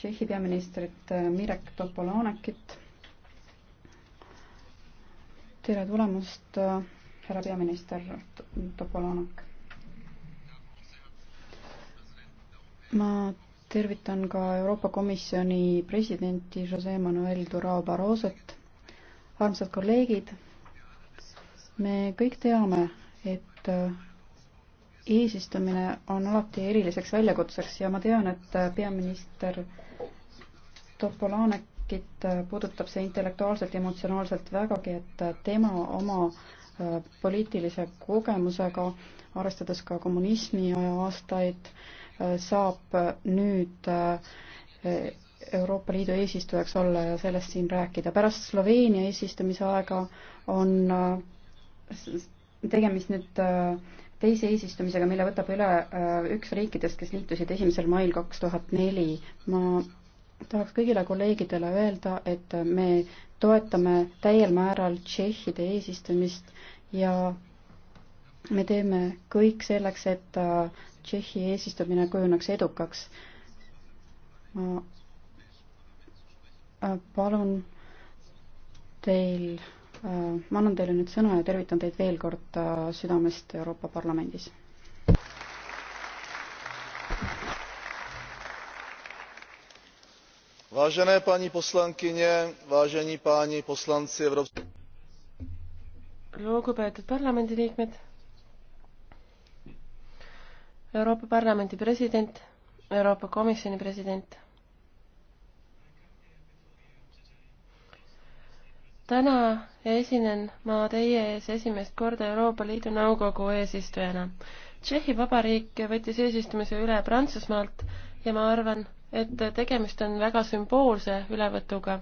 Tšehhi peaministrit äh, Mirek Topolanekit. tere tulemast, äh, härra peaminister Topolanek. ma tervitan ka Euroopa Komisjoni presidenti Jose Manuel Durao Barroset. armsad kolleegid, me kõik teame, et äh, eesistumine on alati eriliseks väljakutseks ja ma tean, et peaminister Topolanekit puudutab see intellektuaalselt ja emotsionaalselt vägagi, et tema oma äh, poliitilise kogemusega, arvestades ka kommunismi aja aastaid, äh, saab nüüd äh, Euroopa Liidu eesistujaks olla ja sellest siin rääkida. pärast Sloveenia eesistumise aega on tegemist nüüd teise eesistumisega, mille võtab üle äh, üks riikidest, kes liitusid esimesel mail kaks tuhat neli. ma tahaks kõigile kolleegidele öelda, et me toetame täiel määral Tšehhide eesistumist ja me teeme kõik selleks, et äh, Tšehhi eesistumine kujuneks edukaks. ma äh, palun teil Äh, ma annan teile nüüd sõna ja tervitan teid veel kord äh, südamest Euroopa Parlamendis. Vážené paní poslankyně, vážení páni poslanci Evropské... Lugupeetud parlamendiliikmed, Euroopa Parlamendi president, Euroopa Komisjoni president täna esinen ma teie ees esimest korda Euroopa Liidu Nõukogu eesistujana. Tšehhi Vabariik võttis eesistumise üle Prantsusmaalt ja ma arvan, et tegemist on väga sümboolse ülevõtuga,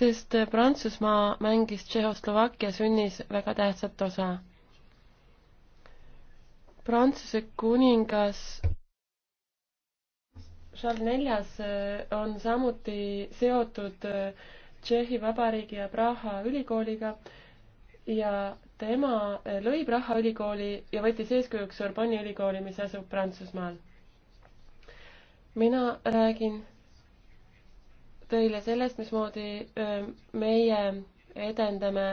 sest Prantsusmaa mängis Tšehhoslovakkia sünnis väga tähtsat osa. Prantsuse kuningas Charles Neljas äh, on samuti seotud äh, Tšehhi Vabariigi ja Praha ülikooliga ja tema lõi Praha ülikooli ja võttis eeskujuks Sorbonni ülikooli, mis asub Prantsusmaal. mina räägin teile sellest, mismoodi meie edendame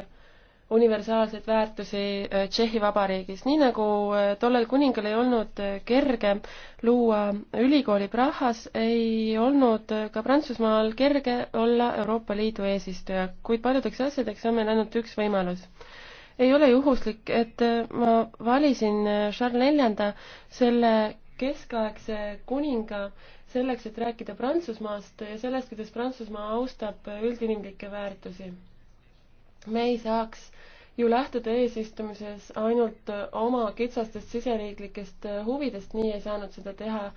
universaalseid väärtusi äh, Tšehhi Vabariigis. nii nagu äh, tollel kuningal ei olnud äh, kerge luua ülikooli Prahas, ei olnud ka Prantsusmaal kerge olla Euroopa Liidu eesistuja, kuid paljudeks asjadeks on meil ainult üks võimalus. ei ole juhuslik, et ma valisin Charles Neljanda selle keskaegse kuninga selleks, et rääkida Prantsusmaast ja sellest, kuidas Prantsusmaa austab üldinimlikke väärtusi me ei saaks ju lähtuda eesistumises ainult oma kitsastest siseriiklikest äh, huvidest, nii ei saanud seda teha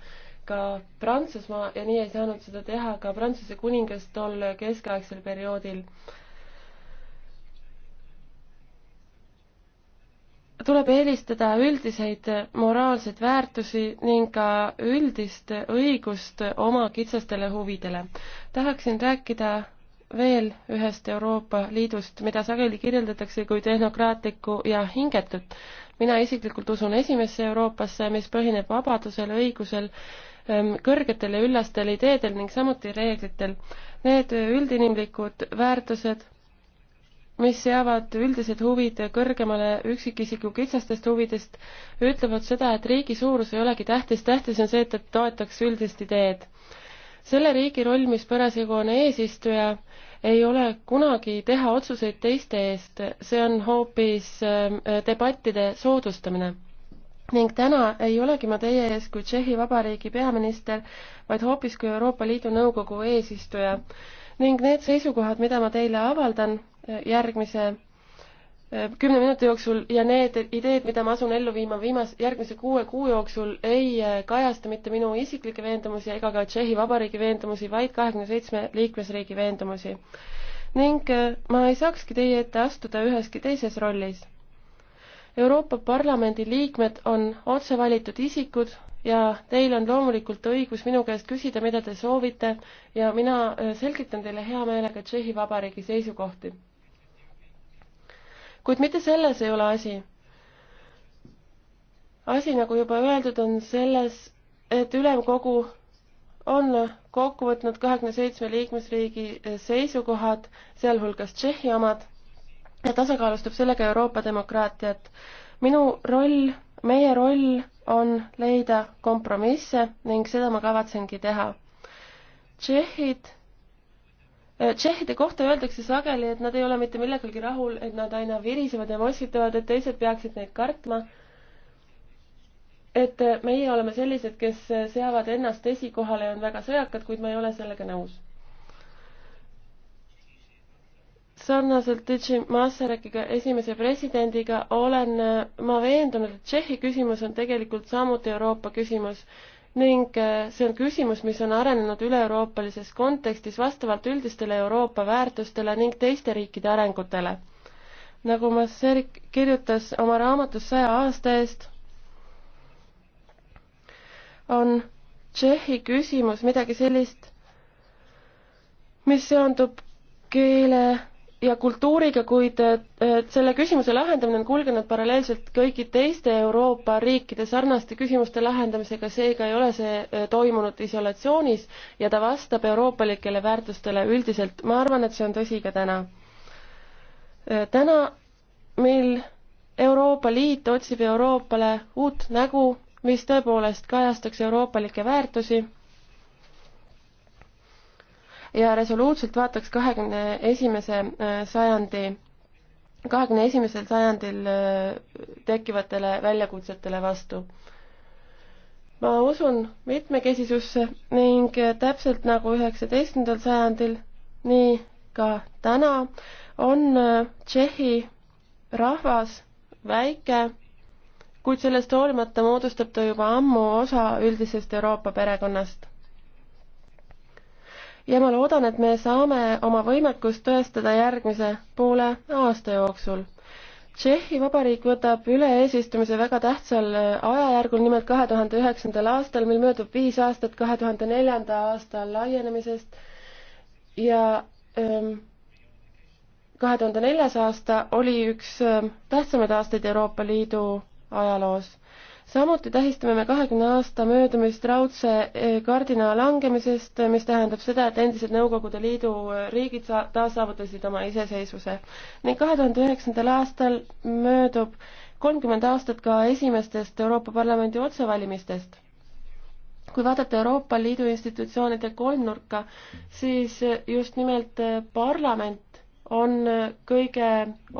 ka Prantsusmaa ja nii ei saanud seda teha ka Prantsuse kuningas tol keskaegsel perioodil. tuleb eelistada üldiseid moraalseid väärtusi ning ka üldist õigust oma kitsastele huvidele. tahaksin rääkida veel ühest Euroopa Liidust, mida sageli kirjeldatakse kui tehnokraatlikku ja hingetut. mina isiklikult usun esimesse Euroopasse, mis põhineb vabadusel, õigusel, ähm, kõrgetel ja üllastel ideedel ning samuti reeglitel. Need üldinimlikud väärtused, mis seavad üldised huvid kõrgemale üksikisiku kitsastest huvidest, ütlevad seda, et riigi suurus ei olegi tähtis, tähtis on see, et ta toetaks üldist ideed selle riigi roll, mis parasjagu on eesistuja, ei ole kunagi teha otsuseid teiste eest, see on hoopis ähm, debattide soodustamine. ning täna ei olegi ma teie ees kui Tšehhi Vabariigi peaminister, vaid hoopis kui Euroopa Liidu Nõukogu eesistuja. ning need seisukohad, mida ma teile avaldan äh, järgmise kümne minuti jooksul ja need ideed, mida ma asun ellu viima viimase, järgmise kuue kuu jooksul, ei äh, kajasta mitte minu isiklikke veendumusi ega ka Tšehhi Vabariigi veendumusi, vaid kahekümne seitsme liikmesriigi veendumusi. ning äh, ma ei saakski teie ette astuda üheski teises rollis. Euroopa Parlamendi liikmed on otse valitud isikud ja teil on loomulikult õigus minu käest küsida, mida te soovite ja mina äh, selgitan teile hea meelega Tšehhi Vabariigi seisukohti kuid mitte selles ei ole asi. asi, nagu juba öeldud, on selles, et ülemkogu on kokku võtnud kahekümne seitsme liikmesriigi seisukohad, sealhulgas Tšehhi omad, ja tasakaalustab sellega Euroopa demokraatiat. minu roll, meie roll on leida kompromisse ning seda ma kavatsengi teha. Tšehhid Äh, tšehhide kohta öeldakse sageli, et nad ei ole mitte millegagi rahul, et nad aina virisevad ja mossitavad, et teised peaksid neid kartma. et äh, meie oleme sellised, kes äh, seavad ennast esikohale ja on väga sõjakad, kuid ma ei ole sellega nõus. sarnaselt Digi Masarekiga, esimese presidendiga, olen ma veendunud, et Tšehhi küsimus on tegelikult samuti Euroopa küsimus ning äh, see on küsimus, mis on arenenud üle-euroopalises kontekstis vastavalt üldistele Euroopa väärtustele ning teiste riikide arengutele. nagu Masserik kirjutas oma raamatus saja aasta eest, on Tšehhi küsimus midagi sellist, mis seondub keele ja kultuuriga, kuid selle küsimuse lahendamine on kulgenud paralleelselt kõigi teiste Euroopa riikide sarnaste küsimuste lahendamisega, seega ei ole see eh, toimunud isolatsioonis ja ta vastab euroopalikele väärtustele üldiselt. ma arvan, et see on tõsi ka täna. Eh, täna, mil Euroopa Liit otsib Euroopale uut nägu, mis tõepoolest kajastaks euroopalikke väärtusi ja resoluutselt vaataks kahekümne esimese äh, sajandi kahekümne esimesel sajandil äh, tekkivatele väljakutsetele vastu. ma usun mitmekesisusse ning äh, täpselt nagu üheksateistkümnendal sajandil, nii ka täna on Tšehhi rahvas väike, kuid sellest hoolimata moodustab ta juba ammu osa üldisest Euroopa perekonnast ja ma loodan, et me saame oma võimekust tõestada järgmise poole aasta jooksul. Tšehhi Vabariik võtab üle eesistumise väga tähtsal äh, ajajärgul, nimelt kahe tuhande üheksandal aastal, mil möödub viis aastat kahe tuhande neljanda aasta laienemisest ja ähm, kahe tuhande neljas aasta oli üks äh, tähtsamaid aastaid Euroopa Liidu ajaloos samuti tähistame me kahekümne aasta möödumist raudse eh, kardina langemisest, eh, mis tähendab seda, et endised Nõukogude Liidu eh, riigid sa-, taas saavutasid oma iseseisvuse. ning kahe tuhande üheksandal aastal möödub kolmkümmend aastat ka esimestest Euroopa Parlamendi otsevalimistest. kui vaadata Euroopa Liidu institutsioonide kolmnurka, siis just nimelt parlament on kõige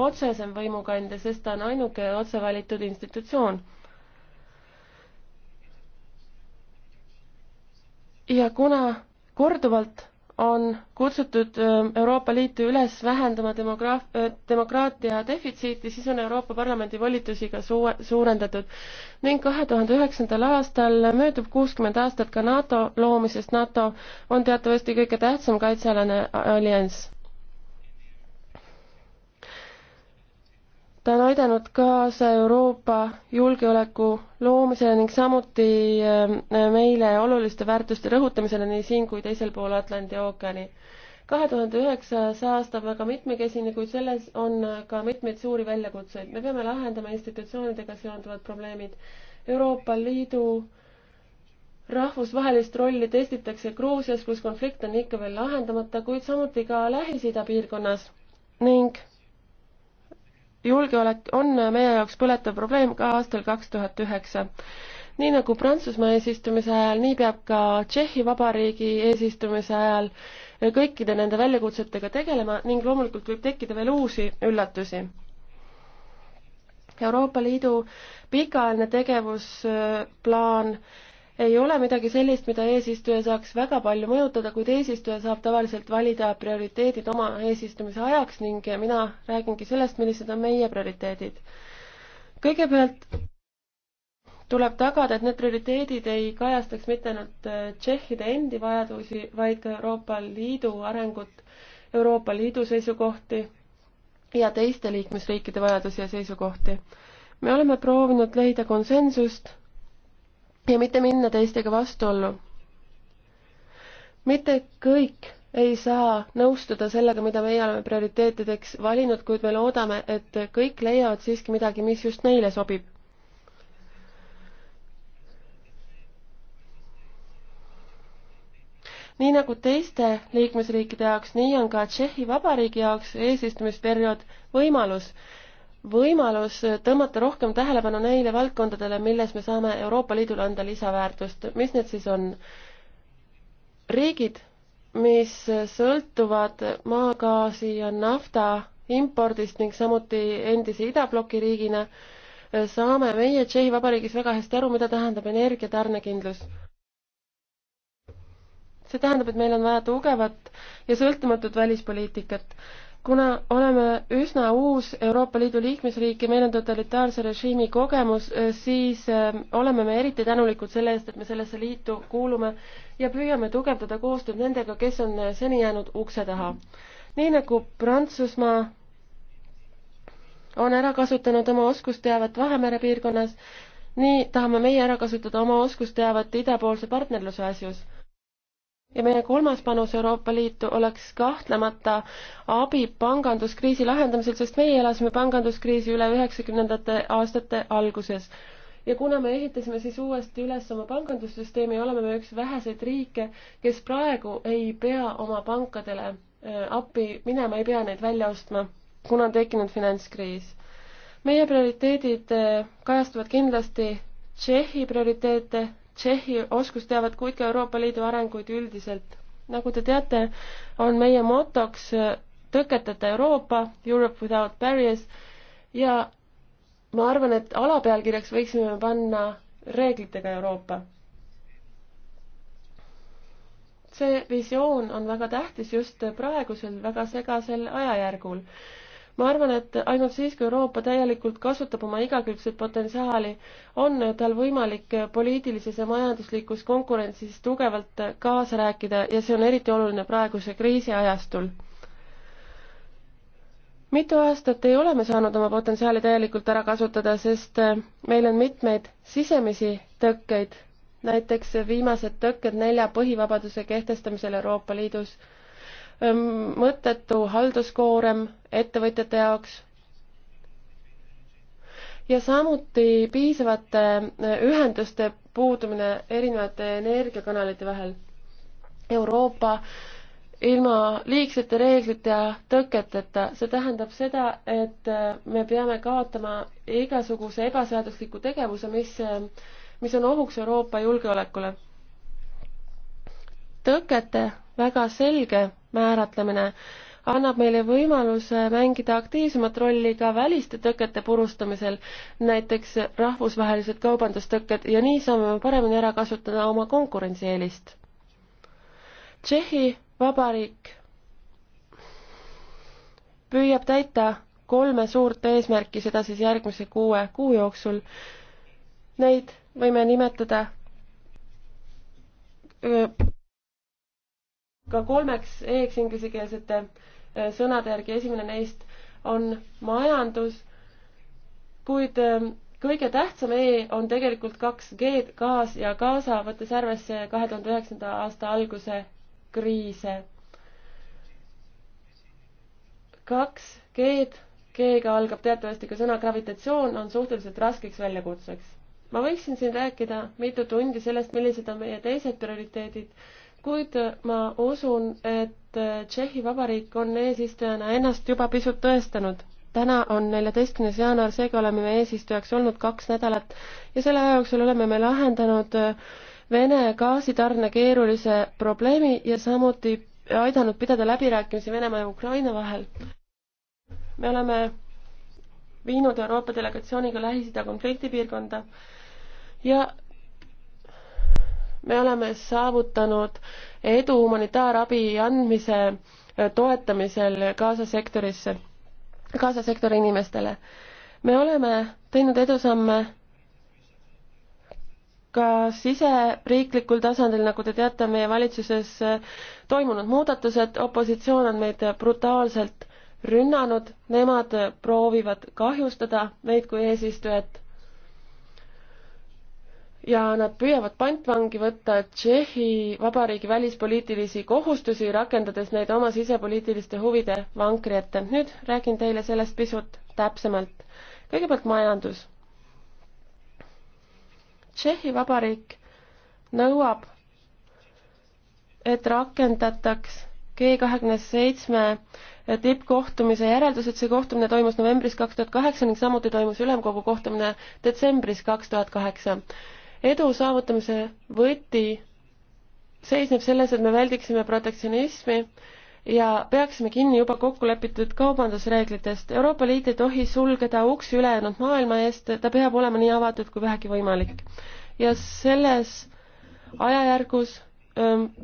otsesem võimukandja, sest ta on ainuke otsevalitud institutsioon ja kuna korduvalt on kutsutud Euroopa Liitu üles vähendama demograaf-, demokraatia defitsiiti, siis on Euroopa Parlamendi volitusi ka suu-, suurendatud. ning kahe tuhande üheksandal aastal möödub kuuskümmend aastat ka NATO loomisest, NATO on teatavasti kõige tähtsam kaitsealane allianss ta on aidanud kaasa Euroopa julgeoleku loomisele ning samuti äh, meile oluliste väärtuste rõhutamisele nii siin kui teisel pool Atlandi ookeani kahe tuhande üheksas aasta on väga mitmekesine, kuid selles on ka mitmeid suuri väljakutseid. me peame lahendama institutsioonidega seonduvad probleemid. Euroopa Liidu rahvusvahelist rolli testitakse Gruusias, kus konflikt on ikka veel lahendamata, kuid samuti ka Lähis-Ida piirkonnas ning julgeolek on meie jaoks põletav probleem ka aastal kaks tuhat üheksa. nii nagu Prantsusmaa eesistumise ajal, nii peab ka Tšehhi Vabariigi eesistumise ajal kõikide nende väljakutsetega tegelema ning loomulikult võib tekkida veel uusi üllatusi. Euroopa Liidu pikaajaline tegevusplaan äh, ei ole midagi sellist, mida eesistuja saaks väga palju mõjutada, kuid eesistuja saab tavaliselt valida prioriteedid oma eesistumise ajaks ning mina räägingi sellest, millised on meie prioriteedid. kõigepealt tuleb tagada, et need prioriteedid ei kajastaks mitte ainult äh, tšehhide endi vajadusi, vaid ka Euroopa Liidu arengut, Euroopa Liidu seisukohti ja teiste liikmesriikide vajadusi ja seisukohti. me oleme proovinud leida konsensust ja mitte minna teistega vastuollu. mitte kõik ei saa nõustuda sellega, mida meie oleme prioriteetideks valinud, kuid me loodame, et kõik leiavad siiski midagi, mis just neile sobib. nii nagu teiste liikmesriikide jaoks, nii on ka Tšehhi Vabariigi jaoks eesistumisperiood võimalus võimalus tõmmata rohkem tähelepanu neile valdkondadele, milles me saame Euroopa Liidule anda lisaväärtust. mis need siis on? riigid, mis sõltuvad maagaasi ja nafta impordist ning samuti endise idabloki riigina, saame meie Tšehhi Vabariigis väga hästi aru, mida tähendab energia tarnekindlus. see tähendab, et meil on vaja tugevat ja sõltumatut välispoliitikat kuna oleme üsna uus Euroopa Liidu liikmesriik ja meil on totalitaarse režiimi kogemus, äh, siis äh, oleme me eriti tänulikud selle eest, et me sellesse liitu kuulume ja püüame tugevdada koostööd nendega, kes on äh, seni jäänud ukse taha. nii nagu Prantsusmaa on ära kasutanud oma oskusteavet Vahemere piirkonnas, nii tahame meie ära kasutada oma oskusteavet idapoolse partnerluse asjus ja meie kolmas panus Euroopa Liitu oleks kahtlemata abi panganduskriisi lahendamisel, sest meie elasime panganduskriisi üle üheksakümnendate aastate alguses. ja kuna me ehitasime siis uuesti üles oma pangandussüsteemi, oleme me üks väheseid riike, kes praegu ei pea oma pankadele äh, appi minema, ei pea neid välja ostma, kuna on tekkinud finantskriis. meie prioriteedid äh, kajastuvad kindlasti Tšehhi prioriteete Tšehhi oskusteavet kui ka Euroopa Liidu arenguid üldiselt. nagu te teate, on meie motoks äh, tõketeta Euroopa, Europe without barriers ja ma arvan, et alapealkirjaks võiksime panna reeglitega Euroopa. see visioon on väga tähtis just praegusel väga segasel ajajärgul ma arvan, et ainult siis, kui Euroopa täielikult kasutab oma igakülgset potentsiaali, on tal võimalik poliitilises ja majanduslikus konkurentsis tugevalt kaasa rääkida ja see on eriti oluline praeguse kriisi ajastul mitu aastat ei ole me saanud oma potentsiaali täielikult ära kasutada, sest meil on mitmeid sisemisi tõkkeid, näiteks viimased tõkked nelja põhivabaduse kehtestamisel Euroopa Liidus mõttetu halduskoorem ettevõtjate jaoks ja samuti piisavate äh, ühenduste puudumine erinevate energiakanalite vahel. Euroopa ilma liigsete reeglite ja tõketeta, see tähendab seda, et äh, me peame kaotama igasuguse ebaseadusliku tegevuse, mis, äh, mis on ohuks Euroopa julgeolekule. tõkete väga selge määratlemine annab meile võimaluse mängida aktiivsemat rolli ka väliste tõkete purustamisel, näiteks rahvusvahelised kaubandustõkked ja nii saame paremini ära kasutada oma konkurentsieelist. Tšehhi Vabariik püüab täita kolme suurt eesmärki, seda siis järgmise kuue kuu jooksul. Neid võime nimetada öö, ka kolmeks e-ks inglisekeelsete äh, sõnade järgi, esimene neist on majandus, kuid ähm, kõige tähtsam E on tegelikult kaks G-d, kaas ja kaasa, võttes arvesse kahe tuhande üheksanda aasta alguse kriise. kaks G-d, G-ga algab teatavasti ka sõna gravitatsioon, on suhteliselt raskeks väljakutseks. ma võiksin siin rääkida mitu tundi sellest, millised on meie teised prioriteedid, kuid ma usun, et Tšehhi Vabariik on eesistujana ennast juba pisut tõestanud. täna on neljateistkümnes jaanuar, seega oleme me eesistujaks olnud kaks nädalat ja selle aja jooksul oleme me lahendanud Vene gaasitarne keerulise probleemi ja samuti aidanud pidada läbirääkimisi Venemaa ja Ukraina vahel. me oleme viinud Euroopa delegatsiooniga Lähis-Ida konfliktipiirkonda ja me oleme saavutanud edu humanitaarabi andmise äh, toetamisel Gaza sektorisse, Gaza sektori inimestele. me oleme teinud edusamme ka siseriiklikul tasandil, nagu te teate, meie valitsuses äh, toimunud muudatused, opositsioon on meid brutaalselt rünnanud, nemad proovivad kahjustada meid kui eesistujat ja nad püüavad pantvangi võtta Tšehhi Vabariigi välispoliitilisi kohustusi, rakendades neid oma sisepoliitiliste huvide vankri ette. nüüd räägin teile sellest pisut täpsemalt. kõigepealt majandus. Tšehhi Vabariik nõuab, et rakendataks G kahekümne seitsme tippkohtumise järeldused, see kohtumine toimus novembris kaks tuhat kaheksa ning samuti toimus ülemkogu kohtumine detsembris kaks tuhat kaheksa edu saavutamise võti seisneb selles, et me väldiksime protektsionismi ja peaksime kinni juba kokku lepitud kaubandusreeglitest. Euroopa Liit ei tohi sulgeda uksi ülejäänud maailma eest, ta peab olema nii avatud kui vähegi võimalik. ja selles ajajärgus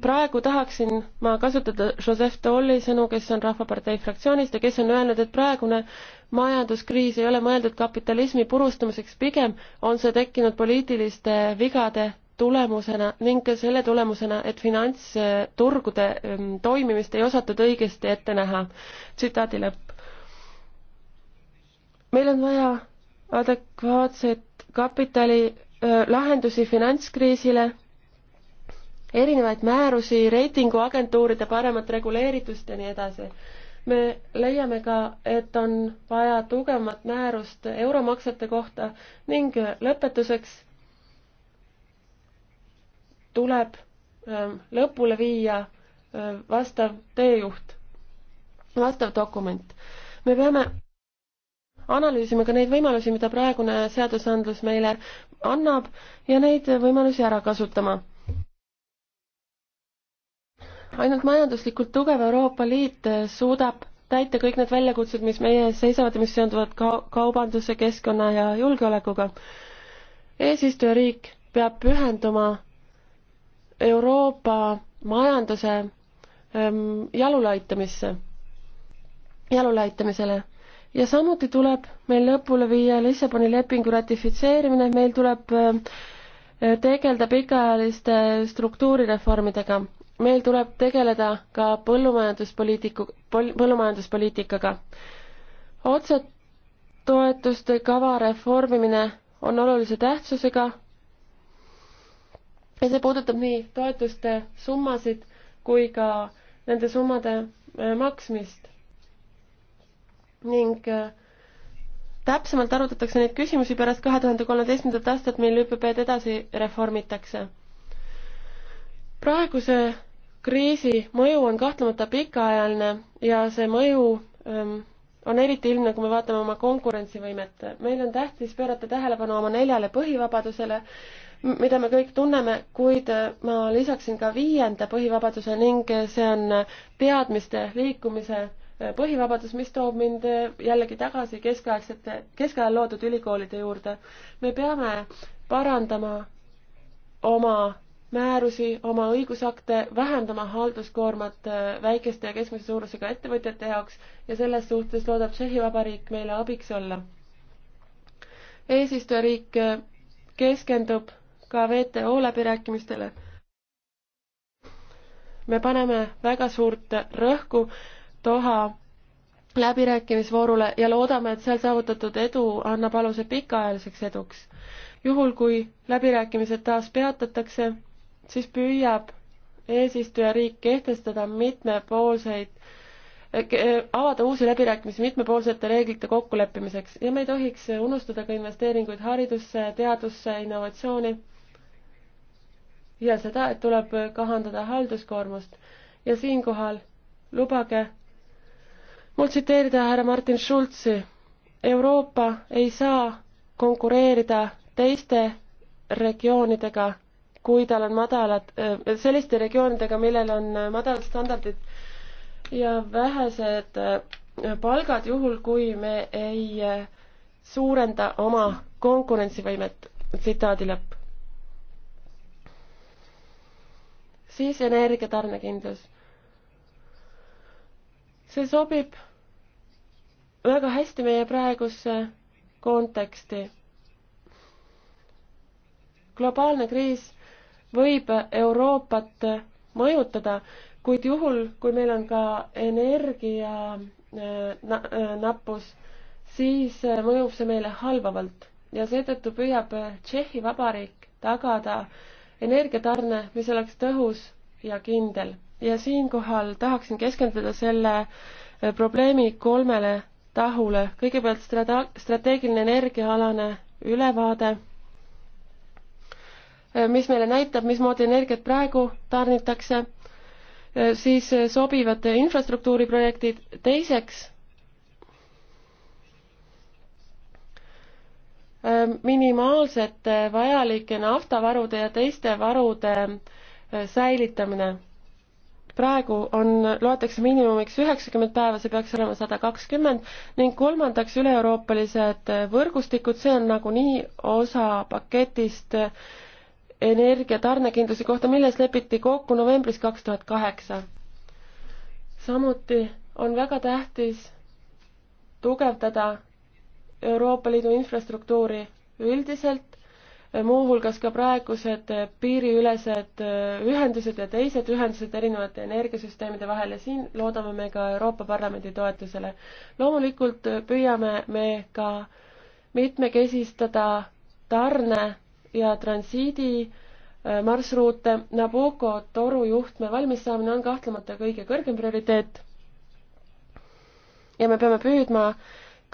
praegu tahaksin ma kasutada Joseph Dolli sõnu, kes on Rahvapartei fraktsioonist ja kes on öelnud, et praegune majanduskriis ei ole mõeldud kapitalismi purustamiseks, pigem on see tekkinud poliitiliste vigade tulemusena ning ka selle tulemusena, et finantsturgude toimimist ei osatud õigesti ette näha. tsitaadi lõpp. meil on vaja adekvaatset kapitali äh, lahendusi finantskriisile erinevaid määrusi, reitinguagentuuride paremat reguleeritust ja nii edasi. me leiame ka, et on vaja tugevamat määrust euromaksete kohta ning lõpetuseks tuleb ähm, lõpule viia ähm, vastav teejuht, vastav dokument. me peame analüüsima ka neid võimalusi, mida praegune seadusandlus meile annab ja neid võimalusi ära kasutama ainult majanduslikult tugev Euroopa Liit eh, suudab täita kõik need väljakutsed, mis meie ees seisavad ja mis seonduvad ka kaubanduse, keskkonna ja julgeolekuga. eesistujariik peab pühenduma Euroopa majanduse ähm, jalule aitamisse, jalule aitamisele ja samuti tuleb meil lõpule viia Lissaboni lepingu ratifitseerimine, meil tuleb ehm, tegeleda pikaajaliste struktuurireformidega meil tuleb tegeleda ka põllumajanduspoliitiku, põllumajanduspoliitikaga. otsetoetuste kava reformimine on olulise tähtsusega ja see puudutab nii toetuste summasid kui ka nende summade äh, maksmist. ning äh, täpsemalt arutatakse neid küsimusi pärast kahe tuhande kolmeteistkümnendat aastat, mil ÜPP-d edasi reformitakse. praeguse kriisi mõju on kahtlemata pikaajaline ja see mõju ähm, on eriti ilmne, kui me vaatame oma konkurentsivõimet. meil on tähtis pöörata tähelepanu oma neljale põhivabadusele, mida me kõik tunneme, kuid äh, ma lisaksin ka viienda põhivabaduse ning see on teadmiste liikumise äh, põhivabadus, mis toob mind äh, jällegi tagasi keskaegsete, keskajal loodud ülikoolide juurde. me peame parandama oma määrusi, oma õigusakte, vähendama halduskoormat äh, väikeste ja keskmise suurusega ettevõtjate jaoks ja selles suhtes loodab Tšehhi Vabariik meile abiks olla. eesistujariik äh, keskendub ka WTO läbirääkimistele. me paneme väga suurt rõhku Doha läbirääkimisvoorule ja loodame, et seal saavutatud edu annab aluse pikaajaliseks eduks. juhul, kui läbirääkimised taas peatatakse, siis püüab eesistujariik kehtestada mitmepoolseid avada uusi läbirääkimisi mitmepoolsete reeglite kokkuleppimiseks ja me ei tohiks unustada ka investeeringuid haridusse, teadusse, innovatsiooni ja seda, et tuleb kahandada halduskoormust. ja siinkohal lubage mul tsiteerida härra Martin Schulzi. Euroopa ei saa konkureerida teiste regioonidega kui tal on madalad, selliste regioonidega, millel on madalad standardid ja vähesed äh, palgad, juhul kui me ei äh, suurenda oma konkurentsivõimet, tsitaadi lõpp. siis energia tarnekindlus. see sobib väga hästi meie praegusse konteksti. globaalne kriis võib Euroopat mõjutada, kuid juhul, kui meil on ka energia äh, na äh, nappus, siis äh, mõjub see meile halvavalt ja seetõttu püüab Tšehhi Vabariik tagada energiatarne, mis oleks tõhus ja kindel. ja siinkohal tahaksin keskenduda selle probleemi kolmele tahule. kõigepealt strate-, strateegiline energiaalane ülevaade Äh, mis meile näitab, mismoodi energiat praegu tarnitakse, äh, siis äh, sobivad infrastruktuuriprojektid, teiseks minimaalsete vajalike naftavarude ja teiste varude säilitamine. praegu on, loetakse miinimumiks üheksakümmend päeva, see peaks olema sada kakskümmend ning kolmandaks üle-euroopalised võrgustikud, see on nagunii osa paketist äh, energia tarnekindluse kohta, milles lepiti kokku novembris kaks tuhat kaheksa. samuti on väga tähtis tugevdada Euroopa Liidu infrastruktuuri üldiselt, muuhulgas ka praegused piiriülesed ühendused ja teised ühendused erinevate energiasüsteemide vahel ja siin loodame me ka Euroopa Parlamendi toetusele. loomulikult püüame me ka mitmekesistada tarne ja transiidi äh, marsruute. Nabucco torujuhtme valmissaamine on kahtlemata kõige kõrgem prioriteet. ja me peame püüdma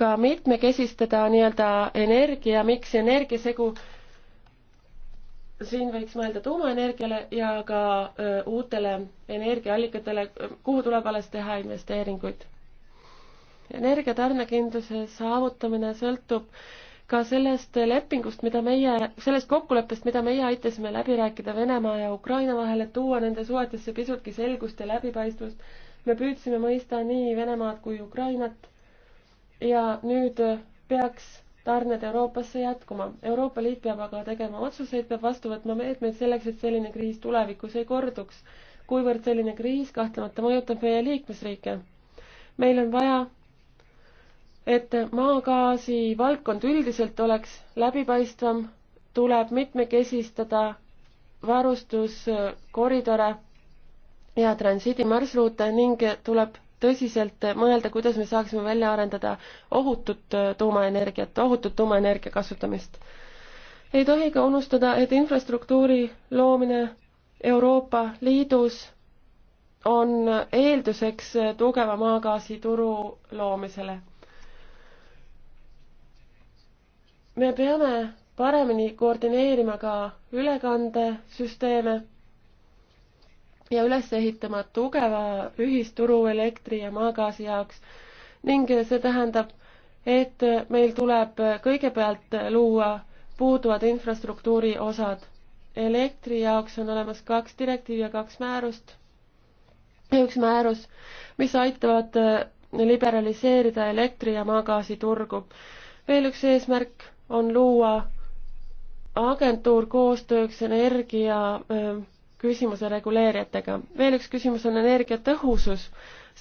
ka mitmekesistada nii-öelda energia, miks energiasegu. siin võiks mõelda tuumaenergiale ja ka öö, äh, uutele energiaallikatele, kuhu tuleb alles teha investeeringuid. energiatarnekindluse saavutamine sõltub öö, ka sellest lepingust, mida meie, sellest kokkuleppest, mida meie aitasime läbi rääkida Venemaa ja Ukraina vahel, et tuua nende suhetesse pisutki selgust ja läbipaistvust. me püüdsime mõista nii Venemaad kui Ukrainat. ja nüüd peaks tarned Euroopasse jätkuma. Euroopa Liit peab aga tegema otsuseid, peab vastu võtma meetmeid selleks, et selline kriis tulevikus ei korduks, kuivõrd selline kriis kahtlemata mõjutab meie liikmesriike. meil on vaja et maagaasi valdkond üldiselt oleks läbipaistvam, tuleb mitmekesistada varustuskoridore ja transiidimarsruute ning tuleb tõsiselt mõelda, kuidas me saaksime välja arendada ohutut tuumaenergiat, ohutut tuumaenergia kasutamist. ei tohi ka unustada, et infrastruktuuri loomine Euroopa Liidus on eelduseks tugeva maagaasituru loomisele me peame paremini koordineerima ka ülekandesüsteeme ja üles ehitama tugeva ühisturu elektri ja maagaasi jaoks ning see tähendab, et meil tuleb kõigepealt luua puuduvad infrastruktuuri osad. elektri jaoks on olemas kaks direktiivi ja kaks määrust ja üks määrus, mis aitavad liberaliseerida elektri ja maagaasi turgu. veel üks eesmärk on luua agentuur koostööks energia küsimuse reguleerijatega. veel üks küsimus on energiatõhusus.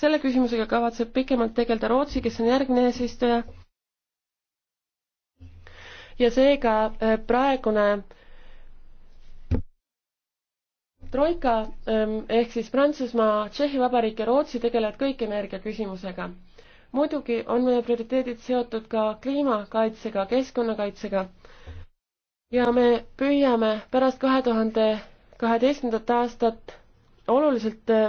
selle küsimusega kavatseb pikemalt tegeleda Rootsi, kes on järgmine eesistuja. ja seega praegune troika ehk siis Prantsusmaa, Tšehhi Vabariik ja Rootsi tegelevad kõik energiaküsimusega muidugi on meie prioriteedid seotud ka kliimakaitsega, keskkonnakaitsega ja me püüame pärast kahe tuhande kaheteistkümnendat aastat oluliselt äh,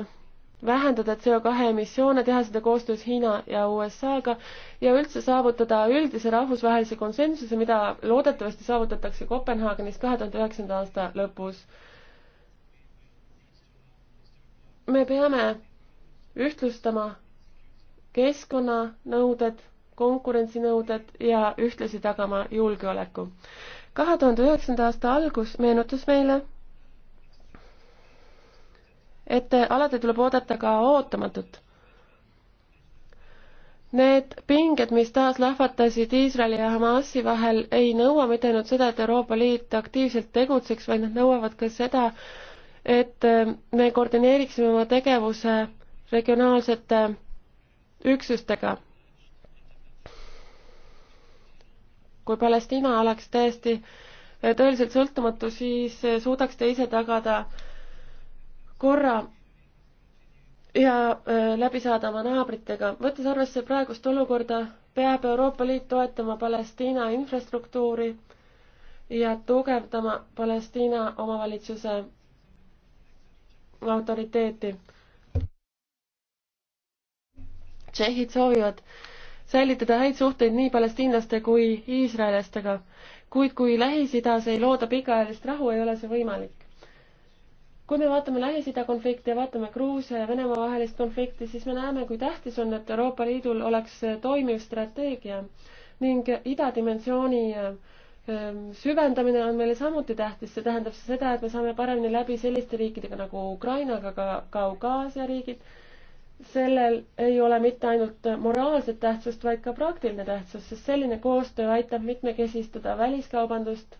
vähendada CO2 emissioone, teha seda koostöös Hiina ja USA-ga ja üldse saavutada üldise rahvusvahelise konsensuse, mida loodetavasti saavutatakse Kopenhaagenis kahe tuhande üheksanda aasta lõpus. me peame ühtlustama keskkonnanõuded, konkurentsinõuded ja ühtlasi tagama julgeoleku. kahe tuhande üheksanda aasta algus meenutas meile, et alati tuleb oodata ka ootamatut. Need pinged, mis taas lahvatasid Iisraeli ja Hamasi vahel, ei nõua mitte ainult seda, et Euroopa Liit aktiivselt tegutseks, vaid nad nõuavad ka seda, et me koordineeriksime oma tegevuse regionaalsete üksustega. kui Palestiina oleks täiesti tõeliselt sõltumatu, siis suudaks ta ise tagada korra ja äh, läbi saada oma naabritega. võttes arvesse praegust olukorda, peab Euroopa Liit toetama Palestiina infrastruktuuri ja tugevdama Palestiina omavalitsuse autoriteeti tšehhid soovivad säilitada häid suhteid nii palestiinlaste kui iisraelastega, kuid kui Lähis-Idas ei looda pikaajalist rahu, ei ole see võimalik. kui me vaatame Lähis-Ida konflikti ja vaatame Gruusia ja Venemaa vahelist konflikti, siis me näeme, kui tähtis on, et Euroopa Liidul oleks toimiv strateegia ning idadimensiooni äh, ähm, süvendamine on meile samuti tähtis, see tähendab seda, et me saame paremini läbi selliste riikidega nagu Ukrainaga, ka Kaukaasia riigid sellel ei ole mitte ainult moraalset tähtsust, vaid ka praktiline tähtsus, sest selline koostöö aitab mitmekesistada väliskaubandust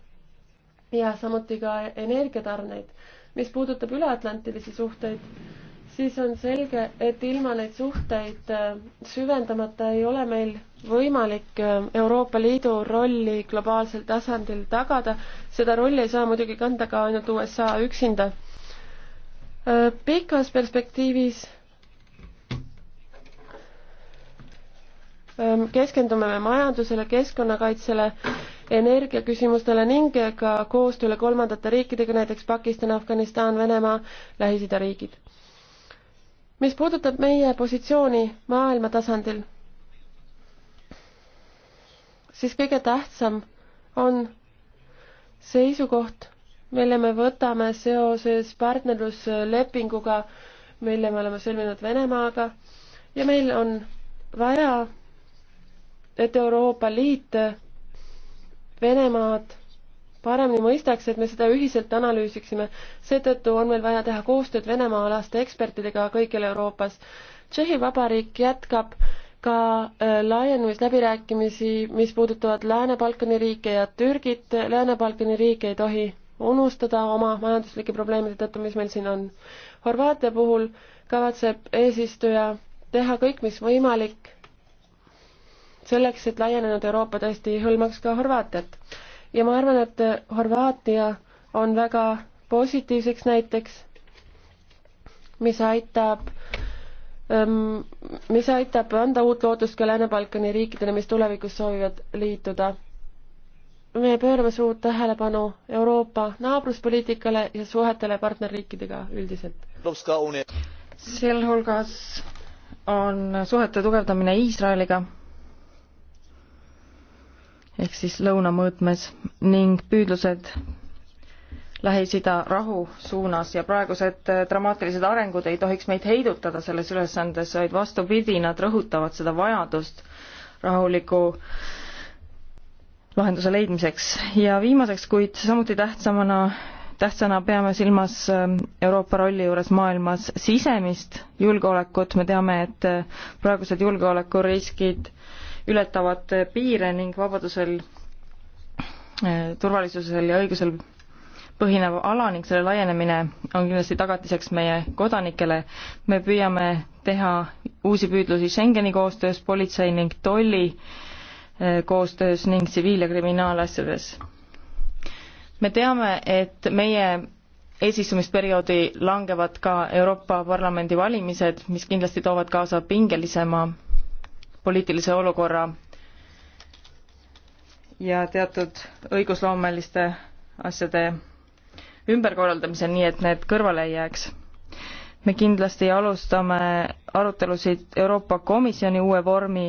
ja samuti ka energiatarneid. mis puudutab üleatlantilisi suhteid, siis on selge, et ilma neid suhteid äh, süvendamata ei ole meil võimalik äh, Euroopa Liidu rolli globaalsel tasandil tagada. seda rolli ei saa muidugi kanda ka ainult USA üksinda. Äh, pikas perspektiivis keskendume me majandusele, keskkonnakaitsele, energiaküsimustele ning ka koostööle kolmandate riikidega, näiteks Pakistan, Afganistan, Venemaa, Lähis-Ida riigid. mis puudutab meie positsiooni maailma tasandil, siis kõige tähtsam on seisukoht, mille me võtame seoses partnerluslepinguga, mille me oleme sõlminud Venemaaga ja meil on vaja et Euroopa Liit Venemaad paremini mõistaks, et me seda ühiselt analüüsiksime. seetõttu on meil vaja teha koostööd Venemaa-alaste ekspertidega kõikjal Euroopas. Tšehhi Vabariik jätkab ka äh, laienemisläbirääkimisi, mis puudutavad Lääne-Balkani riike ja Türgit. Lääne-Balkani riike ei tohi unustada oma majanduslike probleemide tõttu, mis meil siin on. Horvaatia puhul kavatseb eesistuja teha kõik, mis võimalik selleks, et laienenud Euroopa tõesti hõlmaks ka Horvaatiat. ja ma arvan, et Horvaatia on väga positiivseks näiteks, mis aitab ähm, mis aitab anda uut lootust ka Lääne-Balkani riikidele, mis tulevikus soovivad liituda. me pöörame suurt tähelepanu Euroopa naabruspoliitikale ja suhetele partnerriikidega üldiselt. sealhulgas on suhete tugevdamine Iisraeliga ehk siis lõunamõõtmes ning püüdlused Lähis-Ida rahu suunas ja praegused äh, dramaatilised arengud ei tohiks meid heidutada selles ülesandes, vaid vastupidi, nad rõhutavad seda vajadust rahuliku lahenduse leidmiseks. ja viimaseks, kuid samuti tähtsamana, tähtsana peame silmas äh, Euroopa rolli juures maailmas sisemist julgeolekut, me teame, et äh, praegused julgeolekuriskid ületavad piire ning vabadusel, eh, turvalisusel ja õigusel põhinev ala ning selle laienemine on kindlasti tagatiseks meie kodanikele. me püüame teha uusi püüdlusi Schengeni koostöös, politsei ning tolli eh, koostöös ning tsiviil- ja kriminaalasjades. me teame, et meie eesistumisperioodi langevad ka Euroopa Parlamendi valimised, mis kindlasti toovad kaasa pingelisema poliitilise olukorra ja teatud õigusloomeliste asjade ümberkorraldamisel, nii et need kõrvale ei jääks. me kindlasti alustame arutelusid Euroopa Komisjoni uue vormi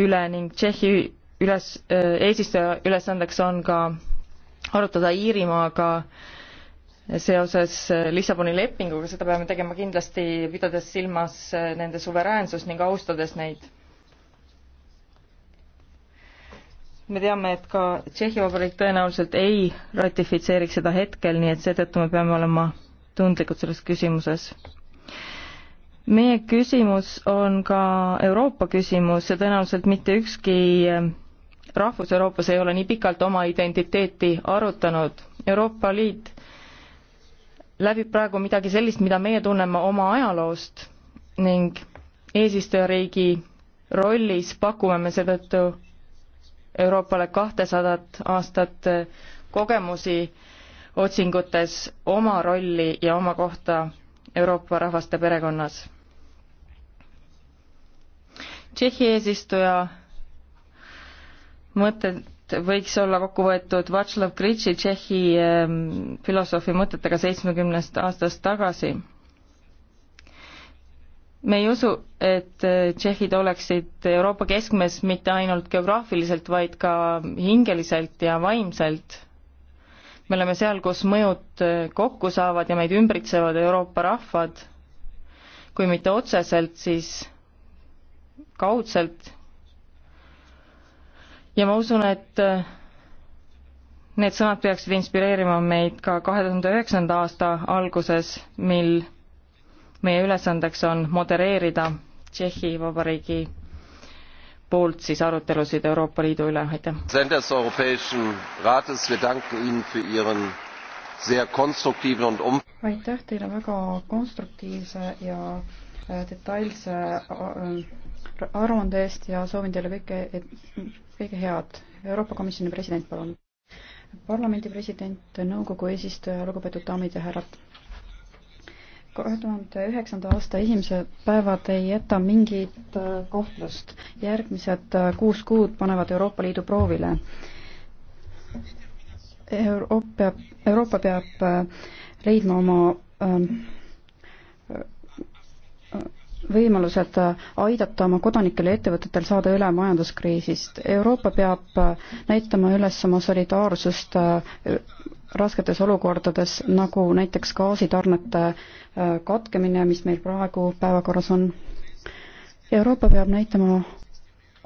üle ning Tšehhi üles, eesistuja ülesandeks on ka arutada Iirimaaga seoses Lissaboni lepinguga, seda peame tegema kindlasti, pidades silmas nende suveräänsust ning austades neid me teame, et ka Tšehhi Vabariik tõenäoliselt ei ratifitseeriks seda hetkel, nii et seetõttu me peame olema tundlikud selles küsimuses. meie küsimus on ka Euroopa küsimus ja tõenäoliselt mitte ükski ähm, rahvus Euroopas ei ole nii pikalt oma identiteeti arutanud. Euroopa Liit läbib praegu midagi sellist, mida meie tunneme oma ajaloost ning eesistujariigi rollis pakume me seetõttu Euroopale kahtesadat aastat eh, kogemusi otsingutes oma rolli ja oma kohta Euroopa rahvaste perekonnas. Tšehhi eesistuja mõtted võiks olla kokku võetud Václav Gritši, Tšehhi eh, filosoofi mõtetega seitsmekümnest aastast tagasi me ei usu, et äh, tšehhid oleksid Euroopa keskmes mitte ainult geograafiliselt, vaid ka hingeliselt ja vaimselt. me oleme seal, kus mõjud äh, kokku saavad ja meid ümbritsevad Euroopa rahvad, kui mitte otseselt, siis kaudselt. ja ma usun, et äh, need sõnad peaksid inspireerima meid ka kahe tuhande üheksanda aasta alguses, mil meie ülesandeks on modereerida Tšehhi Vabariigi poolt siis arutelusid Euroopa Liidu üle, aitäh. Um- aitäh teile väga konstruktiivse ja äh, detailse äh, aruande eest ja soovin teile kõike, kõike head. Euroopa Komisjoni president, palun. parlamendi president, nõukogu eesistuja, lugupeetud daamid ja härrad kahe tuhande üheksanda aasta esimesed päevad ei jäta mingit äh, kahtlust. järgmised äh, kuus kuud panevad Euroopa Liidu proovile. Euroopa peab, Euroopa peab äh, leidma oma ähm, võimalused aidata oma kodanikel ja ettevõtetel saada üle majanduskriisist. Euroopa peab näitama üles oma solidaarsust rasketes olukordades, nagu näiteks gaasitarnete äh, katkemine, mis meil praegu päevakorras on. Euroopa peab näitama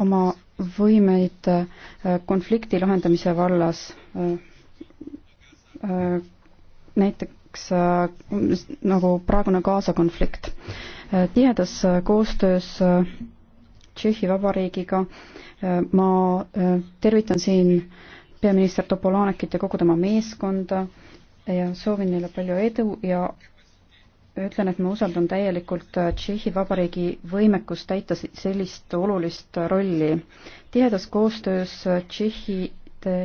oma võimeid äh, konflikti lahendamise vallas. Äh, näiteks nagu praegune Gaza konflikt. tihedas koostöös Tšehhi Vabariigiga ma tervitan siin peaminister Topolanekit ja kogu tema meeskonda ja soovin neile palju edu ja ütlen, et ma usaldan täielikult Tšehhi Vabariigi võimekust täita sellist olulist rolli. tihedas koostöös Tšehhide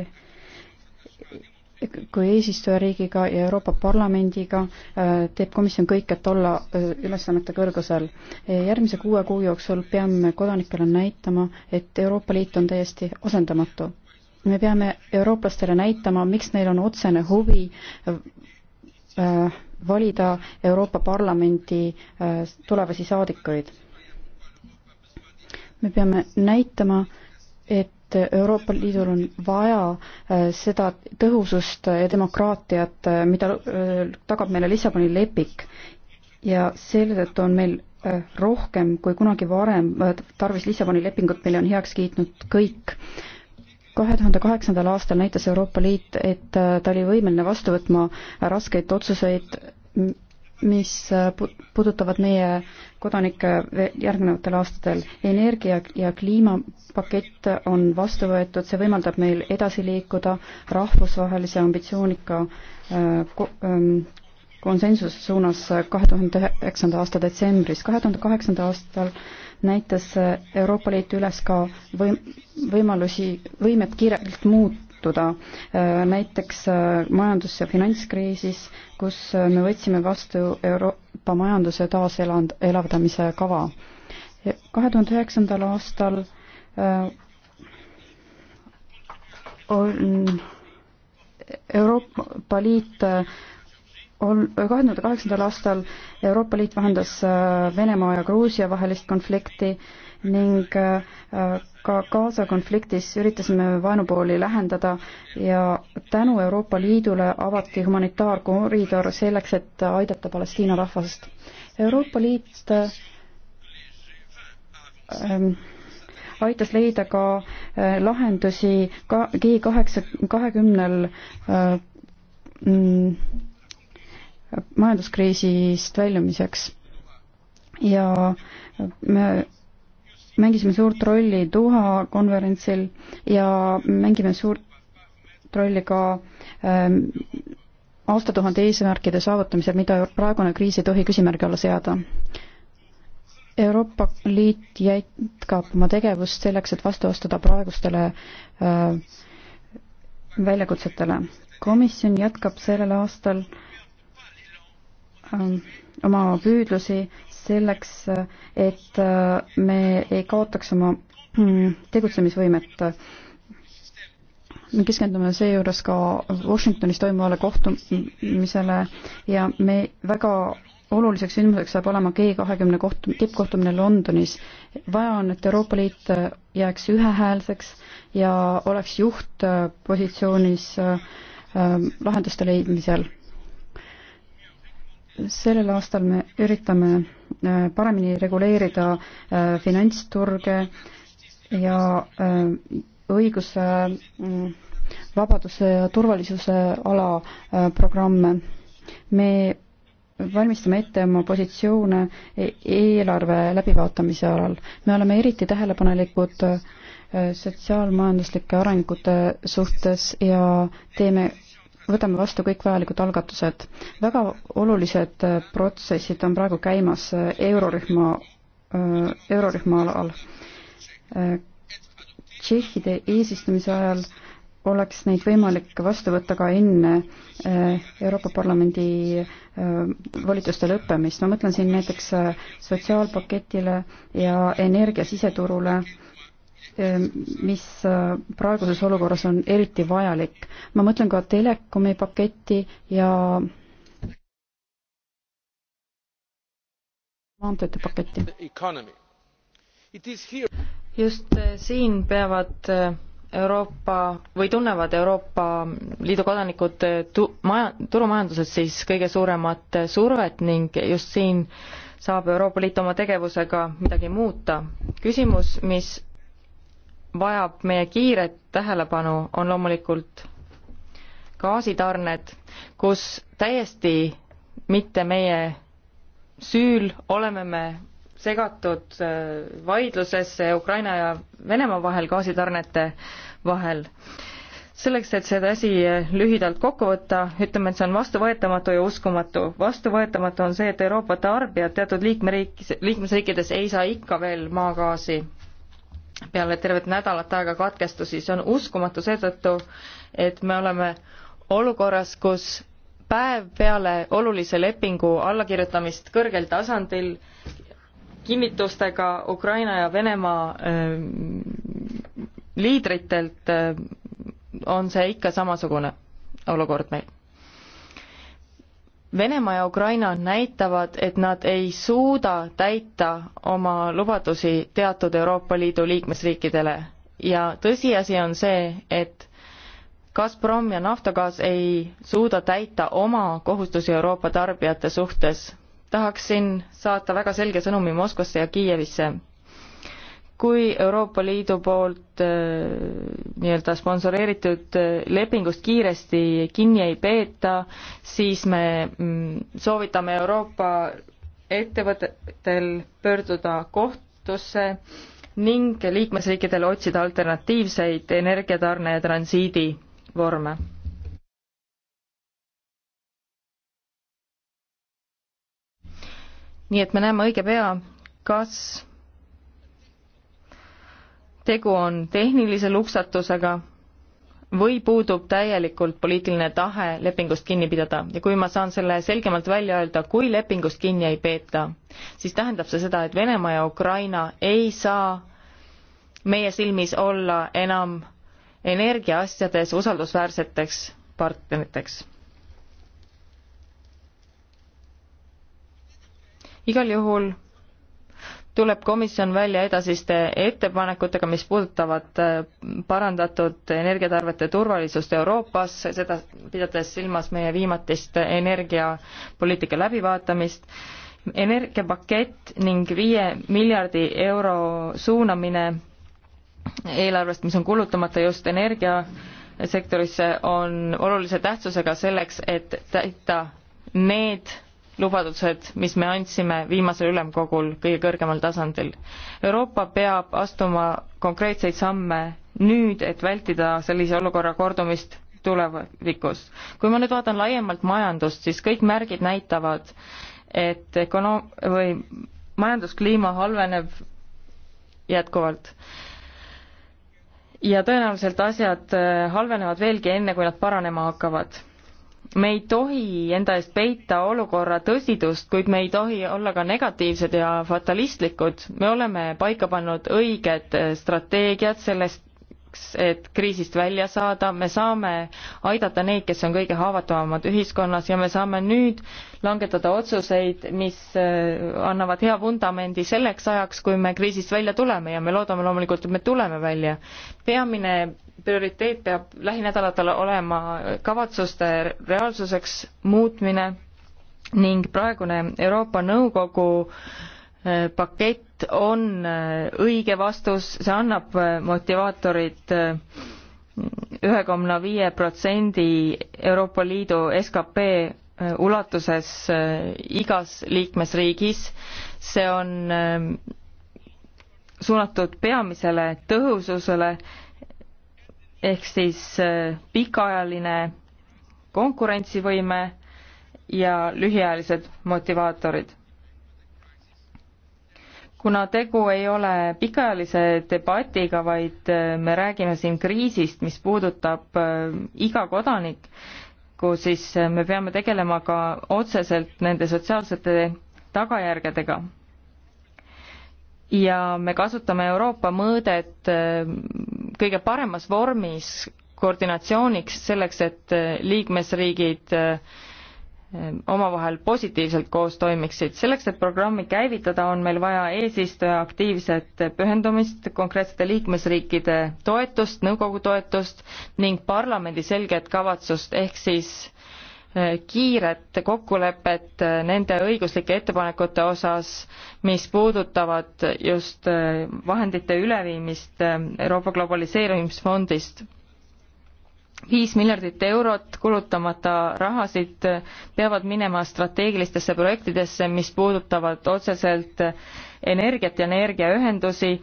kui eesistujariigiga ja Euroopa Parlamendiga äh, teeb komisjon kõik, et olla äh, ülesannete kõrgusel. järgmise kuue kuu jooksul peame kodanikele näitama, et Euroopa Liit on täiesti asendamatu me peame eurooplastele näitama, miks neil on otsene huvi äh, valida Euroopa Parlamendi äh, tulevasi saadikuid. me peame näitama, et Euroopa Liidul on vaja äh, seda tõhusust ja demokraatiat, mida tagab meile Lissaboni lepik ja selle tõttu on meil rohkem kui kunagi varem tarvis Lissaboni lepingut, mille on heaks kiitnud kõik kahe tuhande kaheksandal aastal näitas Euroopa Liit, et äh, ta oli võimeline vastu võtma raskeid otsuseid, mis äh, puudutavad meie kodanikke järgnevatel aastatel. energia ja kliimapakett on vastu võetud, see võimaldab meil edasi liikuda rahvusvahelise ambitsioonika äh, ähm, konsensuse suunas kahe tuhande üheksanda aasta detsembris. kahe tuhande kaheksanda aastal näitas Euroopa Liit üles ka võim-, võimalusi, võimet kiirelt muutuda, näiteks äh, majandus- ja finantskriisis, kus äh, me võtsime vastu Euroopa majanduse taaseland-, elavdamise kava. kahe tuhande üheksandal aastal äh, on Euroopa Liit ol-, kahe tuhande kaheksandal aastal Euroopa Liit vahendas äh, Venemaa ja Gruusia vahelist konflikti ning äh, ka Gaza konfliktis üritasime vaenupooli lähendada ja tänu Euroopa Liidule avati humanitaarkoridor selleks, et aidata Palestiina rahvast. Euroopa Liit äh, ähm, aitas leida ka äh, lahendusi ka G kaheksa, kahekümnel äh, mm, majanduskriisist väljumiseks. ja me mängisime suurt rolli Doha konverentsil ja mängime suurt rolli ka ähm, aastatuhande eesmärkide saavutamisel, mida praegune kriis ei tohi küsimärgi alla seada. Euroopa Liit jätkab oma tegevust selleks, et vastu astuda praegustele äh, väljakutsetele. komisjon jätkab sellel aastal äh, Äh, oma püüdlusi selleks, et äh, me ei kaotaks oma mm, tegutsemisvõimet. me keskendume seejuures ka Washingtonis toimuvale kohtumisele ja me väga oluliseks sündmuseks saab olema G kahekümne kohtum-, tippkohtumine Londonis. vaja on, et Euroopa Liit äh, jääks ühehäälseks ja oleks juhtpositsioonis lahenduste leidmisel sellel aastal me üritame äh, paremini reguleerida äh, finantsturge ja äh, õiguse, mm, vabaduse ja turvalisuse ala programme. me valmistame ette oma positsioone e-, eelarve läbivaatamise alal. me oleme eriti tähelepanelikud sotsiaalmajanduslike arengute suhtes ja teeme võtame vastu kõik vajalikud algatused. väga olulised äh, protsessid on praegu käimas äh, eurorühma, äh, eurorühma alal. Tšehhide eesistumise ajal oleks neid võimalik vastu võtta ka enne Euroopa Parlamendi volituste lõppemist. ma mõtlen siin näiteks sotsiaalpaketile ja energia siseturule Äh, mis äh, praeguses olukorras on eriti vajalik. ma mõtlen ka telekomi paketti ja maanteede paketti. just äh, siin peavad Euroopa või tunnevad Euroopa Liidu kodanikud tu-, maja, turumajanduses siis kõige suuremat survet ning just siin saab Euroopa Liit oma tegevusega midagi muuta. küsimus, mis vajab meie kiiret tähelepanu, on loomulikult gaasitarned, kus täiesti mitte meie süül oleme me segatud äh, vaidlusesse Ukraina ja Venemaa vahel gaasitarnete vahel. selleks, et seda asi äh, lühidalt kokku võtta, ütleme, et see on vastuvõetamatu ja uskumatu. vastuvõetamatu on see, et Euroopa tarbijad teatud liikmeriik, liikmesriikides ei saa ikka veel maagaasi peale tervet nädalat aega katkestusi, see on uskumatu seetõttu, et me oleme olukorras, kus päev peale olulise lepingu allakirjutamist kõrgel tasandil kinnitustega Ukraina ja Venemaa ähm, liidritelt ähm, on see ikka samasugune olukord meil. Venemaa ja Ukraina näitavad, et nad ei suuda täita oma lubadusi teatud Euroopa Liidu liikmesriikidele ja tõsiasi on see, et Gazprom ja Naftogaz ei suuda täita oma kohustusi Euroopa tarbijate suhtes. tahaksin saata väga selge sõnumi Moskvasse ja Kiievisse kui Euroopa Liidu poolt äh, nii-öelda sponsoreeritud äh, lepingust kiiresti kinni ei peeta, siis me mm, soovitame Euroopa ettevõtetel pöörduda kohtusse ning liikmesriikidel otsida alternatiivseid energiatarne ja transiidi vorme. nii et me näeme õige pea, kas tegu on tehnilise luksatusega või puudub täielikult poliitiline tahe lepingust kinni pidada ja kui ma saan selle selgemalt välja öelda, kui lepingust kinni ei peeta, siis tähendab see seda, et Venemaa ja Ukraina ei saa meie silmis olla enam energiaasjades usaldusväärseteks partneriteks. igal juhul tuleb komisjon välja edasiste ettepanekutega, mis puudutavad äh, parandatud energiatarvete turvalisust Euroopas, seda pidades silmas meie viimatist energiapoliitika läbivaatamist, energiapakett ning viie miljardi euro suunamine eelarvest, mis on kulutamata just energiasektorisse, on olulise tähtsusega selleks, et täita need lubadused, mis me andsime viimasel ülemkogul kõige kõrgemal tasandil. Euroopa peab astuma konkreetseid samme nüüd, et vältida sellise olukorra kordumist tulevikus. kui ma nüüd vaatan laiemalt majandust, siis kõik märgid näitavad, et ökonoom- või majanduskliima halveneb jätkuvalt. ja tõenäoliselt asjad äh, halvenevad veelgi, enne kui nad paranema hakkavad me ei tohi enda eest peita olukorra tõsidust, kuid me ei tohi olla ka negatiivsed ja fatalistlikud. me oleme paika pannud õiged strateegiad selleks, et kriisist välja saada, me saame aidata neid, kes on kõige haavatavamad ühiskonnas ja me saame nüüd langetada otsuseid, mis äh, annavad hea vundamendi selleks ajaks, kui me kriisist välja tuleme ja me loodame loomulikult, et me tuleme välja. peamine prioriteet peab lähinädalatel olema kavatsuste reaalsuseks muutmine ning praegune Euroopa Nõukogu äh, pakett on äh, õige vastus, see annab äh, motivaatorid ühe koma viie protsendi Euroopa Liidu skp ulatuses igas liikmesriigis. see on suunatud peamisele tõhususele ehk siis äh, pikaajaline konkurentsivõime ja lühiajalised motivaatorid. kuna tegu ei ole pikaajalise debatiga, vaid äh, me räägime siin kriisist, mis puudutab äh, iga kodanikku, siis me peame tegelema ka otseselt nende sotsiaalsete tagajärgedega ja me kasutame Euroopa mõõdet äh, kõige paremas vormis koordinatsiooniks, selleks et äh, liikmesriigid äh, omavahel positiivselt koos toimiksid. selleks, et programmi käivitada, on meil vaja eesistuja aktiivset pühendumist, konkreetsete liikmesriikide toetust, nõukogu toetust ning parlamendi selget kavatsust, ehk siis kiiret kokkulepet nende õiguslike ettepanekute osas, mis puudutavad just eh, vahendite üleviimist eh, Euroopa Globaliseerimisfondist. viis miljardit eurot kulutamata rahasid eh, peavad minema strateegilistesse projektidesse, mis puudutavad otseselt energiat ja energiaühendusi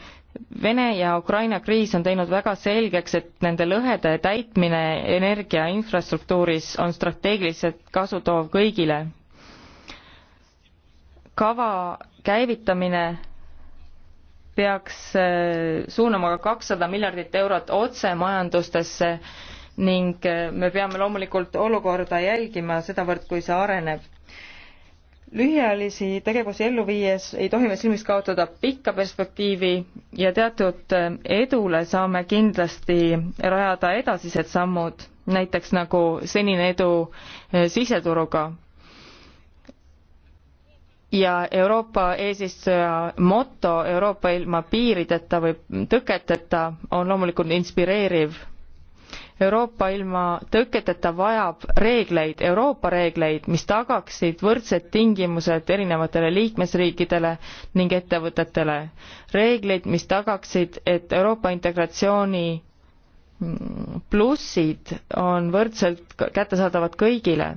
Vene ja Ukraina kriis on teinud väga selgeks, et nende lõhede täitmine energia infrastruktuuris on strateegiliselt kasutoov kõigile. kava käivitamine peaks äh, suunama ka kakssada miljardit eurot otse majandustesse ning äh, me peame loomulikult olukorda jälgima sedavõrd, kui see areneb lühiajalisi tegevusi ellu viies ei tohi me silmist kaotada pikka perspektiivi ja teatud äh, edule saame kindlasti rajada edasised sammud, näiteks nagu senine edu äh, siseturuga. ja Euroopa eesistuja moto Euroopa ilma piirideta või tõketeta on loomulikult inspireeriv Euroopa ilma tõketeta vajab reegleid, Euroopa reegleid, mis tagaksid võrdsed tingimused erinevatele liikmesriikidele ning ettevõtetele. reegleid, mis tagaksid, et Euroopa integratsiooni mm, plussid on võrdselt kättesaadavad kõigile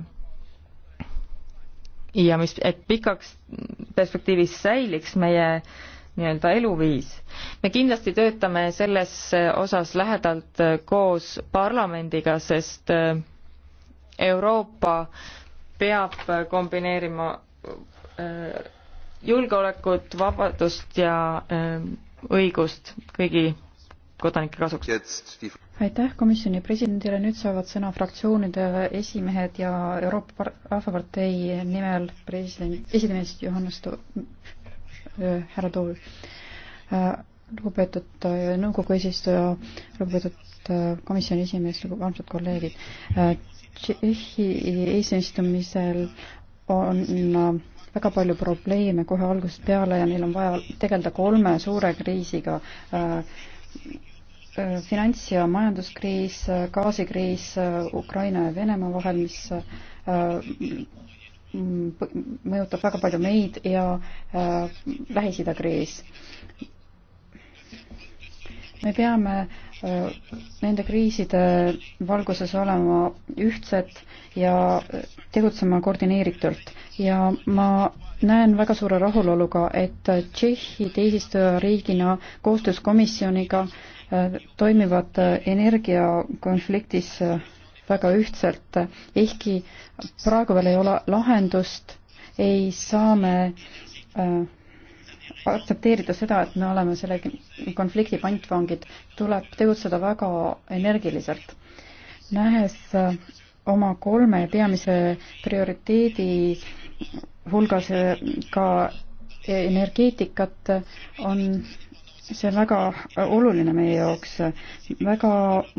ja mis, et pikaks perspektiivis säiliks meie nii-öelda eluviis. me kindlasti töötame selles osas lähedalt koos parlamendiga, sest äh, Euroopa peab kombineerima äh, julgeolekut, vabadust ja äh, õigust kõigi kodanike kasuks. aitäh komisjoni presidendile, nüüd saavad sõna fraktsioonide esimehed ja Euroopa Rahvapartei nimel president, esimees Johannes Äh, härra Tool. Äh, lugupeetud äh, nõukogu eesistuja, lugupeetud komisjoni esimees, armsad kolleegid. Tšehhi eesistumisel on väga palju probleeme kohe algusest peale ja meil on vaja tegeleda kolme suure kriisiga finants- ja majanduskriis, gaasikriis Ukraina ja Venemaa vahel, mis mõjutab väga palju meid ja äh, Lähis-Ida kriis. me peame äh, nende kriiside valguses olema ühtsed ja äh, tegutsema koordineeritult ja ma näen väga suure rahuloluga, et Tšehhid eesistujariigina koostöös komisjoniga äh, toimivad äh, energiakonfliktis äh, väga ühtselt, ehkki praegu veel ei ole lahendust, ei saa me äh, aktsepteerida seda, et me oleme selle konflikti pantvangid, tuleb tegutseda väga energiliselt. nähes äh, oma kolme peamise prioriteedi hulgas äh, ka energeetikat, on see on väga äh, oluline meie jaoks. väga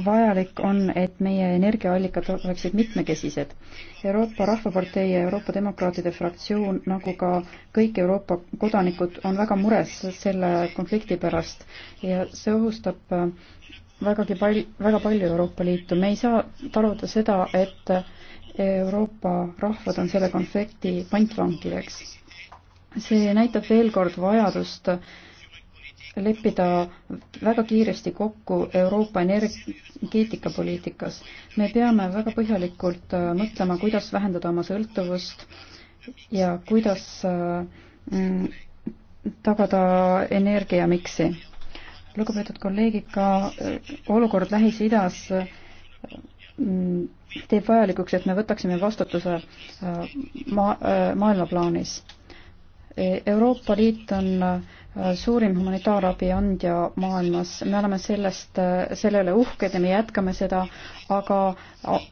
vajalik on, et meie energiaallikad oleksid mitmekesised. Euroopa Rahvapartei ja Euroopa Demokraatide fraktsioon, nagu ka kõik Euroopa kodanikud, on väga mures selle konflikti pärast ja see ohustab äh, vägagi pal-, väga palju Euroopa Liitu. me ei saa taluda seda, et Euroopa rahvad on selle konflikti pantvangideks. see näitab veel kord vajadust äh, leppida väga kiiresti kokku Euroopa energeetikapoliitikas. me peame väga põhjalikult äh, mõtlema, kuidas vähendada oma sõltuvust ja kuidas äh, mm, tagada energiamiksi. lugupeetud kolleegid, ka äh, olukord Lähis-Idas mm, teeb vajalikuks, et me võtaksime vastutuse ma-, maailma plaanis. E-, Euroopa Liit on suurim humanitaarabi andja maailmas, me oleme sellest, selle üle uhked ja me jätkame seda, aga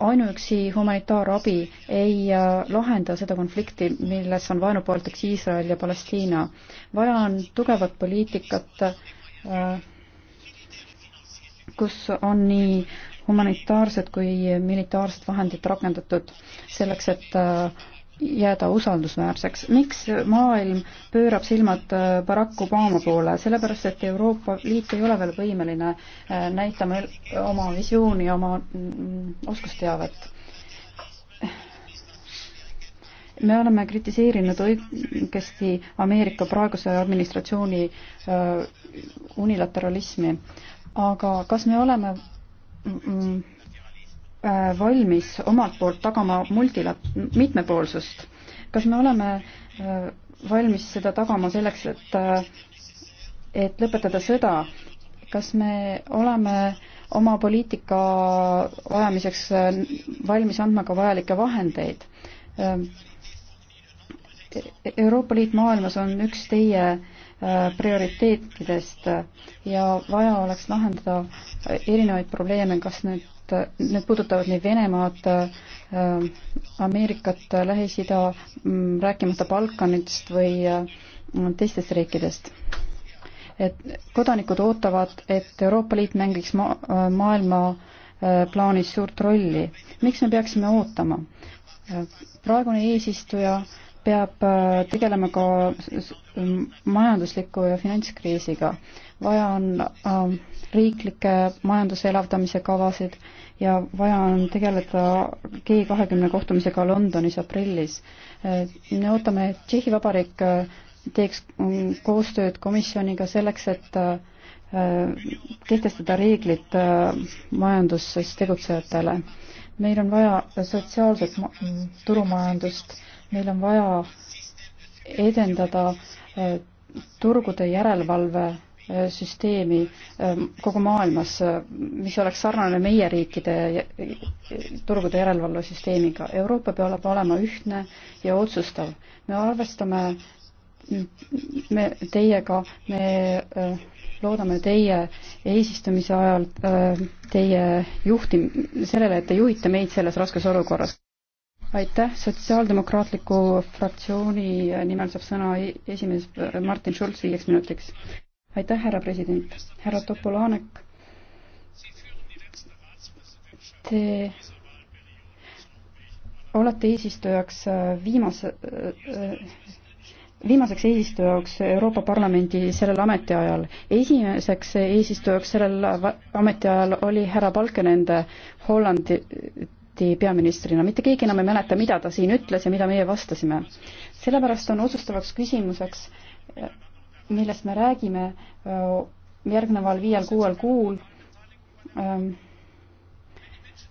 ainuüksi humanitaarabi ei äh, lahenda seda konflikti, milles on vaenupoolteks Iisrael ja Palestiina. vaja on tugevat poliitikat, äh, kus on nii humanitaarsed kui militaarsed vahendid rakendatud selleks, et äh, jääda usaldusväärseks. miks maailm pöörab silmad äh, Barack Obama poole? sellepärast, et Euroopa Liit ei ole veel võimeline äh, näitama oma visiooni, oma mm, oskusteavet. me oleme kritiseerinud õigesti Ameerika praeguse administratsiooni äh, unilateralismi, aga kas me oleme mm, Äh, valmis omalt poolt tagama multila-, mitmepoolsust? kas me oleme äh, valmis seda tagama selleks, et äh, et lõpetada sõda, kas me oleme oma poliitika ajamiseks valmis andma ka vajalikke vahendeid? Euroopa Liit maailmas on üks teie äh, Äh, prioriteetidest ja vaja oleks lahendada erinevaid probleeme, kas need, need puudutavad nii Venemaad, äh, Ameerikat, Lähis-Ida, mm, rääkimata Balkanitest või äh, teistest riikidest. et kodanikud ootavad, et Euroopa Liit mängiks ma-, maailma plaanis suurt rolli. miks me peaksime ootama? praegune eesistuja äh, peab äh, tegelema ka majandusliku ja finantskriisiga. vaja on äh, riiklikke majanduse elavdamise kavasid ja vaja on tegeleda G kahekümne kohtumisega Londonis aprillis. Äh, me ootame, et Tšehhi Vabariik teeks mm, koostööd komisjoniga selleks, et kehtestada reeglid majanduses tegutsejatele. meil on vaja sotsiaalset turumajandust meil on vaja edendada äh, turgude järelevalve äh, süsteemi äh, kogu maailmas, mis oleks sarnane meie riikide turgude järelevalvesüsteemiga. Euroopa peab olema ühtne ja otsustav. me arvestame me teiega, me loodame teie eesistumise ajal teie juhti-, sellele, et te juhite meid selles raskes olukorras aitäh, Sotsiaaldemokraatliku fraktsiooni nimel saab sõna e-, esimees Martin Schulz viieks minutiks. aitäh, härra president, härra Topolanek. Te olete eesistujaks äh, viimase, äh, viimaseks eesistujaks Euroopa Parlamendi sellel ametiajal. esimeseks eesistujaks sellel ametiajal oli härra Balkenende Hollandi valiti peaministrina, mitte keegi enam ei mäleta, mida ta siin ütles ja mida meie vastasime. sellepärast on otsustavaks küsimuseks, millest me räägime järgneval viiel-kuuel kuul,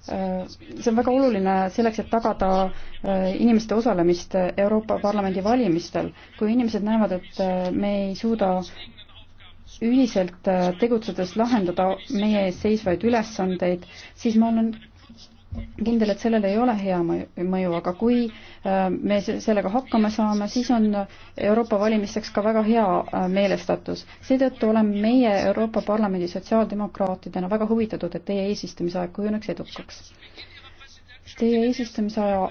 see on väga oluline selleks, et tagada inimeste osalemist Euroopa Parlamendi valimistel. kui inimesed näevad, et me ei suuda ühiselt tegutsedes lahendada meie ees seisvaid ülesandeid, siis ma olen kindel, et sellel ei ole hea mõju, aga kui äh, me sellega hakkama saame, siis on Euroopa valimisteks ka väga hea äh, meelestatus. seetõttu oleme meie Euroopa Parlamendi sotsiaaldemokraatidena väga huvitatud, et teie eesistumisaeg kujuneks edukaks. Teie eesistumise aja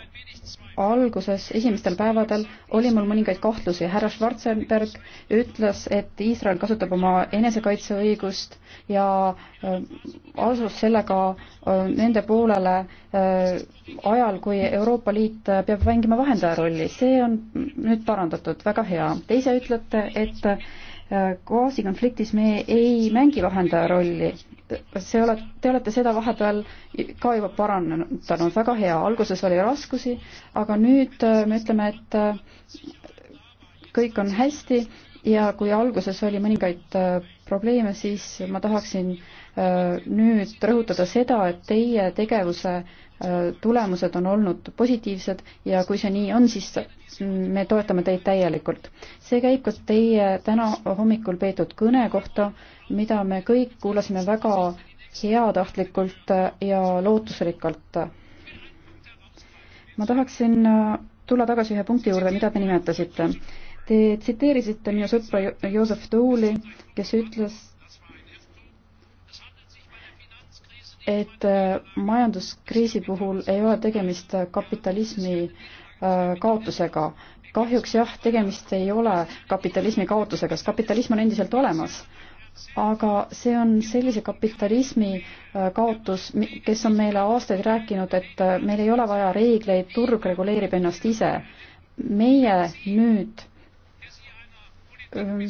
alguses, esimestel päevadel, oli mul mõningaid kahtlusi. härra Schwarzenberg ütles, et Iisrael kasutab oma enesekaitseõigust ja äh, asus sellega äh, nende poolele äh, ajal, kui Euroopa Liit peab mängima vahendaja rolli. see on nüüd parandatud, väga hea. Te ise ütlete, et gaasikonfliktis me ei mängi vahendaja rolli. see olete, te olete seda vahepeal ka juba parandanud, väga hea, alguses oli raskusi, aga nüüd äh, me ütleme, et äh, kõik on hästi ja kui alguses oli mõningaid äh, probleeme, siis ma tahaksin nüüd rõhutada seda, et teie tegevuse äh, tulemused on olnud positiivsed ja kui see nii on, siis me toetame teid täielikult. see käib ka teie täna hommikul peetud kõne kohta, mida me kõik kuulasime väga heatahtlikult ja lootusrikkalt. ma tahaksin tulla tagasi ühe punkti juurde, mida te nimetasite. Te tsiteerisite minu sõpra Joseph Tooli, kes ütles, et äh, majanduskriisi puhul ei ole tegemist äh, kapitalismi äh, kaotusega. kahjuks jah, tegemist ei ole kapitalismi kaotusega, sest kapitalism on endiselt olemas. aga see on sellise kapitalismi kaotus, kes on meile aastaid rääkinud, et meil ei ole vaja reegleid, turg reguleerib ennast ise. meie nüüd ähm,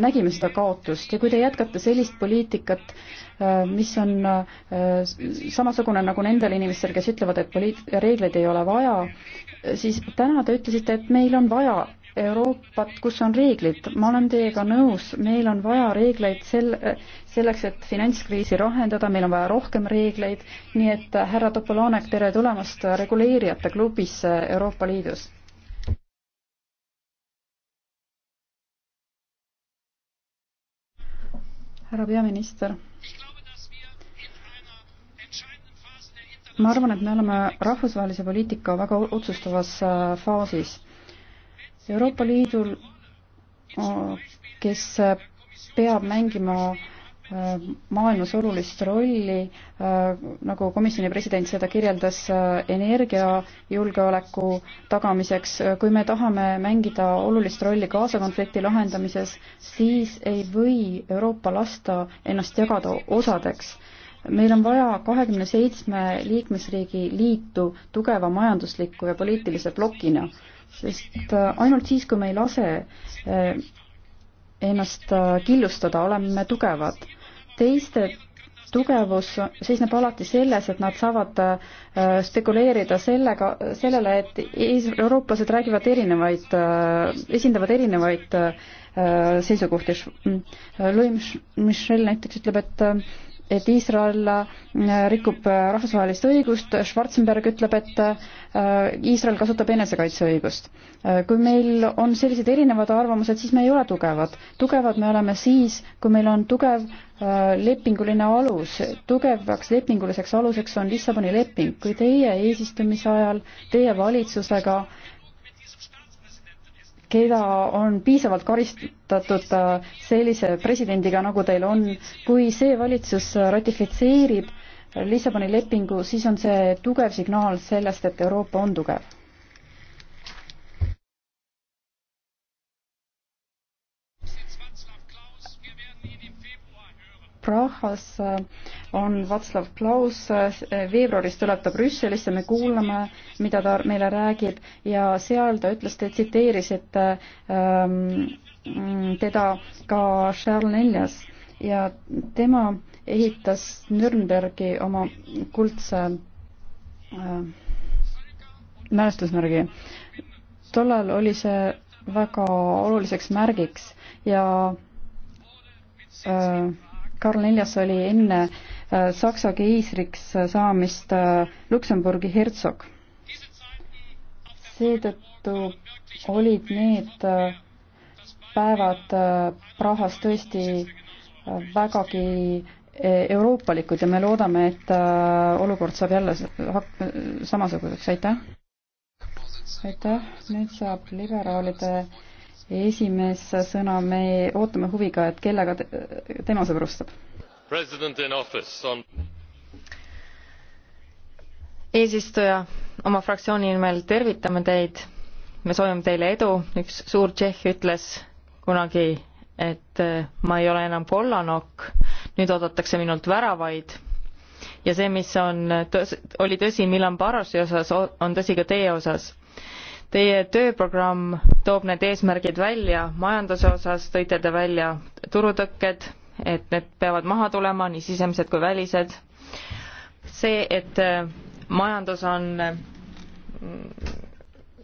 nägime seda kaotust ja kui te jätkate sellist poliitikat, Äh, mis on äh, samasugune nagu nendel inimestel, kes ütlevad, et poliit-, reegleid ei ole vaja, siis täna te ütlesite, et meil on vaja Euroopat, kus on reeglid. ma olen teiega nõus, meil on vaja reegleid sel-, selleks, et finantskriisi lahendada, meil on vaja rohkem reegleid, nii et härra Topolanek, tere tulemast reguleerijate klubisse Euroopa Liidus härra peaminister ma arvan, et me oleme rahvusvahelise poliitika väga otsustavas äh, faasis. Euroopa Liidul, äh, kes äh, peab mängima maailmas olulist rolli, nagu komisjoni president seda kirjeldas, energiajulgeoleku tagamiseks. kui me tahame mängida olulist rolli Gaza konflikti lahendamises, siis ei või Euroopa lasta ennast jagada osadeks meil on vaja kahekümne seitsme liikmesriigi liitu tugeva majandusliku ja poliitilise plokina, sest äh, ainult siis, kui me ei lase äh, ennast äh, killustada, oleme tugevad. teiste tugevus seisneb alati selles, et nad saavad spekuleerida sellega, sellele, et eurooplased räägivad erinevaid, esindavad erinevaid seisukohti. Louis Michel näiteks ütleb, et et Iisrael äh, rikub äh, rahvusvahelist õigust, Schwarzenberg ütleb, et äh, Iisrael kasutab enesekaitseõigust. kui meil on sellised erinevad arvamused, siis me ei ole tugevad. tugevad me oleme siis, kui meil on tugev lepinguline alus, tugevaks lepinguliseks aluseks on Lissaboni leping. kui teie eesistumise ajal, teie valitsusega äh, keda on piisavalt karistatud äh, sellise presidendiga, nagu teil on. kui see valitsus ratifitseerib Lissaboni lepingu, siis on see tugev signaal sellest, et Euroopa on tugev. Prahas äh, on Václav Klaus, eh, veebruaris tuleb ta Brüsselisse, me kuulame, mida ta meile räägib ja seal ta ütles, te tsiteerisite ähm, teda ka Charles Neljas ja tema ehitas Nürnbergi oma kuldse äh, mälestusmärgi. tollal oli see väga oluliseks märgiks ja äh, Karl Neljas oli enne äh, Äh, saksa keisriks äh, saamist äh, Luksemburgi hertsog. seetõttu olid need päevad Prahas tõesti vägagi euroopalikud ja me loodame, et olukord saab jälle samasuguseks, aitäh! aitäh, nüüd saab liberaalide esimees sõna, me ootame huviga, et kellega te, tema sõbrustab president in office on eesistuja, oma fraktsiooni nimel tervitame teid, me soovime teile edu, üks suur tšehh ütles kunagi, et eh, ma ei ole enam kollanokk, nüüd oodatakse minult väravaid ja see, mis on eh, tõs-, oli tõsi Milan Barosi osas, on tõsi ka teie osas. Teie tööprogramm toob need eesmärgid välja, majanduse osas tõite te välja turutõkked, et need peavad maha tulema, nii sisemised kui välised. see, et äh, majandus on mm,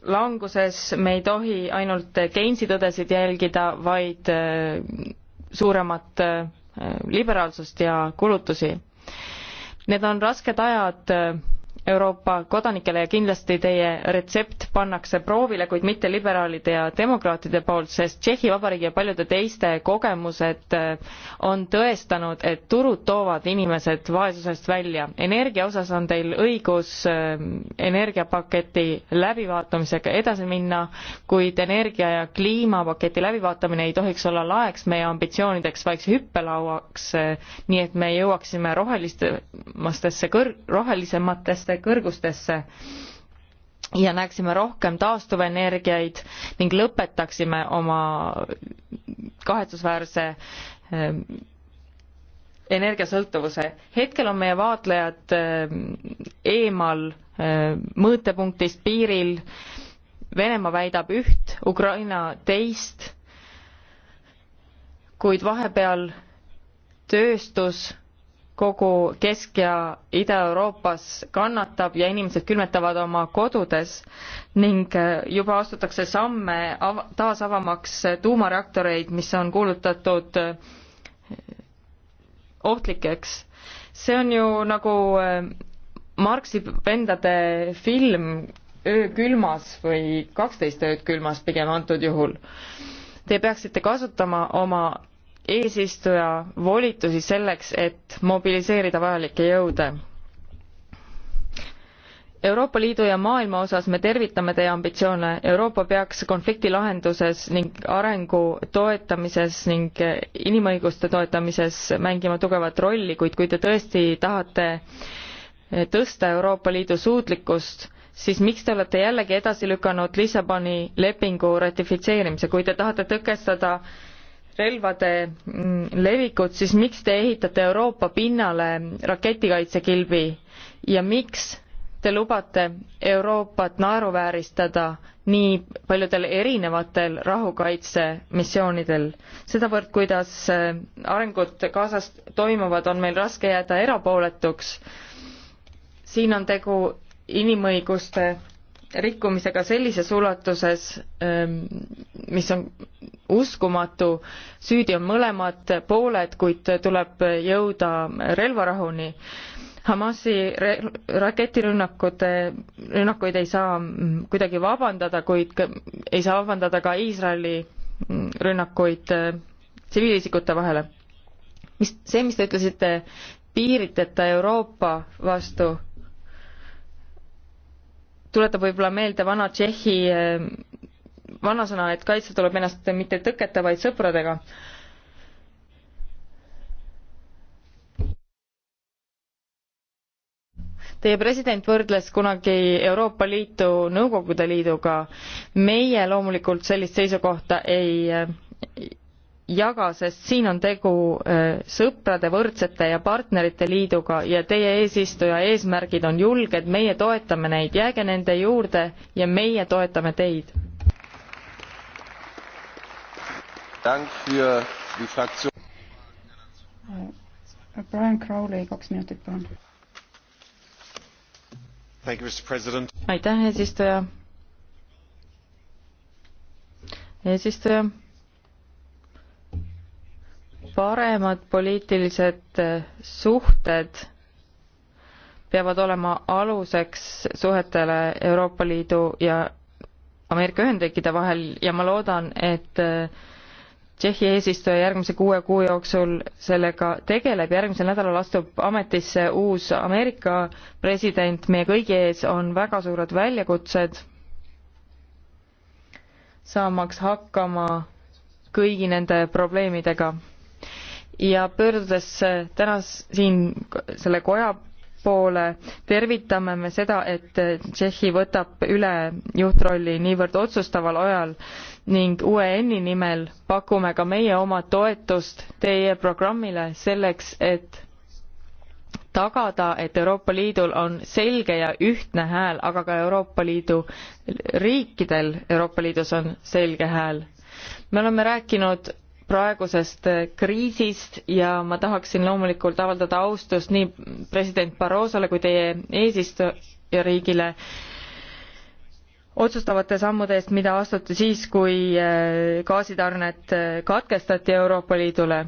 languses, me ei tohi ainult Keinsi tõdesid jälgida, vaid äh, suuremat äh, liberaalsust ja kulutusi. Need on rasked ajad Euroopa kodanikele ja kindlasti teie retsept pannakse proovile, kuid mitte liberaalide ja demokraatide poolt, sest Tšehhi Vabariigi ja paljude teiste kogemused eh, on tõestanud, et turud toovad inimesed vaesusest välja. energia osas on teil õigus eh, energiapaketi läbivaatamisega edasi minna, kuid energia ja kliimapaketi läbivaatamine ei tohiks olla laeks meie ambitsioonideks, vaid hüppelauaks, eh, nii et me jõuaksime rohelistemastesse kõr-, rohelisematesse kõrgustesse ja näeksime rohkem taastuvenergiaid ning lõpetaksime oma kahetsusväärse ehm, energiasõltuvuse. hetkel on meie vaatlejad ehm, eemal ehm, mõõtepunktist piiril. Venemaa väidab üht, Ukraina teist, kuid vahepeal tööstus kogu Kesk- ja Ida-Euroopas kannatab ja inimesed külmetavad oma kodudes ning äh, juba astutakse samme av-, taas avamaks äh, tuumareaktoreid, mis on kuulutatud äh, ohtlikeks. see on ju nagu Marxi vendade film Öö külmas või kaksteist ööd külmas pigem antud juhul. Te peaksite kasutama oma eesistuja volitusi selleks, et mobiliseerida vajalikke jõude. Euroopa Liidu ja maailma osas me tervitame teie ambitsioone, Euroopa peaks konflikti lahenduses ning arengu toetamises ning inimõiguste toetamises mängima tugevat rolli, kuid kui te tõesti tahate tõsta Euroopa Liidu suutlikkust, siis miks te olete jällegi edasi lükanud Lissaboni lepingu ratifitseerimise, kui te tahate tõkestada äh, relvade mm, levikut, siis miks te ehitate Euroopa pinnale raketikaitsekilbi ja miks te lubate Euroopat naeruvääristada nii paljudel erinevatel rahukaitsemissioonidel. sedavõrd, kuidas äh, arengud Gazas toimuvad, on meil raske jääda erapooletuks. siin on tegu inimõiguste rikkumisega sellises ulatuses, ähm, mis on uskumatu, süüdi on mõlemad pooled, kuid tuleb jõuda relvarahuni. Hamasi raketirünnakute, rünnakuid ei saa kuidagi vabandada, kuid ei saa vabandada ka Iisraeli mm, rünnakuid äh, tsiviilisikute vahele. mis, see, mis te ütlesite piiriteta Euroopa vastu tuletab võib-olla meelde vana Tšehhi eh, vanasõna, et kaitsta tuleb ennast mitte tõkete, vaid sõpradega. Teie president võrdles kunagi Euroopa Liitu Nõukogude Liiduga. meie loomulikult sellist seisukohta ei eh, jaga, sest siin on tegu äh, sõprade, võrdsete ja partnerite liiduga ja teie eesistuja eesmärgid on julged, meie toetame neid, jääge nende juurde ja meie toetame teid. Brian Crowley, kaks minutit, palun. aitäh, eesistuja. eesistuja paremad poliitilised eh, suhted peavad olema aluseks suhetele Euroopa Liidu ja Ameerika Ühendriikide vahel ja ma loodan, et eh, Tšehhi eesistuja järgmise kuue kuu jooksul sellega tegeleb, järgmisel nädalal astub ametisse uus Ameerika president, meie kõigi ees on väga suured väljakutsed, saamaks hakkama kõigi nende probleemidega ja pöördudes äh, tänas siin selle koja poole tervitame me seda, et äh, Tšehhi võtab üle juhtrolli niivõrd otsustaval ajal ning UN-i nimel pakume ka meie oma toetust teie programmile selleks, et tagada, et Euroopa Liidul on selge ja ühtne hääl, aga ka Euroopa Liidu riikidel Euroopa Liidus on selge hääl. me oleme rääkinud praegusest kriisist ja ma tahaksin loomulikult avaldada austust nii president Barrosole kui teie eesistujariigile otsustavate sammude eest, mida astuti siis, kui eh, gaasitarned eh, katkestati Euroopa Liidule.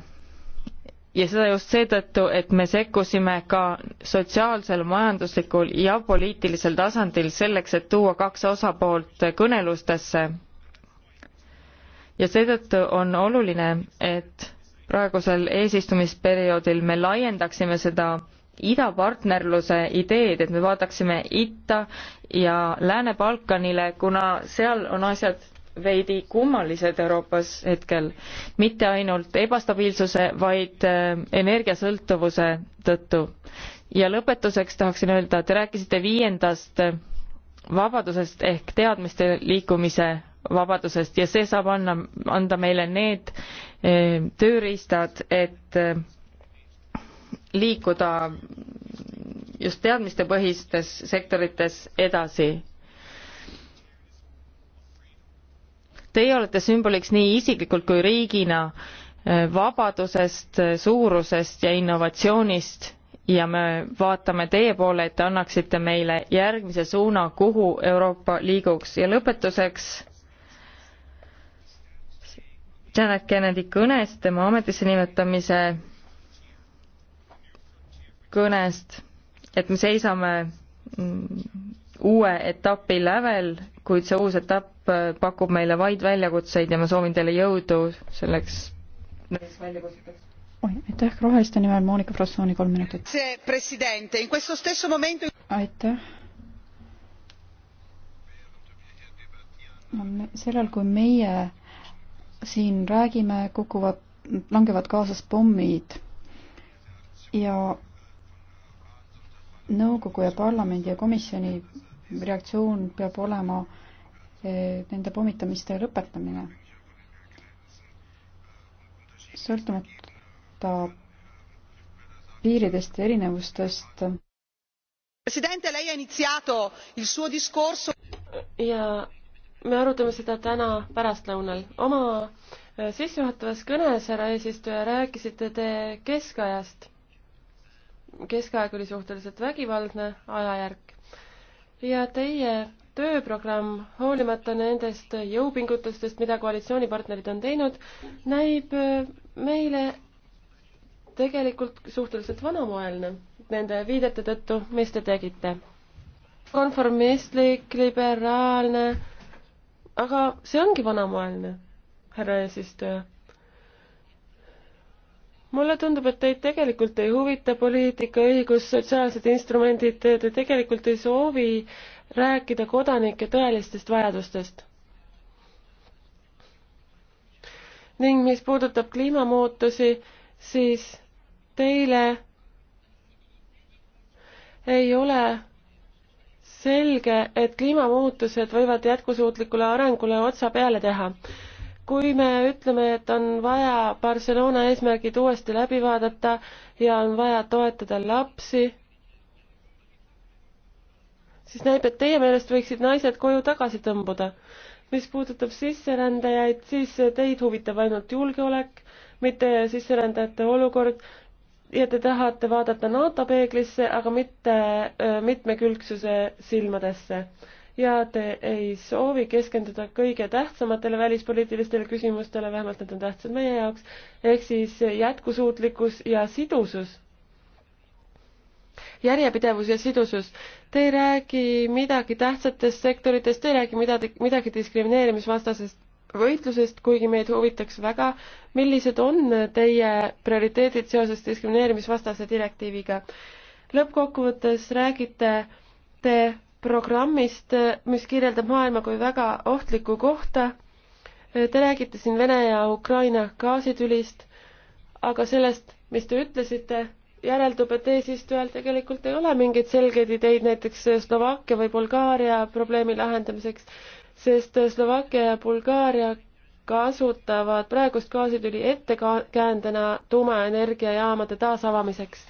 ja seda just seetõttu, et me sekkusime ka sotsiaalsel, majanduslikul ja poliitilisel tasandil selleks, et tuua kaks osapoolt kõnelustesse ja seetõttu on oluline, et praegusel eesistumisperioodil me laiendaksime seda idapartnerluse ideed, et me vaataksime itta ja Lääne-Balkanile, kuna seal on asjad veidi kummalised Euroopas hetkel, mitte ainult ebastabiilsuse, vaid äh, energiasõltuvuse tõttu. ja lõpetuseks tahaksin öelda, te rääkisite viiendast äh, vabadusest ehk teadmiste liikumise vabadusest ja see saab anna, anda meile need eh, tööriistad, et eh, liikuda just teadmistepõhistes sektorites edasi. Teie olete sümboliks nii isiklikult kui riigina eh, vabadusest, suurusest ja innovatsioonist ja me vaatame teie poole, et te annaksite meile järgmise suuna, kuhu Euroopa liiguks ja lõpetuseks Janet Kennedy kõnest, tema ametisse nimetamise kõnest, et me seisame mm, uue etapi lävel, kuid see uus etapp äh, pakub meile vaid väljakutseid ja ma soovin teile jõudu selleks, nendeks väljakutseteks. aitäh, Roheliste nimel Monika Frassooni, kolm minutit. aitäh. sellel, kui meie siin räägime, kukuvad, langevad kaasas pommid ja nõukogu ja parlamendi ja komisjoni reaktsioon peab olema eh, nende pommitamiste lõpetamine. sõltumata piiridest ja erinevustest. ja me arutame seda täna pärastlõunal. oma äh, sissejuhatavas kõnes, härra eesistuja, rääkisite te keskajast. keskaeg oli suhteliselt vägivaldne ajajärk ja teie tööprogramm, hoolimata nendest jõupingutustest, mida koalitsioonipartnerid on teinud, näib äh, meile tegelikult suhteliselt vanamoelne nende viidete tõttu, mis te tegite. konformistlik, liberaalne aga see ongi vanamaailmne, härra eesistuja. mulle tundub, et teid tegelikult ei huvita poliitika, õigus, sotsiaalsed instrumendid, te tegelikult ei soovi rääkida kodanike tõelistest vajadustest. ning mis puudutab kliimamuutusi, siis teile ei ole selge, et kliimamuutused võivad jätkusuutlikule arengule otsa peale teha. kui me ütleme, et on vaja Barcelona eesmärgid uuesti läbi vaadata ja on vaja toetada lapsi, siis näib, et teie meelest võiksid naised koju tagasi tõmbuda. mis puudutab sisserändajaid, siis teid huvitab ainult julgeolek, mitte sisserändajate olukord ja te tahate vaadata NATO peeglisse, aga mitte mitmekülgsuse silmadesse. ja te ei soovi keskenduda kõige tähtsamatele välispoliitilistele küsimustele, vähemalt need on tähtsad meie jaoks, ehk siis jätkusuutlikkus ja sidusus. järjepidevus ja sidusus. Te ei räägi midagi tähtsatest sektoritest, te ei räägi midagi, midagi diskrimineerimisvastasest võitlusest, kuigi meid huvitaks väga, millised on teie prioriteedid seoses diskrimineerimisvastase direktiiviga. lõppkokkuvõttes räägite te programmist, mis kirjeldab maailma kui väga ohtlikku kohta. Te räägite siin Vene ja Ukraina gaasitülist, aga sellest, mis te ütlesite, järeldub, et eesistujal tegelikult ei ole mingeid selgeid ideid näiteks Slovakkia või Bulgaaria probleemi lahendamiseks sest Slovakkia ja Bulgaaria kasutavad praegust gaasitüli ettekäändena tuumaenergiajaamade taasavamiseks.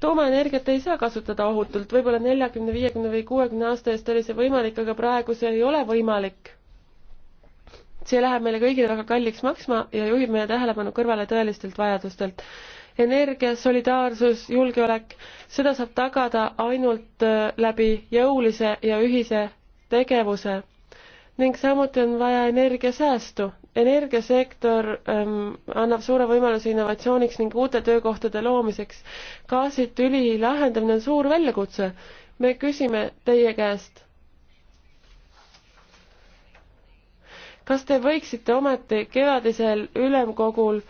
tuumaenergiat ei saa kasutada ohutult, võib-olla neljakümne, viiekümne või kuuekümne aasta eest oli see võimalik, aga praegu see ei ole võimalik. see läheb meile kõigile väga kalliks maksma ja juhib meie tähelepanu kõrvale tõelistelt vajadustelt. energia, solidaarsus, julgeolek, seda saab tagada ainult äh, läbi jõulise ja ühise tegevuse ning samuti on vaja energiasäästu. energiasektor ähm, annab suure võimaluse innovatsiooniks ning uute töökohtade loomiseks. gaasitüli lahendamine on suur väljakutse. me küsime teie käest. kas te võiksite ometi kevadisel ülemkogul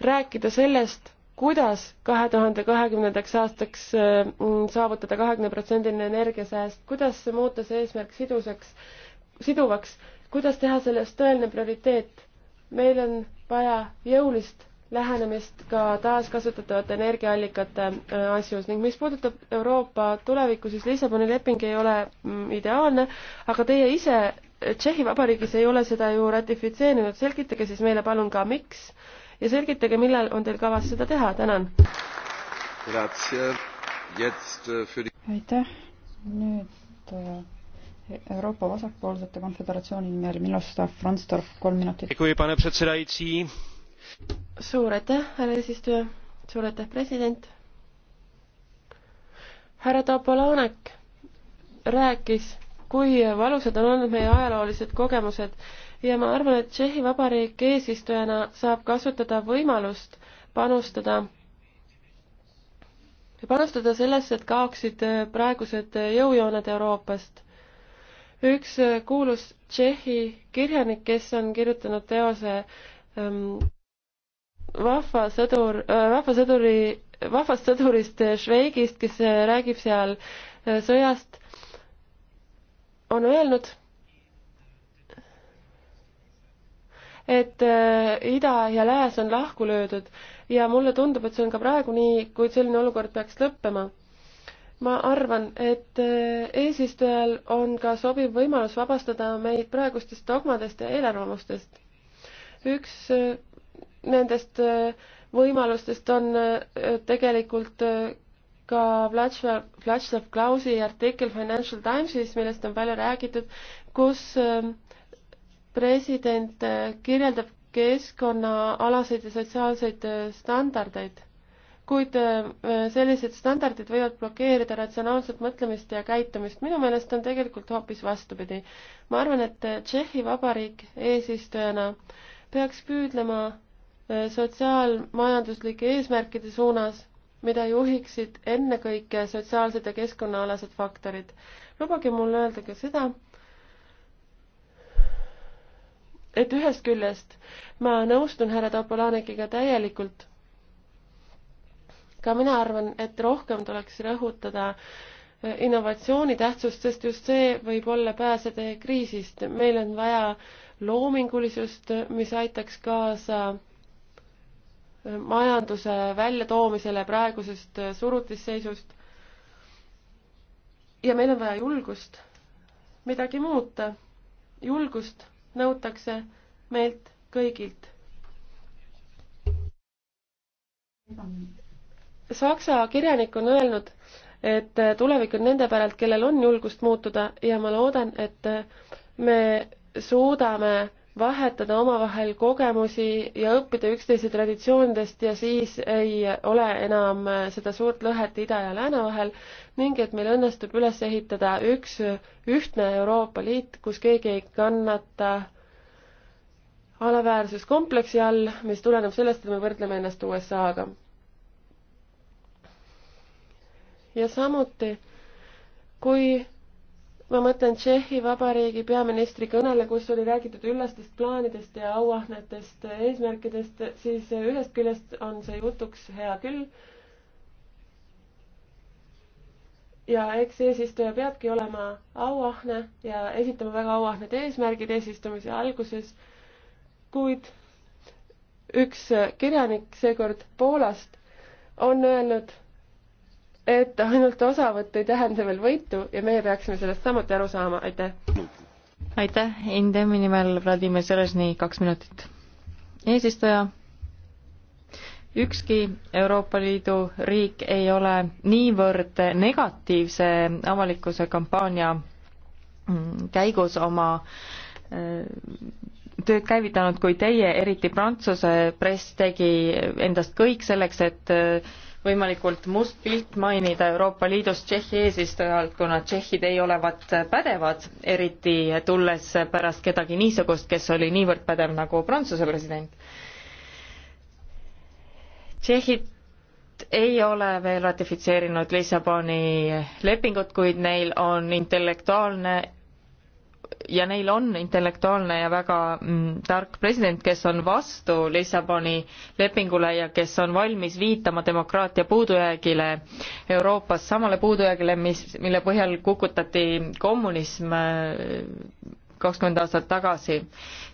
rääkida sellest, kuidas kahe tuhande kahekümnendaks aastaks äh, saavutada kahekümne protsendiline energiasääst, kuidas muuta see eesmärk sidusaks äh, siduvaks, kuidas teha sellest tõeline prioriteet? meil on vaja jõulist lähenemist ka taaskasutatavate energiaallikate äh, asjus ning mis puudutab Euroopa tulevikku, siis Lissaboni leping ei ole mm, ideaalne, aga teie ise äh, Tšehhi Vabariigis ei ole seda ju ratifitseerinud, selgitage siis meile palun ka, miks ja selgitage, millal on teil kavas seda teha, tänan. Äh, aitäh, nüüd Euroopa Vasakpoolsete Konföderatsiooni nimel Miloslav Franzdorf, kolm minutit. suur aitäh, härra eesistuja, suur aitäh, president. härra Topolanek rääkis, kui valusad on olnud meie ajaloolised kogemused ja ma arvan, et Tšehhi Vabariik eesistujana saab kasutada võimalust panustada ja panustada sellesse, et kaoksid praegused jõujooned Euroopast üks äh, kuulus Tšehhi kirjanik, kes on kirjutanud teose ähm, Vahva sõdur äh,, Vahva sõduri, Vahvast sõdurist äh, Šveigist, kes äh, räägib seal äh, sõjast, on öelnud, et äh, ida ja lääs on lahku löödud ja mulle tundub, et see on ka praegu nii, kuid selline olukord peaks lõppema ma arvan, et äh, eesistujal on ka sobiv võimalus vabastada meid praegustest dogmadest ja eelarvamustest. üks äh, nendest äh, võimalustest on tegelikult ka Vladislav, Vladislav Klausi artikkel Financial Timesis, millest on palju räägitud, kus president kirjeldab keskkonnaalaseid ja sotsiaalseid standardeid kuid äh, sellised standardid võivad blokeerida ratsionaalset mõtlemist ja käitumist. minu meelest on tegelikult hoopis vastupidi. ma arvan, et äh, Tšehhi Vabariik eesistujana peaks püüdlema äh, sotsiaalmajanduslike eesmärkide suunas, mida juhiksid ennekõike sotsiaalsed ja keskkonnaalased faktorid. lubage mul öelda ka seda, et ühest küljest ma nõustun härra Topolanekiga täielikult ka mina arvan, et rohkem tuleks rõhutada eh, innovatsiooni tähtsust, sest just see võib olla pääsetee kriisist. meil on vaja loomingulisust, mis aitaks kaasa eh, majanduse väljatoomisele praegusest eh, surutisseisust. ja meil on vaja julgust midagi muuta. julgust nõutakse meilt kõigilt. Saksa kirjanik on öelnud, et äh, tulevik on nende päralt, kellel on julgust muutuda ja ma loodan, et äh, me suudame vahetada omavahel kogemusi ja õppida üksteise traditsioonidest ja siis ei ole enam äh, seda suurt lõhet ida ja lääne vahel ning et meil õnnestub üles ehitada üks ühtne Euroopa Liit, kus keegi ei kannata alaväärsuskompleksi all, mis tuleneb sellest, et me võrdleme ennast USA-ga ja samuti, kui ma mõtlen Tšehhi Vabariigi peaministri kõnele, kus oli räägitud üllastest plaanidest ja auahnetest eesmärkidest, siis ühest küljest on see jutuks hea küll. ja eks eesistuja peabki olema auahne ja esitama väga auahned eesmärgid eesistumise alguses. kuid üks kirjanik seekord Poolast on öelnud et ainult osavõtt ei tähenda veel võitu ja meie peaksime sellest samuti aru saama, aitäh! aitäh, Indemi nimel Vladimir Selesni, kaks minutit. eesistuja, ükski Euroopa Liidu riik ei ole niivõrd negatiivse avalikkuse kampaania mm, käigus oma äh, tööd käivitanud, kui teie, eriti Prantsuse press tegi endast kõik selleks, et äh, võimalikult must pilt mainida Euroopa Liidust Tšehhi eesistujalt, kuna tšehhid ei olevat pädevad, eriti tulles pärast kedagi niisugust, kes oli niivõrd pädev nagu Prantsuse president. tšehhid ei ole veel ratifitseerinud Lissaboni lepingut, kuid neil on intellektuaalne ja neil on intellektuaalne ja väga mm, tark president, kes on vastu Lissaboni lepingule ja kes on valmis viitama demokraatia puudujäägile Euroopas, samale puudujäägile, mis, mille põhjal kukutati kommunism äh, kakskümmend aastat tagasi.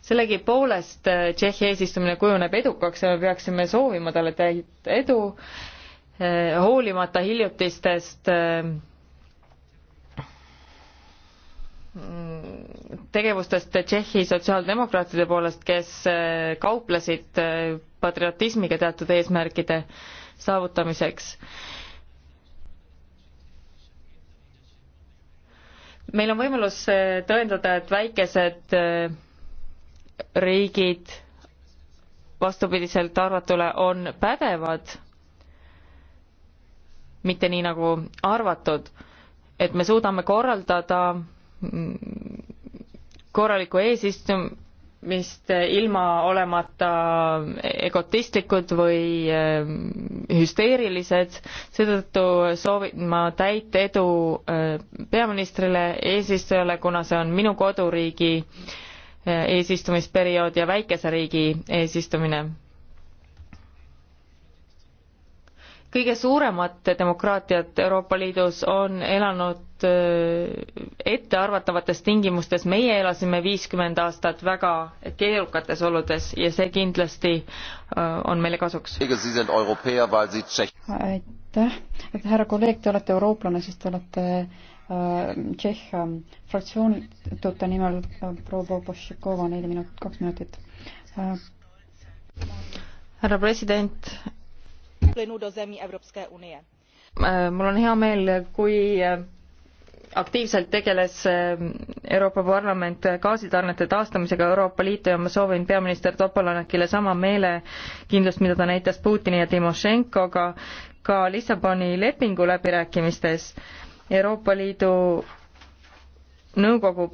sellegipoolest äh, Tšehhi eesistumine kujuneb edukaks ja me peaksime soovima talle täit edu, äh, hoolimata hiljutistest Mm, tegevustest Tšehhi sotsiaaldemokraatide poolest, kes äh, kauplesid äh, patriotismiga teatud eesmärkide saavutamiseks. meil on võimalus äh, tõendada, et väikesed riigid vastupidiselt arvatule on pädevad, mitte nii nagu arvatud, et me suudame korraldada korralikku eesistumist ilma olemata egotistlikud või ähm, hüsteerilised, seetõttu soovin ma täit edu äh, peaministrile, eesistujale, kuna see on minu koduriigi äh, eesistumisperiood ja väikese riigi eesistumine kõige suuremat demokraatiat Euroopa Liidus on elanud äh, ettearvatavates tingimustes, meie elasime viiskümmend aastat väga keerukates oludes ja see kindlasti äh, on meile kasuks. aitäh, et härra kolleeg, te olete eurooplane, siis te olete äh, Tšehh fraktsioonitute nimel proua Popošikova neli minut, kaks minutit. härra president, plynu do zemí Evropské unie. Äh, mul on hea meel, kui äh, aktiivselt tegeles äh, Euroopa Parlament gaasitarnete taastamisega Euroopa Liitu ja ma soovin peaminister Topolanekile sama meelekindlust, mida ta näitas Putini ja Timošenkoga ka Lissaboni lepingu läbirääkimistes. Euroopa Liidu nõukogu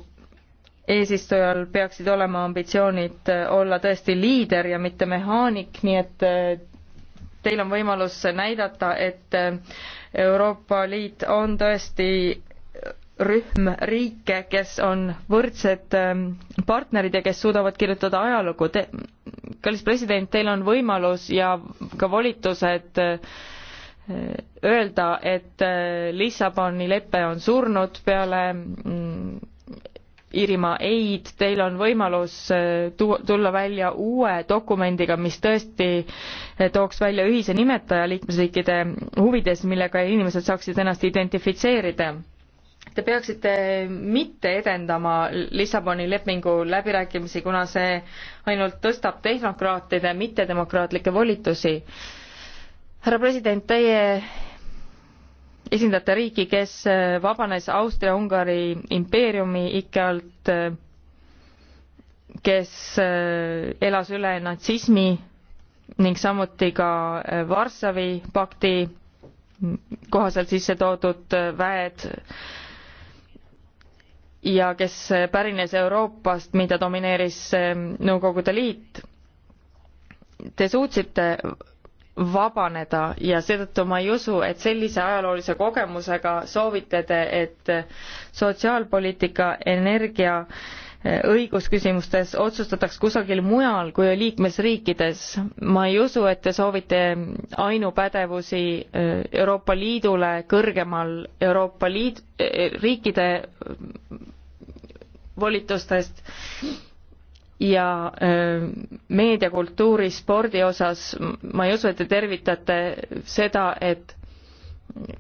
eesistujal peaksid olema ambitsioonid olla tõesti liider ja mitte mehaanik, nii et teil on võimalus näidata, et äh, Euroopa Liit on tõesti rühm riike, kes on võrdsed ähm, partnerid ja kes suudavad kirjutada ajalugu. kallis president, teil on võimalus ja ka volitused äh, öelda, et äh, Lissaboni lepe on surnud peale mm, Iirimaa eid, teil on võimalus äh, tu-, tulla välja uue dokumendiga, mis tõesti äh, tooks välja ühise nimetaja liikmesriikide huvides, millega inimesed saaksid ennast identifitseerida te peaksite mitte edendama Lissaboni lepingu läbirääkimisi, kuna see ainult tõstab tehnokraatide mittedemokraatlikke volitusi. härra president, teie esindate riiki, kes äh, vabanes Austria-Ungari impeeriumi ikke alt, äh, kes äh, elas üle natsismi ning samuti ka Varssavi pakti kohaselt sisse toodud väed ja kes pärines Euroopast, mida domineeris Nõukogude Liit. Te suutsite vabaneda ja seetõttu ma ei usu, et sellise ajaloolise kogemusega soovite te, et sotsiaalpoliitika, energia, e, õigusküsimustes otsustataks kusagil mujal kui liikmesriikides. ma ei usu, et te soovite ainupädevusi e, Euroopa Liidule kõrgemal Euroopa Liit, e, riikide volitustest ja meediakultuuri, spordi osas ma ei usu, et te tervitate seda, et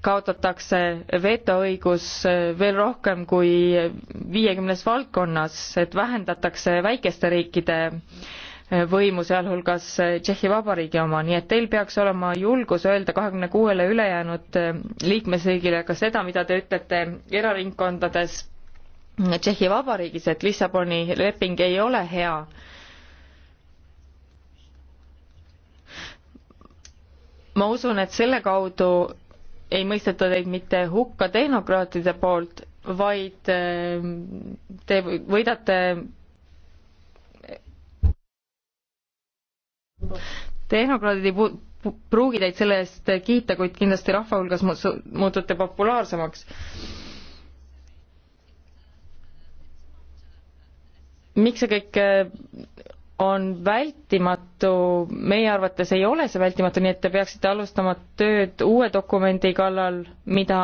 kaotatakse vetoõigus veel rohkem kui viiekümnes valdkonnas, et vähendatakse väikeste riikide võimu, sealhulgas Tšehhi Vabariigi oma, nii et teil peaks olema julgus öelda kahekümne kuuele ülejäänud liikmesriigile ka seda, mida te ütlete eraringkondades Tšehhi Vabariigis, et Lissaboni leping ei ole hea. ma usun, et selle kaudu ei mõisteta teid mitte hukka tehnokraatide poolt, vaid ehm, te võidate tehnokraadid ei pruugi teid selle eest kiita, kuid kindlasti rahva hulgas muutute populaarsemaks miks see kõik äh, on vältimatu, meie arvates ei ole see vältimatu, nii et te peaksite alustama tööd uue dokumendi kallal, mida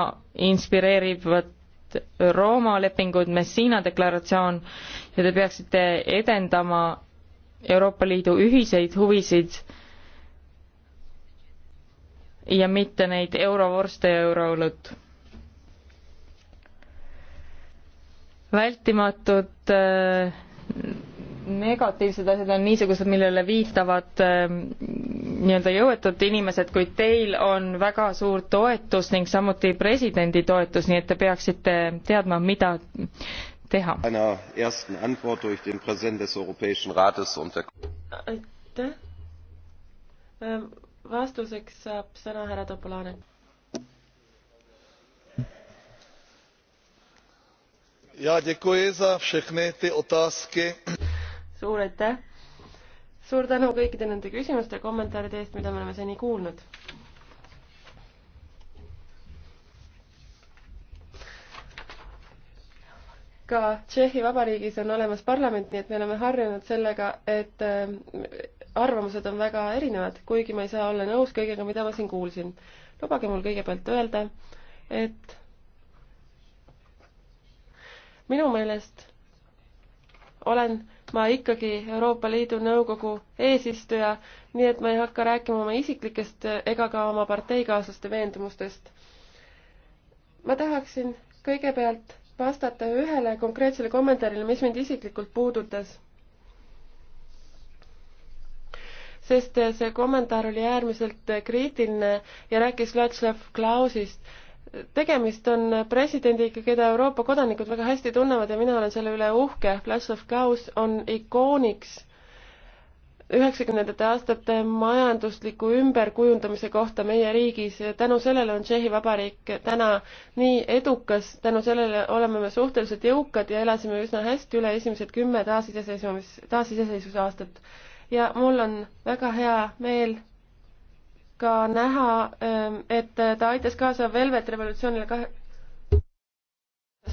inspireerivad Rooma lepingud, Messina deklaratsioon ja te peaksite edendama Euroopa Liidu ühiseid huvisid ja mitte neid eurovorste ja euroõlut. vältimatud äh, negatiivsed asjad on niisugused, millele viitavad ähm, nii-öelda jõuetud inimesed, kuid teil on väga suur toetus ning samuti presidendi toetus, nii et te peaksite teadma, mida teha. aitäh. Ähm, vastuseks saab sõna härra Topolanen Já děkuji za všechny ty otázky. Suur aitäh! Suur tänu kõikide nende küsimuste ja kommentaaride eest, mida me oleme seni kuulnud. ka Tšehhi Vabariigis on olemas parlament, nii et me oleme harjunud sellega, et äh, arvamused on väga erinevad, kuigi ma ei saa olla nõus kõigega, mida ma siin kuulsin. lubage mul kõigepealt öelda, et minu meelest olen ma ikkagi Euroopa Liidu Nõukogu eesistuja, nii et ma ei hakka rääkima oma isiklikest ega ka oma parteikaaslaste veendumustest. ma tahaksin kõigepealt vastata ühele konkreetsele kommentaarile, mis mind isiklikult puudutas. sest see kommentaar oli äärmiselt kriitiline ja rääkis Václav Klausist tegemist on presidendiga, keda Euroopa kodanikud väga hästi tunnevad ja mina olen selle üle uhke. Václav Klaus on ikooniks üheksakümnendate aastate majandusliku ümberkujundamise kohta meie riigis. tänu sellele on Tšehhi Vabariik täna nii edukas, tänu sellele oleme me suhteliselt jõukad ja elasime üsna hästi üle esimesed kümme taasiseseisvumis, taasiseseisvuse aastat. ja mul on väga hea meel ka näha, ähm, et ta aitas kaasa Velvet revolutsioonile kahe,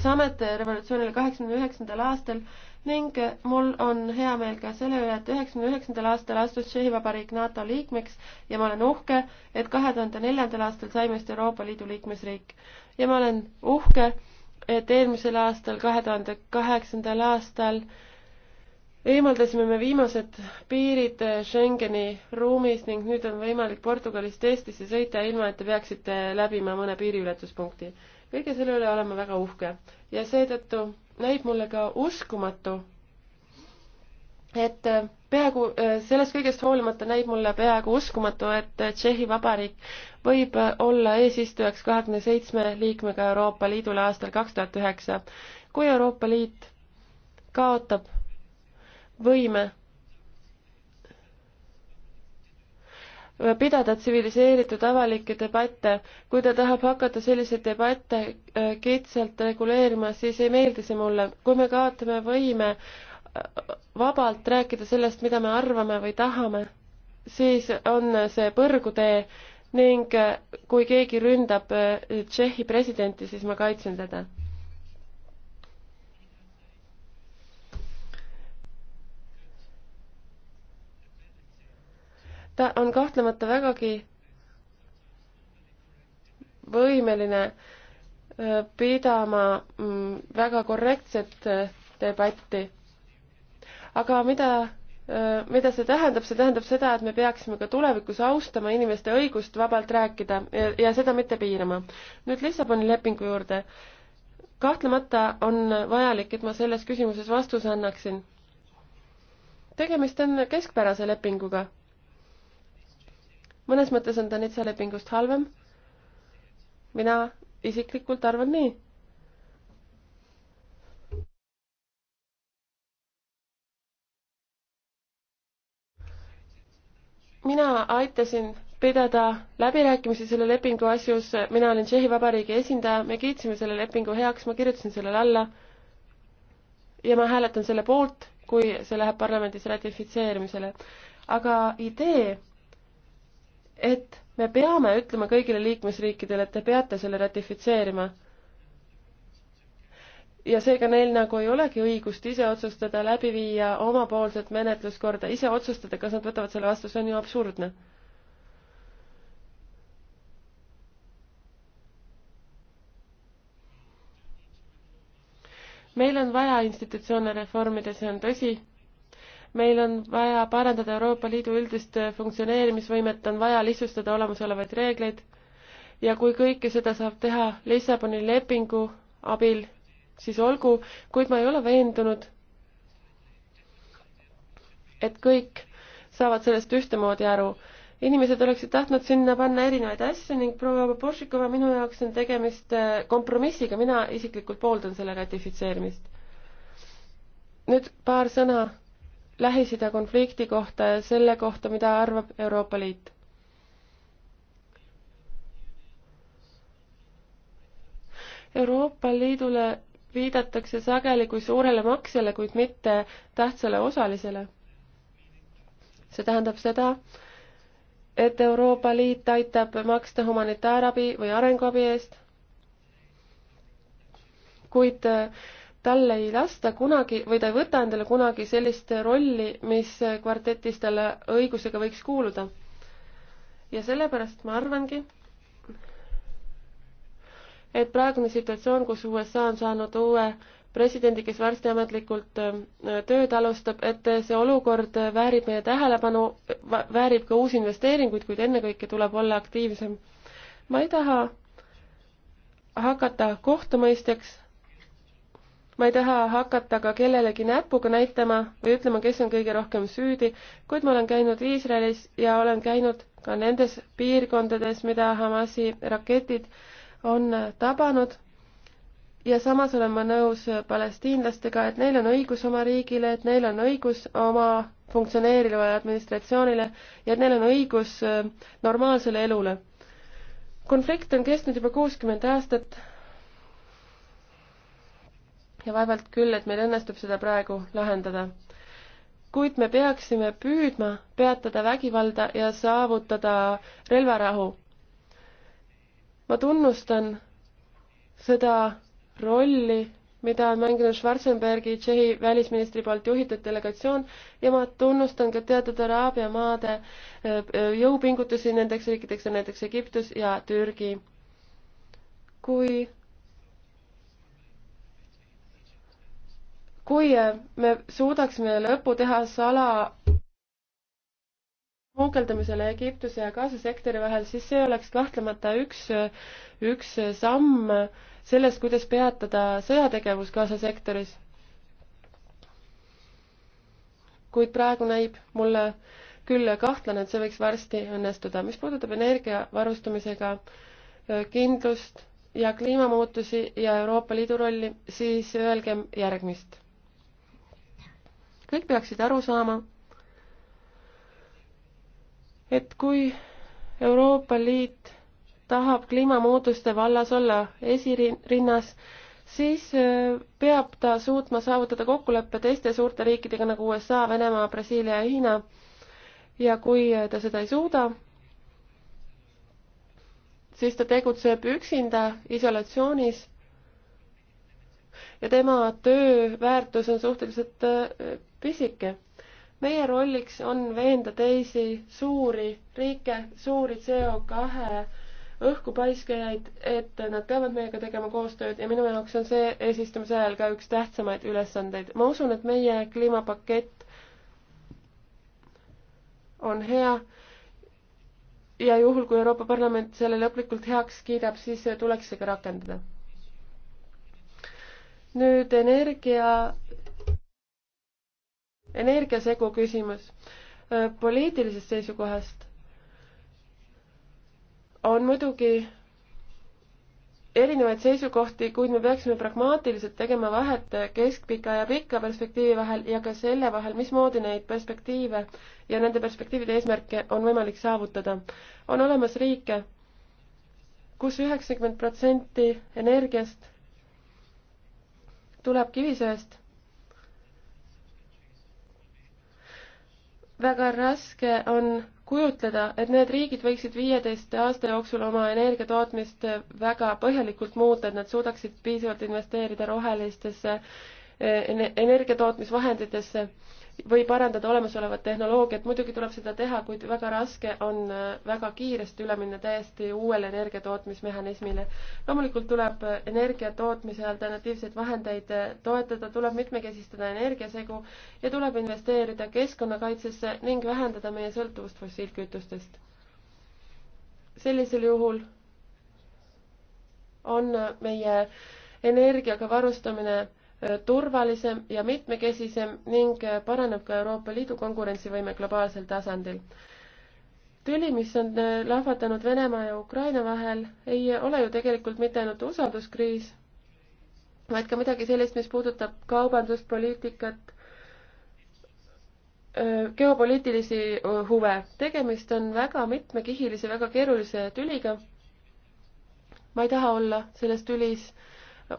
Samet revolutsioonile kaheksakümne üheksandal aastal ning mul on hea meel ka selle üle, et üheksakümne üheksandal aastal astus Tšehhi Vabariik NATO liikmeks ja ma olen uhke, et kahe tuhande neljandal aastal sai meist Euroopa Liidu liikmesriik. ja ma olen uhke, et eelmisel aastal, kahe tuhande kaheksandal aastal äh, eemaldasime me viimased piirid eh, Schengeni ruumis ning nüüd on võimalik Portugalist Eestisse sõita, ilma et te peaksite läbima mõne piiriületuspunkti. kõige selle üle olen ma väga uhke ja seetõttu näib mulle ka uskumatu, et eh, peaaegu eh, sellest kõigest hoolimata näib mulle peaaegu uskumatu, et Tšehhi Vabariik võib olla eesistujaks kahekümne seitsme liikmega Euroopa Liidule aastal kaks tuhat üheksa. kui Euroopa Liit kaotab võime pidada tsiviliseeritud avalikke debatte. kui ta tahab hakata selliseid debatte äh, kitsalt reguleerima, siis ei meeldi see mulle. kui me kaotame võime äh, vabalt rääkida sellest, mida me arvame või tahame, siis on see põrgutee ning äh, kui keegi ründab Tšehhi presidenti, siis ma kaitsen teda ta on kahtlemata vägagi võimeline äh, pidama mm, väga korrektset äh, debatti. aga mida, äh, mida see tähendab, see tähendab seda, et me peaksime ka tulevikus austama inimeste õigust vabalt rääkida ja, ja seda mitte piirama. nüüd Lissaboni lepingu juurde. kahtlemata on vajalik, et ma selles küsimuses vastuse annaksin. tegemist on keskpärase lepinguga mõnes mõttes on ta nüüd selle lepingust halvem. mina isiklikult arvan nii mina aitasin pidada läbirääkimisi selle lepingu asjus, mina olin Tšehhi Vabariigi esindaja, me kiitsime selle lepingu heaks, ma kirjutasin sellele alla ja ma hääletan selle poolt, kui see läheb parlamendis ratifitseerimisele. aga idee, et me peame ütlema kõigile liikmesriikidele, et te peate selle ratifitseerima. ja seega neil nagu ei olegi õigust ise otsustada, läbi viia omapoolset menetluskorda, ise otsustada, kas nad võtavad selle vastu, see on ju absurdne meil on vaja institutsioone reformida, see on tõsi, meil on vaja parandada Euroopa Liidu üldist funktsioneerimisvõimet, on vaja lihtsustada olemasolevaid reegleid ja kui kõike seda saab teha Lissaboni lepingu abil, siis olgu, kuid ma ei ole veendunud, et kõik saavad sellest ühtemoodi aru. inimesed oleksid tahtnud sinna panna erinevaid asju ning proua Bošikova, minu jaoks on tegemist äh, kompromissiga, mina isiklikult pooldan selle ratifitseerimist. nüüd paar sõna Lähis-Ida konflikti kohta ja selle kohta, mida arvab Euroopa Liit. Euroopa Liidule viidatakse sageli kui suurele maksjale, kuid mitte tähtsale osalisele. see tähendab seda, et Euroopa Liit aitab maksta humanitaarabi või arenguabi eest, kuid tal ei lasta kunagi või ta ei võta endale kunagi sellist rolli, mis kvartetis talle õigusega võiks kuuluda. ja sellepärast ma arvangi, et praegune situatsioon, kus USA on saanud uue presidendi, kes varsti ametlikult äh, tööd alustab, et see olukord väärib meie tähelepanu, väärib ka uusi investeeringuid, kuid ennekõike tuleb olla aktiivsem. ma ei taha hakata kohtumõistjaks ma ei taha hakata ka kellelegi näpuga näitama või ütlema, kes on kõige rohkem süüdi, kuid ma olen käinud Iisraelis ja olen käinud ka nendes piirkondades, mida Hamasi raketid on tabanud. ja samas olen ma nõus palestiinlastega, et neil on õigus oma riigile, et neil on õigus oma funktsioneerivale administratsioonile ja et neil on õigus normaalsele elule. konflikt on kestnud juba kuuskümmend aastat ja vaevalt küll, et meil õnnestub seda praegu lahendada. kuid me peaksime püüdma peatada vägivalda ja saavutada relvarahu. ma tunnustan seda rolli, mida on mänginud Schwarzenbergi Tšehhi välisministri poolt juhitud delegatsioon ja ma tunnustan ka teatud Araabia maade äh, äh, jõupingutusi nendeks riikideks on näiteks Egiptus ja Türgi. kui kui me suudaksime lõpu teha sala smuugeldamisele Egiptuse ja Gaza sektori vahel, siis see oleks kahtlemata üks, üks samm sellest, kuidas peatada sõjategevus Gaza sektoris. kuid praegu näib mulle küll kahtlane, et see võiks varsti õnnestuda. mis puudutab energia varustamisega kindlust ja kliimamuutusi ja Euroopa Liidu rolli, siis öelgem järgmist kõik peaksid aru saama, et kui Euroopa Liit tahab kliimamuutuste vallas olla esirinnas, siis äh, peab ta suutma saavutada kokkuleppe teiste suurte riikidega nagu USA, Venemaa, Brasiilia ja Hiina. ja kui äh, ta seda ei suuda, siis ta tegutseb üksinda isolatsioonis ja tema töö väärtus on suhteliselt äh, pisike. meie rolliks on veenda teisi suuri riike, suuri CO kahe õhkupaiskajaid, et nad peavad meiega tegema koostööd ja minu jaoks on see eesistumise ajal ka üks tähtsamaid ülesandeid. ma usun, et meie kliimapakett on hea ja juhul, kui Euroopa Parlament selle lõplikult heaks kiidab, siis tuleks see ka rakendada nüüd energia, energiasegu küsimus. Äh, poliitilisest seisukohast on muidugi erinevaid seisukohti, kuid me peaksime pragmaatiliselt tegema vahet keskpika ja pika perspektiivi vahel ja ka selle vahel, mismoodi neid perspektiive ja nende perspektiivide eesmärke on võimalik saavutada. on olemas riike kus, kus üheksakümmend protsenti energiast tuleb Kivisöest. väga raske on kujutleda, et need riigid võiksid viieteist aasta jooksul oma energiatootmist väga põhjalikult muuta, et nad suudaksid piisavalt investeerida rohelistesse energiatootmisvahenditesse või parandada olemasolevat tehnoloogiat, muidugi tuleb seda teha, kuid väga raske on äh, väga kiiresti üle minna täiesti uuele energiatootmismehhanismile. loomulikult tuleb energia tootmise alternatiivseid vahendeid äh, toetada, tuleb mitmekesistada energiasegu ja tuleb investeerida keskkonnakaitsesse ning vähendada meie sõltuvust fossiilkütustest. sellisel juhul on äh, meie energiaga varustamine turvalisem ja mitmekesisem ning paraneb ka Euroopa Liidu konkurentsivõime globaalsel tasandil. tüli, mis on äh, lahvatanud Venemaa ja Ukraina vahel, ei äh, ole ju tegelikult mitte ainult usalduskriis, vaid ka midagi sellist, mis puudutab kaubanduspoliitikat, äh, geopoliitilisi huve. tegemist on väga mitmekihilise, väga keerulise tüliga. ma ei taha olla selles tülis äh,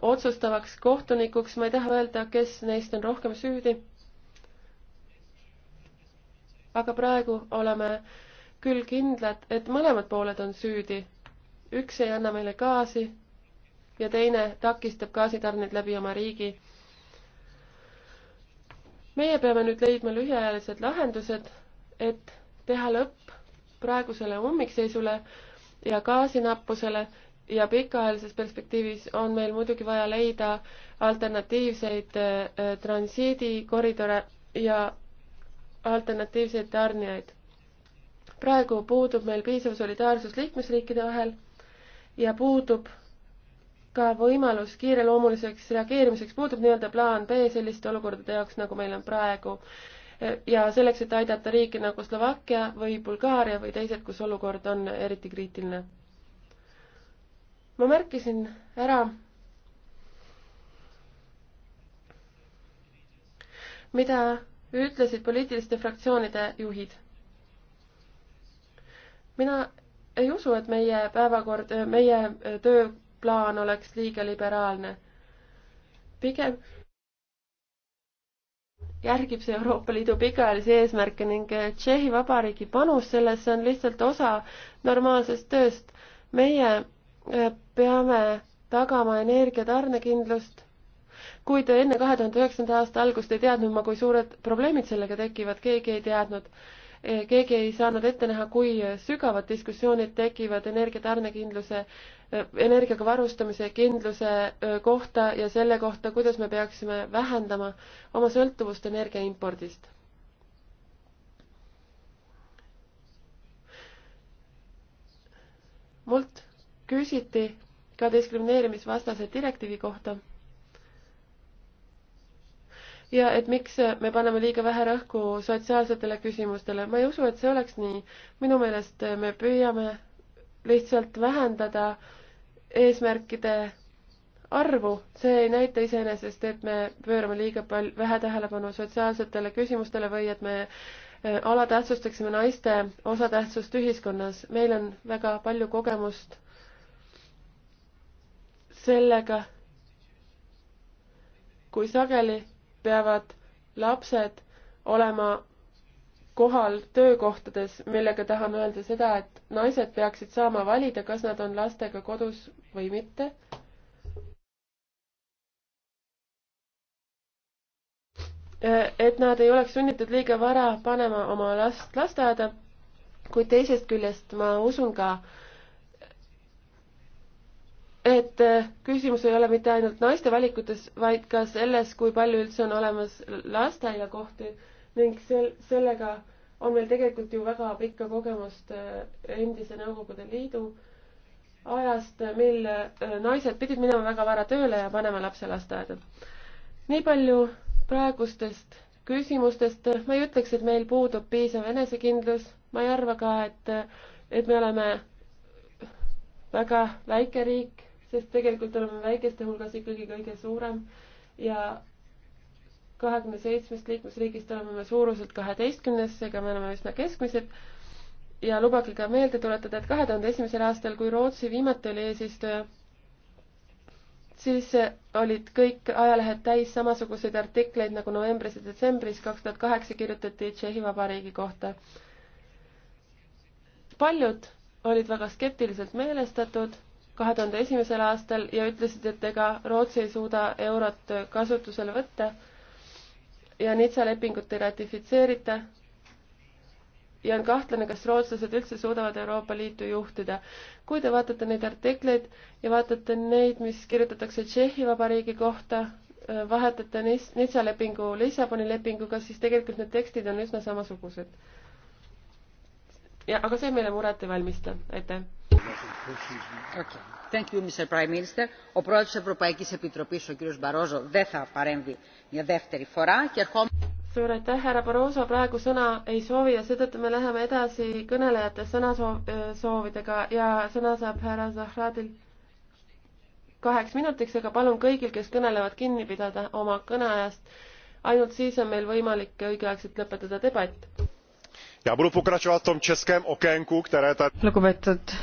otsustavaks kohtunikuks, ma ei taha öelda, kes neist on rohkem süüdi. aga praegu oleme küll kindlad, et mõlemad pooled on süüdi. üks ei anna meile gaasi ja teine takistab gaasitarneid läbi oma riigi. meie peame nüüd leidma lühiajalised lahendused, et teha lõpp praegusele ummikseisule ja gaasinappusele ja pikaajalises perspektiivis on meil muidugi vaja leida alternatiivseid äh, transiidikoridore ja alternatiivseid tarnijaid. praegu puudub meil piisav solidaarsus liikmesriikide vahel ja puudub ka võimalus kiireloomuliseks reageerimiseks, puudub nii-öelda plaan B selliste olukordade jaoks, nagu meil on praegu. ja selleks, et aidata riike nagu Slovakkia või Bulgaaria või teised, kus olukord on eriti kriitiline ma märkisin ära, mida ütlesid poliitiliste fraktsioonide juhid. mina ei usu, et meie päevakord, meie tööplaan oleks liiga liberaalne. pigem järgib see Euroopa Liidu pikaajalisi eesmärke ning Tšehhi Vabariigi panus sellesse on lihtsalt osa normaalsest tööst. meie Äh, peame tagama energia tarnekindlust, kuid enne kahe tuhande üheksanda aasta algust ei teadnud ma, kui suured probleemid sellega tekivad, keegi ei teadnud. Eh, keegi ei saanud ette näha, kui sügavad diskussioonid tekivad energia tarnekindluse, eh, energiaga varustamise kindluse eh, kohta ja selle kohta, kuidas me peaksime vähendama oma sõltuvust energia impordist mult küsiti ka diskrimineerimisvastase direktiivi kohta. ja et miks me paneme liiga vähe rõhku sotsiaalsetele küsimustele, ma ei usu, et see oleks nii. minu meelest me püüame lihtsalt vähendada eesmärkide arvu, see ei näita iseenesest, et me pöörame liiga palju, vähe tähelepanu sotsiaalsetele küsimustele või et me äh, alatähtsustaksime naiste osatähtsust ühiskonnas. meil on väga palju kogemust sellega, kui sageli peavad lapsed olema kohal töökohtades, millega tahan öelda seda, et naised peaksid saama valida, kas nad on lastega kodus või mitte. et nad ei oleks sunnitud liiga vara panema oma last lasteaeda, kuid teisest küljest ma usun ka, et äh, küsimus ei ole mitte ainult naiste valikutes, vaid ka selles, kui palju üldse on olemas lasteaiakohti ning sel-, sellega on meil tegelikult ju väga pikka kogemust äh, endise Nõukogude Liidu ajast, äh, mil naised pidid minema väga vara tööle ja panema lapse lasteaeda. nii palju praegustest küsimustest, ma ei ütleks, et meil puudub piisav enesekindlus, ma ei arva ka, et, et me oleme väga väike riik sest tegelikult oleme väikeste hulgas ikkagi kõige suurem ja kahekümne seitsmest liikmesriigist oleme me suuruselt kaheteistkümnes, seega me oleme üsna keskmised. ja lubage ka meelde tuletada, et kahe tuhande esimesel aastal, kui Rootsi viimati oli eesistuja, siis olid kõik ajalehed täis samasuguseid artikleid nagu novembris ja detsembris kaks tuhat kaheksa kirjutati Tšehhi Vabariigi kohta. paljud olid väga skeptiliselt meelestatud kahe tuhande esimesel aastal ja ütlesid, et ega Rootsi ei suuda eurot kasutusele võtta ja Nitsa lepingut ei ratifitseerita. ja on kahtlane, kas rootslased üldse suudavad Euroopa Liitu juhtida. kui te vaatate neid artikleid ja vaatate neid, mis kirjutatakse Tšehhi Vabariigi kohta, äh, vahetate Nitsa lepingu Lissaboni lepinguga, siis tegelikult need tekstid on üsna samasugused. ja, aga see meile muret ei valmista. aitäh! ο πρόεδρος της Ευρωπαϊκής Επιτροπής, ο κ. Μπαρόζο, δεν θα παρέμβει μια δεύτερη φορά και ερχόμαστε suur aitäh, härra Barroso praegu sõna ei soovi ja seetõttu me läheme edasi kõnelejate sõnasoovidega äh, ja sõna saab härra Zahradil kaheks minutiks, aga palun kõigil, kes kõnelevad, kinni pidada oma kõneajast. ainult siis on meil võimalik õigeaegselt lõpetada debatt. lugupeetud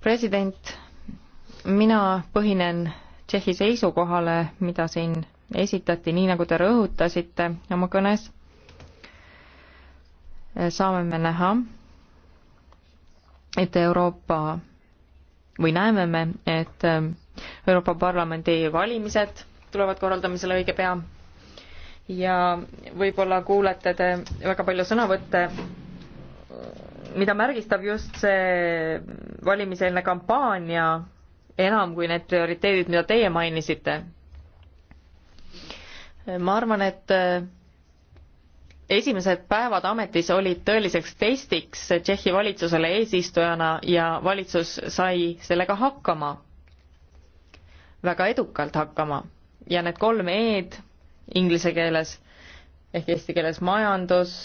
president, mina põhinen Tšehhi seisukohale, mida siin esitati, nii nagu te rõhutasite oma kõnes, saame me näha, et Euroopa või näeme me, et Euroopa Parlamendi valimised tulevad korraldamisele õige pea ja võib-olla kuulete te väga palju sõnavõtte mida märgistab just see valimiseelne kampaania enam kui need prioriteedid, mida teie mainisite. ma arvan, et äh, esimesed päevad ametis olid tõeliseks testiks Tšehhi valitsusele eesistujana ja valitsus sai sellega hakkama, väga edukalt hakkama ja need kolm E-d inglise keeles ehk eesti keeles majandus,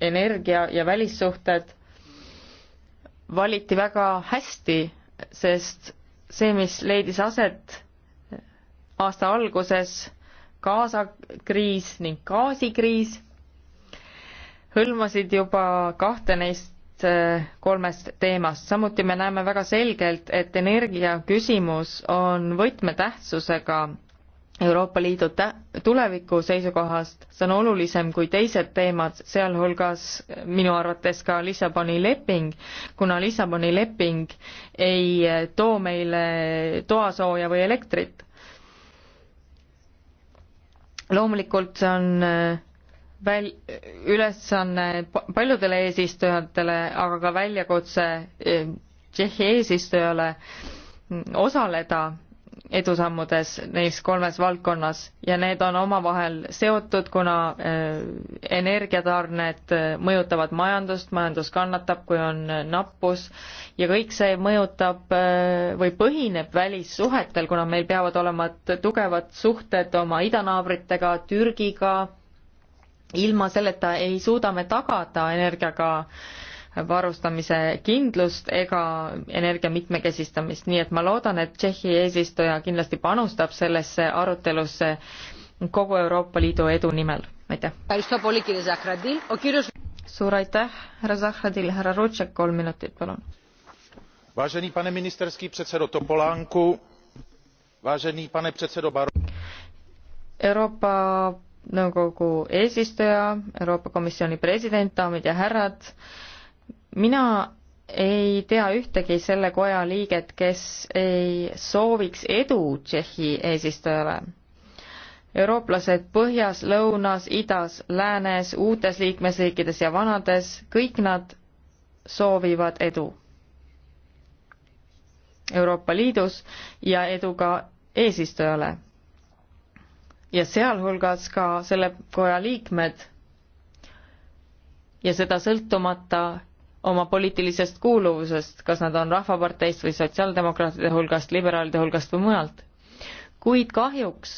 energia ja välissuhted valiti väga hästi, sest see, mis leidis aset aasta alguses, gaasakriis ning gaasikriis, hõlmasid juba kahte neist äh, kolmest teemast. samuti me näeme väga selgelt, et energiaküsimus on võtmetähtsusega Euroopa Liidu tuleviku seisukohast, see on olulisem kui teised teemad, sealhulgas minu arvates ka Lissaboni leping, kuna Lissaboni leping ei too meile toasooja või elektrit. loomulikult see on äh, väl-, ülesanne paljudele eesistujatele, aga ka väljakutse äh, Tšehhi eesistujale osaleda edusammudes neis kolmes valdkonnas ja need on omavahel seotud, kuna äh, energiatarned äh, mõjutavad majandust, majandus kannatab, kui on äh, nappus ja kõik see mõjutab või põhineb välissuhetel, kuna meil peavad olema tugevad suhted oma idanaabritega, Türgiga, ilma selleta ei suuda me tagada energiaga äh, varustamise kindlust ega energia mitmekesistamist, nii et ma loodan, et Tšehhi eesistuja kindlasti panustab sellesse arutelusse kogu Euroopa Liidu edu nimel, aitäh. suur aitäh, härra Zahradil, härra Rutšek, kolm minutit, palun. Vážený pane ministerský předsedo Topolánku, vážený pane předsedo Baro... Euroopa Nõukogu eesistuja, Euroopa Komisjoni president, daamid ja härrad, mina ei tea ühtegi selle koja liiget, kes ei sooviks edu Tšehhi eesistujale. eurooplased põhjas, lõunas, idas, läänes, uutes liikmesriikides ja vanades, kõik nad soovivad edu Euroopa Liidus ja edu ka eesistujale. ja sealhulgas ka selle koja liikmed ja seda sõltumata oma poliitilisest kuuluvusest, kas nad on Rahvaparteist või sotsiaaldemokraatide hulgast, liberaalide hulgast või mujalt. kuid kahjuks,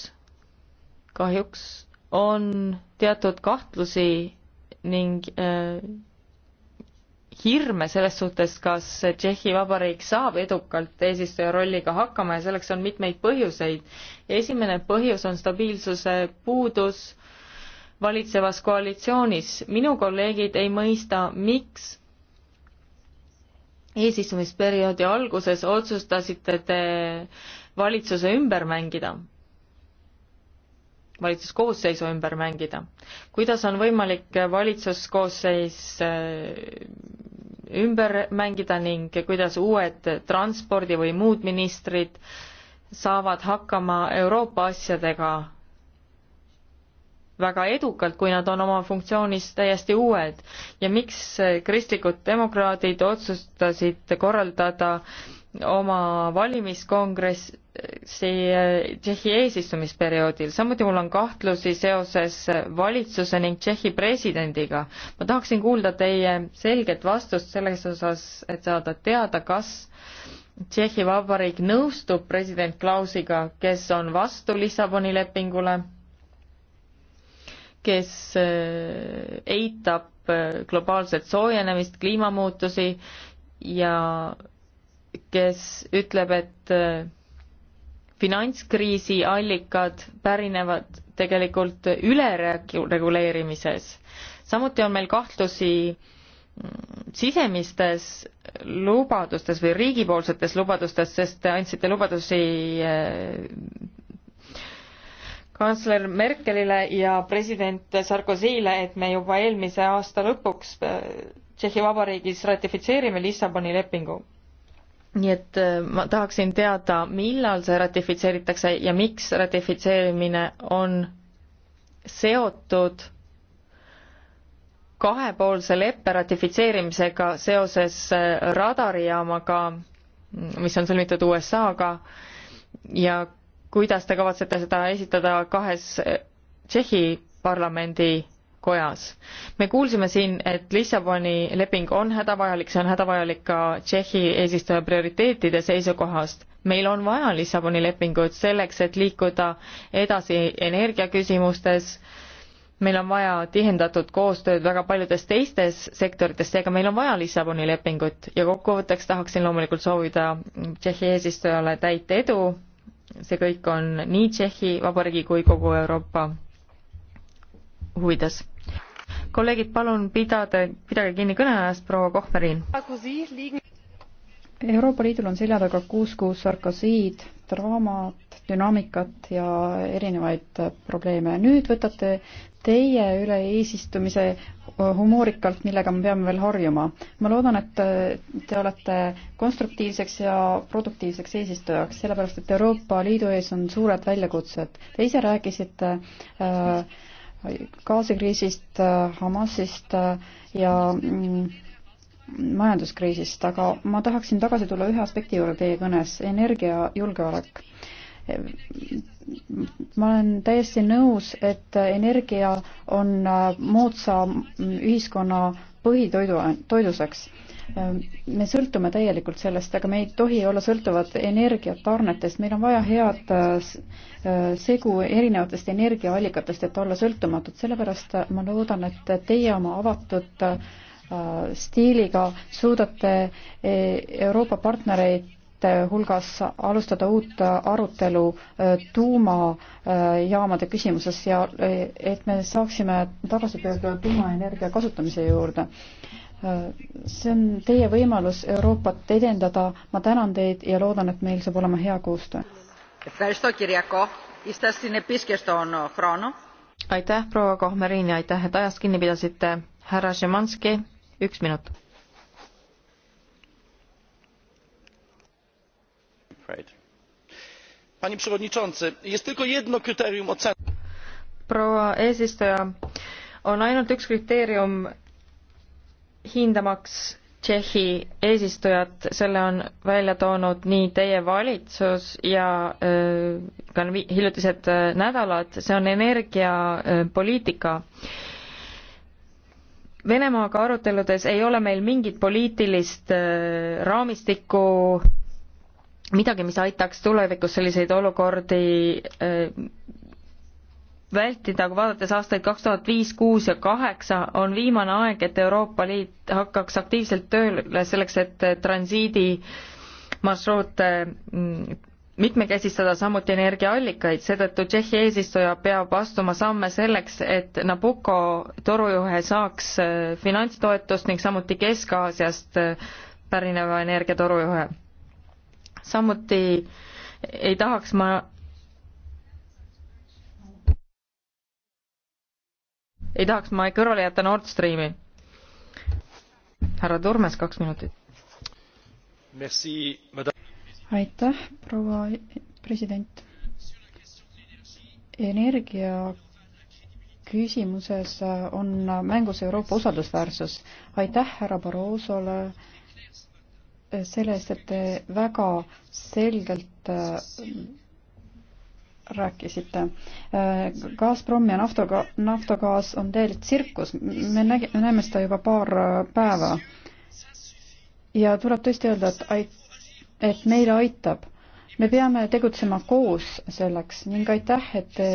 kahjuks on teatud kahtlusi ning äh, hirme selles suhtes, kas Tšehhi Vabariik saab edukalt eesistuja rolliga hakkama ja selleks on mitmeid põhjuseid. esimene põhjus on stabiilsuse puudus valitsevas koalitsioonis. minu kolleegid ei mõista, miks eesistumisperioodi alguses otsustasite te valitsuse ümber mängida, valitsuskoosseisu ümber mängida. kuidas on võimalik valitsuskoosseis äh, ümber mängida ning kuidas uued transpordi või muud ministrid saavad hakkama Euroopa asjadega väga edukalt, kui nad on oma funktsioonis täiesti uued. ja miks kristlikud demokraadid otsustasid korraldada oma valimiskongressi äh, Tšehhi eesistumisperioodil, samuti mul on kahtlusi seoses valitsuse ning Tšehhi presidendiga. ma tahaksin kuulda teie selget vastust selles osas, et saada teada, kas Tšehhi Vabariik nõustub president Klausiga, kes on vastu Lissaboni lepingule kes äh, eitab äh, globaalset soojenemist, kliimamuutusi ja kes ütleb, et äh, finantskriisi allikad pärinevad tegelikult ülereguleerimises. samuti on meil kahtlusi mm, sisemistes lubadustes või riigipoolsetes lubadustes, sest te andsite lubadusi kantsler Merkelile ja president Sarkozyle, et me juba eelmise aasta lõpuks äh, Tšehhi Vabariigis ratifitseerime Lissaboni lepingu. nii et äh, ma tahaksin teada, millal see ratifitseeritakse ja miks ratifitseerimine on seotud kahepoolse leppe ratifitseerimisega seoses äh, radarijaamaga, mis on sõlmitud USA-ga ja kuidas te kavatsete seda esitada kahes Tšehhi parlamendi kojas. me kuulsime siin, et Lissaboni leping on hädavajalik, see on hädavajalik ka Tšehhi eesistuja prioriteetide seisukohast. meil on vaja Lissaboni lepingut selleks, et liikuda edasi energiaküsimustes, meil on vaja tihendatud koostööd väga paljudes teistes sektorites, seega meil on vaja Lissaboni lepingut ja kokkuvõtteks tahaksin loomulikult soovida Tšehhi eesistujale täit edu see kõik on nii Tšehhi Vabariigi kui kogu Euroopa huvides. kolleegid, palun pidada, pidage kinni kõneajast, proua Kohmerin. Euroopa Liidul on selja taga kuus kuus sarkasiid, draamat, dünaamikat ja erinevaid probleeme. nüüd võtate teie üle eesistumise humoorikalt, millega me peame veel harjuma. ma loodan, et te olete konstruktiivseks ja produktiivseks eesistujaks, sellepärast et Euroopa Liidu ees on suured väljakutsed. Te ise rääkisite äh, gaasikriisist äh,, Hamasist äh, ja mm, majanduskriisist, aga ma tahaksin tagasi tulla ühe aspekti juurde teie kõnes, energiajulgeolek. ma olen täiesti nõus, et energia on moodsa ühiskonna põhitoidu, toiduseks me sõltume täielikult sellest, aga me ei tohi olla sõltuvad energiatarnetest, meil on vaja head äh, segu erinevatest energiaallikatest, et olla sõltumatud, sellepärast ma loodan, et teie oma avatud äh, Äh, stiiliga suudate e, Euroopa partnereid hulgas alustada uut arutelu e, tuumajaamade e, küsimuses ja et me saaksime tagasi pöörduda tuumaenergia kasutamise juurde. see on teie võimalus Euroopat edendada, ma tänan teid ja loodan, et meil saab olema hea koostöö. aitäh, proua Kohmerin ja aitäh, et ajast kinni pidasite, härra Šimanski üks minut. panie przewodniczący jest tylko jedno kryterium oceny. proua eesistuja on ainult üks kriteerium hindamaks tšehhi eesistujat selle on välja toonud nii teie valitsus ja äh, ka hiljutised äh, nädalad see on energiapoliitika äh, Venemaaga aruteludes ei ole meil mingit poliitilist äh, raamistikku, midagi, mis aitaks tulevikus selliseid olukordi äh, vältida, kui vaadates aastaid kaks tuhat viis, kuus ja kaheksa, on viimane aeg, et Euroopa Liit hakkaks aktiivselt tööle selleks, et äh, transiidi marsruute mm, mitmekesistada samuti energiaallikaid, seetõttu Tšehhi eesistuja peab astuma samme selleks, et Nabucco torujuhe saaks äh, finantstoetust ning samuti Kesk-Aasiast äh, pärineva energia torujuhe. samuti ei tahaks ma ei tahaks ma kõrvale jätta Nord Streami. härra Turmes, kaks minutit. Merci, madame aitäh, proua president. energia küsimuses on mängus Euroopa usaldusväärsus. aitäh härra Barrosole selle eest, et te väga selgelt äh, rääkisite. Äh, Gazpromi ja naftoga, naftogaas on täielik tsirkus, me nägi-, näeme seda juba paar äh, päeva. ja tuleb tõesti öelda, et aitäh et meid aitab. me peame tegutsema koos selleks ning aitäh, et te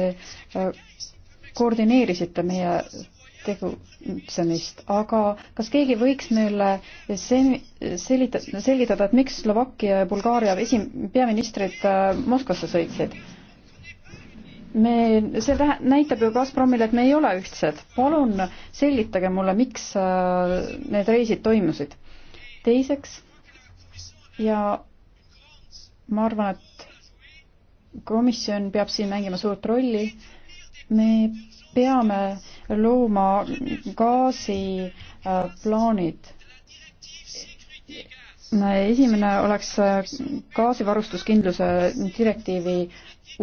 äh, koordineerisite meie tegutsemist, aga kas keegi võiks meile sen-, selita-, selgitada, et miks Slovakkia ja Bulgaaria esi-, peaministrid äh, Moskvasse sõitsid? me, see tähe-, näitab ju Gazpromile, et me ei ole ühtsed. palun selgitage mulle, miks äh, need reisid toimusid. teiseks, ja ma arvan, et komisjon peab siin mängima suurt rolli. me peame looma gaasiplaanid. Äh, esimene oleks äh, gaasivarustuskindluse direktiivi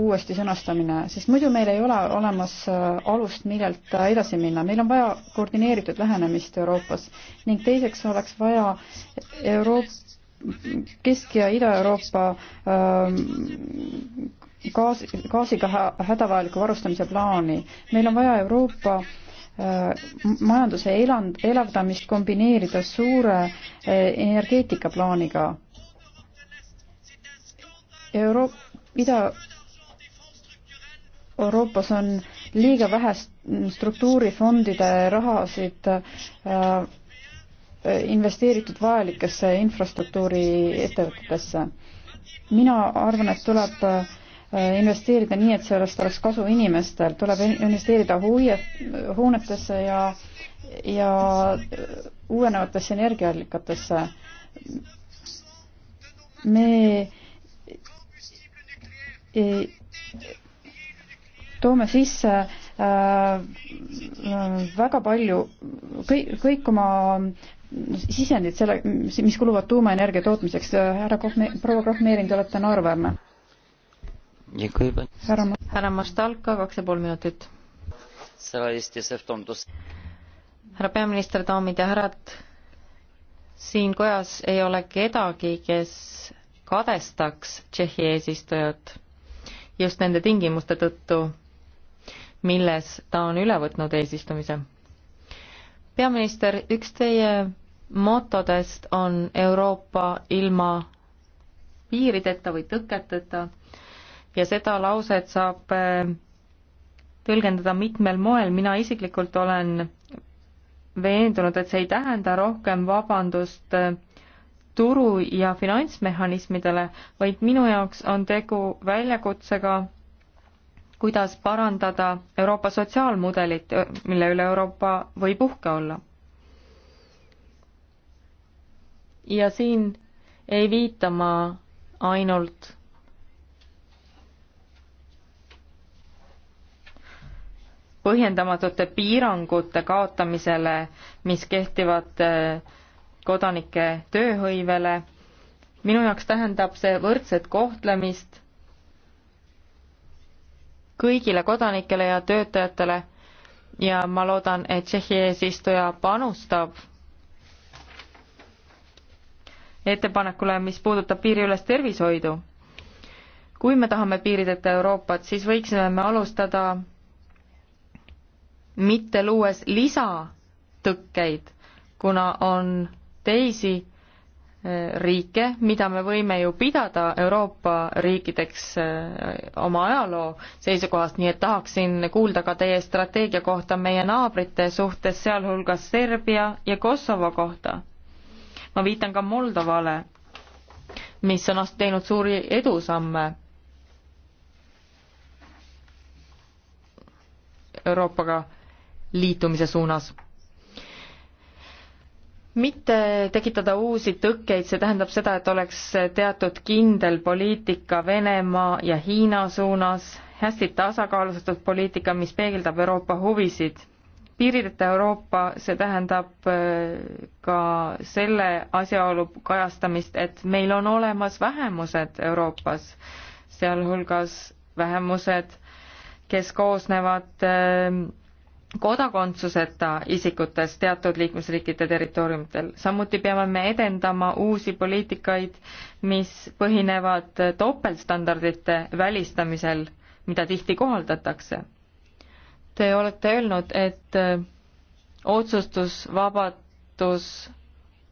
uuesti sõnastamine, sest muidu meil ei ole olemas äh, alust, millelt edasi minna. meil on vaja koordineeritud lähenemist Euroopas ning teiseks oleks vaja Euroopa Kesk- ja Ida-Euroopa ähm, gaas, gaasiga hädavajaliku varustamise plaani. meil on vaja Euroopa äh, majanduse eland, elavdamist kombineerida suure äh, energeetikaplaaniga. Euro-, Ida-Euroopas on liiga vähe struktuurifondide rahasid äh, investeeritud vajalikesse infrastruktuuri ettevõtetesse. mina arvan, et tuleb äh, investeerida nii, et sellest oleks kasu inimestel, tuleb investeerida hoie, hoonetesse ja, ja uuenevatesse energiaallikatesse. me e-, toome sisse äh, väga palju, kõik, kõik oma sisendid selle, mis kuluvad tuumaenergia tootmiseks. härra Kohme-, proua Kohmeering, te olete Norvemme. härra Mastalka, kaks ja pool minutit. härra peaminister, daamid ja härrad, siin kojas ei ole kedagi, kes kadestaks Tšehhi eesistujat just nende tingimuste tõttu, milles ta on üle võtnud eesistumise peaminister, üks teie motodest on Euroopa ilma piirideta või tõketeta ja seda lauset saab äh, tõlgendada mitmel moel, mina isiklikult olen veendunud, et see ei tähenda rohkem vabandust äh, turu- ja finantsmehhanismidele, vaid minu jaoks on tegu väljakutsega kuidas parandada Euroopa sotsiaalmudelit, mille üle Euroopa võib uhke olla. ja siin ei viita ma ainult põhjendamatute piirangute kaotamisele, mis kehtivad eh, kodanike tööhõivele. minu jaoks tähendab see võrdset kohtlemist kõigile kodanikele ja töötajatele ja ma loodan, et Tšehhi eesistuja panustab ettepanekule, mis puudutab piiriülest tervishoidu. kui me tahame piirideta Euroopat, siis võiksime me alustada mitte luues lisatõkkeid, kuna on teisi Eh, riike, mida me võime ju pidada Euroopa riikideks eh, oma ajaloo seisukohast, nii et tahaksin kuulda ka teie strateegia kohta meie naabrite suhtes, sealhulgas Serbia ja Kosovo kohta. ma viitan ka Moldovale, mis on teinud suuri edusamme Euroopaga liitumise suunas mitte tekitada uusi tõkkeid, see tähendab seda, et oleks teatud kindel poliitika Venemaa ja Hiina suunas, hästi tasakaalustatud poliitika, mis peegeldab Euroopa huvisid. piirideta Euroopa, see tähendab äh, ka selle asjaolu kajastamist, et meil on olemas vähemused Euroopas, sealhulgas vähemused, kes koosnevad äh, kodakondsuseta isikutest teatud liikmesriikide territooriumitel. samuti peame me edendama uusi poliitikaid, mis põhinevad topeltstandardite välistamisel, mida tihti kohaldatakse. Te olete öelnud, et otsustusvabadus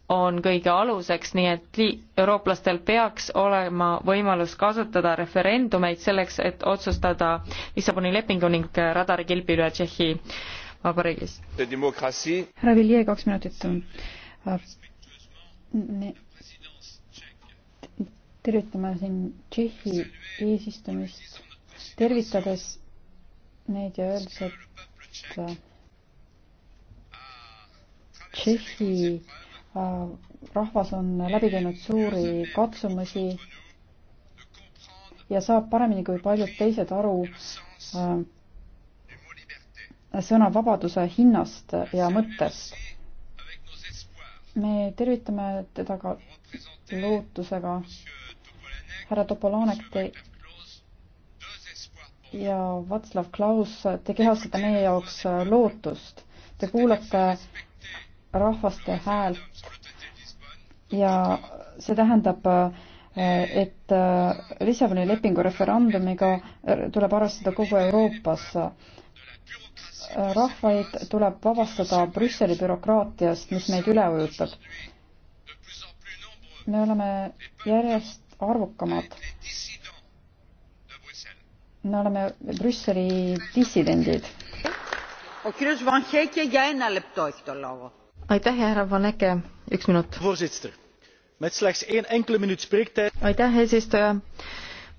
on kõige aluseks, nii et eurooplastel peaks olema võimalus kasutada referendumeid selleks, et otsustada Lissaboni lepingu ning radarikilbi üle Tšehhi Vabariigis. härra Vilje, kaks minutit. Ah, tervitame siin Tšehhi eesistumist, tervitades neid ja öeldes, et Tšehhi Äh, rahvas on läbi teinud suuri katsumusi ja saab paremini kui paljud teised aru äh, sõnavabaduse hinnast ja mõttest. me tervitame teda ka lootusega. härra Topolanek, te ja Václav Klaus, te kehastate meie jaoks lootust. Te kuulate rahvaste häält ja see tähendab, et Lissaboni lepingu referendumiga tuleb arvestada kogu Euroopas. rahvaid tuleb vabastada Brüsseli bürokraatiast, mis meid üle ujutab. me oleme järjest arvukamad. me oleme Brüsseli dissidendid. o kirjus Vanheke ja enne lõpp tohib olla aitäh ja härra Van Ecke, üks minut. aitäh, eesistuja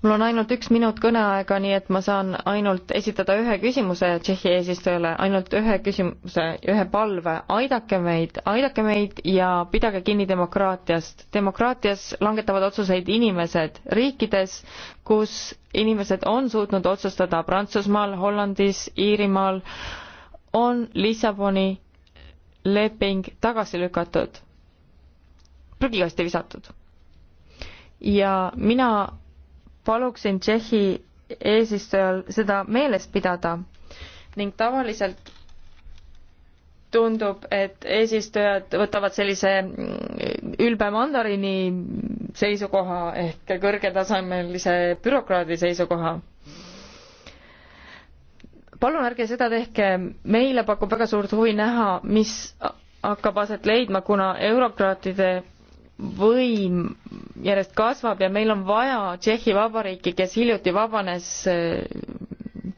mul on ainult üks minut kõneaega, nii et ma saan ainult esitada ühe küsimuse Tšehhi eesistujale, ainult ühe küsimuse, ühe palve. aidake meid, aidake meid ja pidage kinni demokraatiast. demokraatias langetavad otsuseid inimesed riikides, kus inimesed on suutnud otsustada Prantsusmaal, Hollandis, Iirimaal, on Lissaboni leping tagasi lükatud, prügikasti visatud. ja mina paluksin Tšehhi eesistujal seda meeles pidada ning tavaliselt tundub, et eesistujad võtavad sellise ülbe mandariini seisukoha ehk kõrgetasemelise bürokraadi seisukoha palun ärge seda tehke, meile pakub väga suurt huvi näha, mis hakkab aset leidma, kuna eurokraatide võim järjest kasvab ja meil on vaja Tšehhi Vabariiki, kes hiljuti vabanes eh,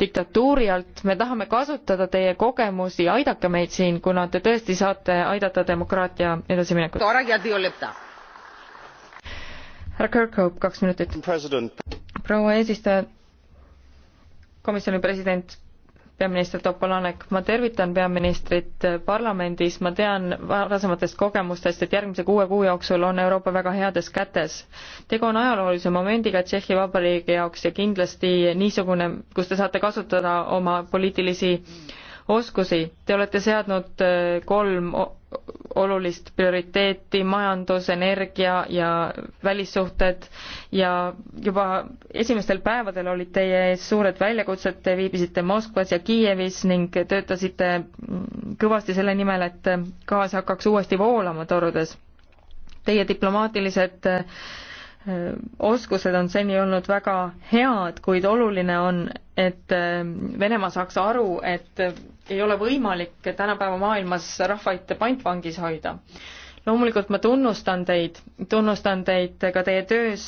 diktatuuri alt, me tahame kasutada teie kogemusi, aidake meid siin, kuna te tõesti saate aidata demokraatia edasiminekut. härra Kirkhope, kaks minutit. proua eesistuja, komisjoni president, peaminister Topolanek, ma tervitan peaministrit parlamendis, ma tean varasematest kogemustest, et järgmise kuue kuu jooksul on Euroopa väga heades kätes. tegu on ajaloolise momendiga Tšehhi Vabariigi jaoks ja kindlasti niisugune, kus te saate kasutada oma poliitilisi äh, oskusi. Te olete seadnud äh, kolm olulist prioriteeti, majandus, energia ja välissuhted ja juba esimestel päevadel olid teie ees suured väljakutsed, te viibisite Moskvas ja Kiievis ning töötasite mm, kõvasti selle nimel, et äh, gaas hakkaks uuesti voolama torudes. Teie diplomaatilised äh, Äh, oskused on seni olnud väga head, kuid oluline on, et äh, Venemaa saaks aru, et äh, ei ole võimalik tänapäeva maailmas rahvaid pantvangis hoida. loomulikult ma tunnustan teid, tunnustan teid ka teie töös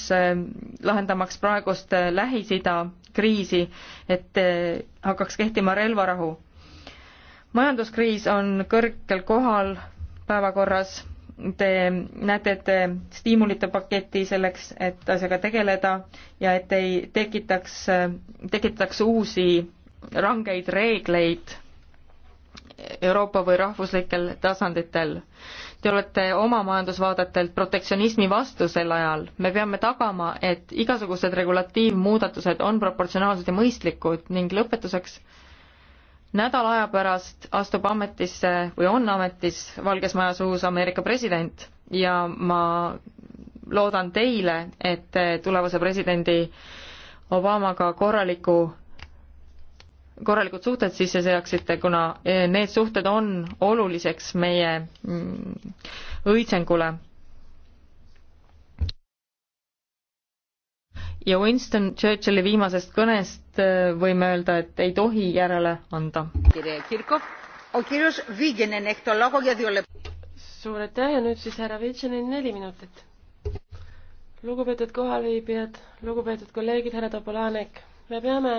lahendamaks praegust Lähis-Ida kriisi, et hakkaks kehtima relvarahu. majanduskriis on kõrgel kohal päevakorras te näete, et stiimulite paketi selleks, et asjaga tegeleda ja et ei tekitaks, tekitataks uusi rangeid reegleid Euroopa või rahvuslikel tasanditel. Te olete oma majandusvaadetelt protektsionismi vastu sel ajal. me peame tagama, et igasugused regulatiivmuudatused on proportsionaalsed ja mõistlikud ning lõpetuseks äh, nädala aja pärast astub ametisse või on ametis Valges Majas uus Ameerika president ja ma loodan teile, et te tulevase presidendi Obamaga korraliku, korralikud suhted sisse seaksite, kuna need suhted on oluliseks meie mm, õitsengule ja Winston Churchilli viimasest kõnest äh, võime öelda, et ei tohi järele anda. Oh, suur aitäh ja nüüd siis härra Vitšenil neli minutit. lugupeetud kohalviibijad, lugupeetud kolleegid, härra Topolanek, me peame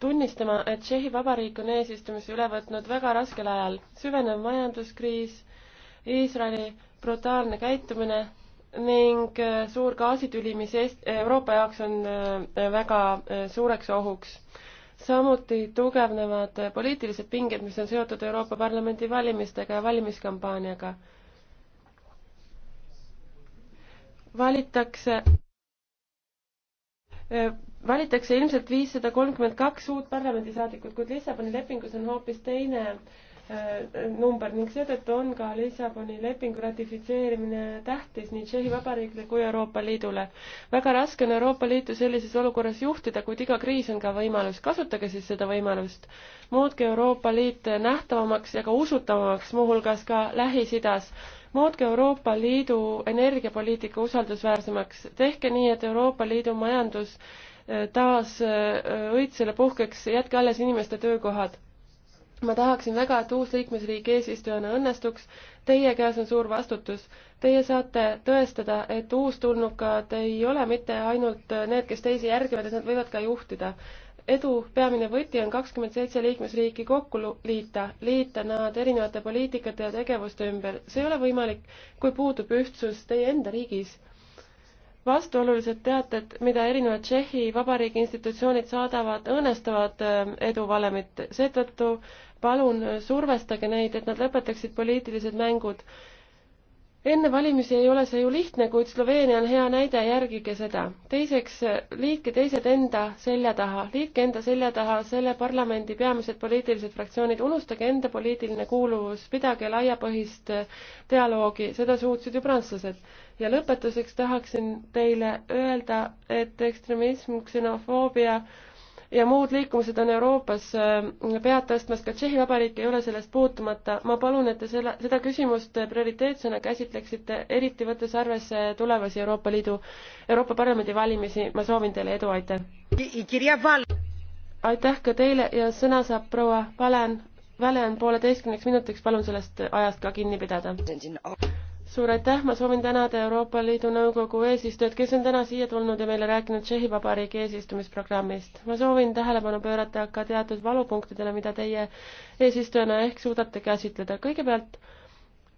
tunnistama, et Tšehhi Vabariik on eesistumise üle võtnud väga raskel ajal. süvenev majanduskriis, Iisraeli brutaalne käitumine ning äh, suur gaasitüli, mis Eest-, Euroopa jaoks on äh, väga äh, suureks ohuks. samuti tugevnevad poliitilised pinged, mis on seotud Euroopa Parlamendi valimistega ja valimiskampaaniaga. valitakse valitakse ilmselt viissada kolmkümmend kaks uut parlamendisaadikut, kuid Lissaboni lepingus on hoopis teine Äh, number ning seetõttu on ka Lissaboni lepingu ratifitseerimine tähtis nii Tšehhi Vabariigile kui Euroopa Liidule. väga raske on Euroopa Liitu sellises olukorras juhtida, kuid iga kriis on ka võimalus, kasutage siis seda võimalust. muutke Euroopa Liit nähtavamaks ja ka usutavamaks, muuhulgas ka Lähis-Idas. muutke Euroopa Liidu energiapoliitika usaldusväärsemaks, tehke nii, et Euroopa Liidu majandus äh, taas äh, õitsele puhkeks, jätke alles inimeste töökohad ma tahaksin väga, et uus liikmesriik eesistujana õnnestuks. Teie käes on suur vastutus. Teie saate tõestada, et uustulnukad ei ole mitte ainult need, kes teisi järgivad, et nad võivad ka juhtida. edu peamine võti on kakskümmend seitse liikmesriiki kokku liita, liita nad erinevate poliitikate ja tegevuste ümber. see ei ole võimalik, kui puudub ühtsus teie enda riigis vastuolulised teated, mida erinevad Tšehhi Vabariigi institutsioonid saadavad, õõnestavad äh, eduvalemit. seetõttu palun survestage neid, et nad lõpetaksid poliitilised mängud. enne valimisi ei ole see ju lihtne, kuid Sloveenia on hea näide, järgige seda. teiseks, liitke teised enda selja taha, liitke enda selja taha selle parlamendi peamised poliitilised fraktsioonid, unustage enda poliitiline kuuluvus, pidage laiapõhist dialoogi, seda suutsid ju prantslased. ja lõpetuseks tahaksin teile öelda, et ekstremism, ksenofoobia, ja muud liikumised on Euroopas äh, pead tõstmas, ka Tšehhi Vabariik ei ole sellest puutumata. ma palun, et te selle, seda küsimust prioriteetsena käsitleksite, eriti võttes arvesse tulevasi Euroopa Liidu, Euroopa Parlamendi valimisi. ma soovin teile edu, aitäh! aitäh ka teile ja sõna saab proua Valen. Välen pooleteistkümneks minutiks, palun sellest ajast ka kinni pidada suur aitäh, ma soovin tänada Euroopa Liidu Nõukogu eesistujat, kes on täna siia tulnud ja meile rääkinud Tšehhi Vabariigi eesistumisprogrammist. ma soovin tähelepanu pöörata ka teatud valupunktidele, mida teie eesistujana ehk suudate käsitleda. kõigepealt,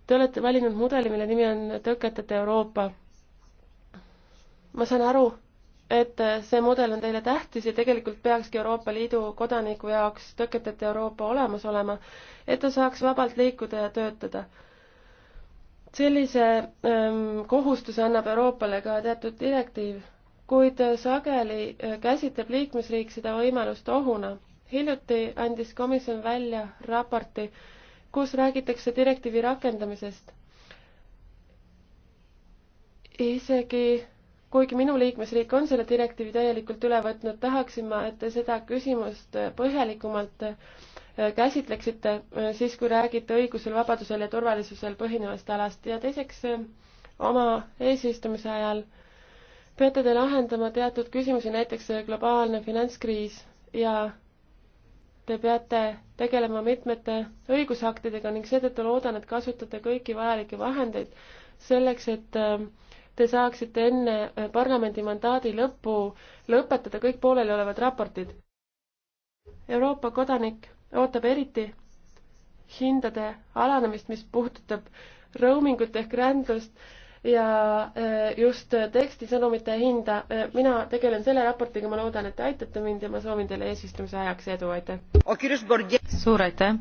te olete valinud mudeli, mille nimi on Tõketeta Euroopa. ma saan aru, et see mudel on teile tähtis ja tegelikult peakski Euroopa Liidu kodaniku jaoks Tõketeta Euroopa olemas olema, et ta saaks vabalt liikuda ja töötada sellise ähm, kohustuse annab Euroopale ka teatud direktiiv, kuid sageli äh, käsitleb liikmesriik seda võimalust ohuna. hiljuti andis komisjon välja raporti, kus räägitakse direktiivi rakendamisest. isegi kuigi minu liikmesriik on selle direktiivi täielikult üle võtnud, tahaksin ma, et te seda küsimust põhjalikumalt äh, käsitleksite äh, siis, kui räägite õigusel, vabadusel ja turvalisusel põhinevast alast ja teiseks äh, oma eesistumise ajal peate te lahendama teatud küsimusi, näiteks äh, globaalne finantskriis ja te peate tegelema mitmete õigusaktidega ning seetõttu loodan, et kasutate kõiki vajalikke vahendeid selleks, et te saaksite enne parlamendi mandaadi lõppu lõpetada kõik pooleliolevad raportid. Euroopa kodanik ootab eriti hindade alanemist, mis puudutab roamingut ehk rändlust ja eh, just eh, tekstisõnumite hinda. Eh, mina tegelen selle raportiga, ma loodan, et te aitate mind ja ma soovin teile eesistumise ajaks edu, aitäh! Oh, suur aitäh!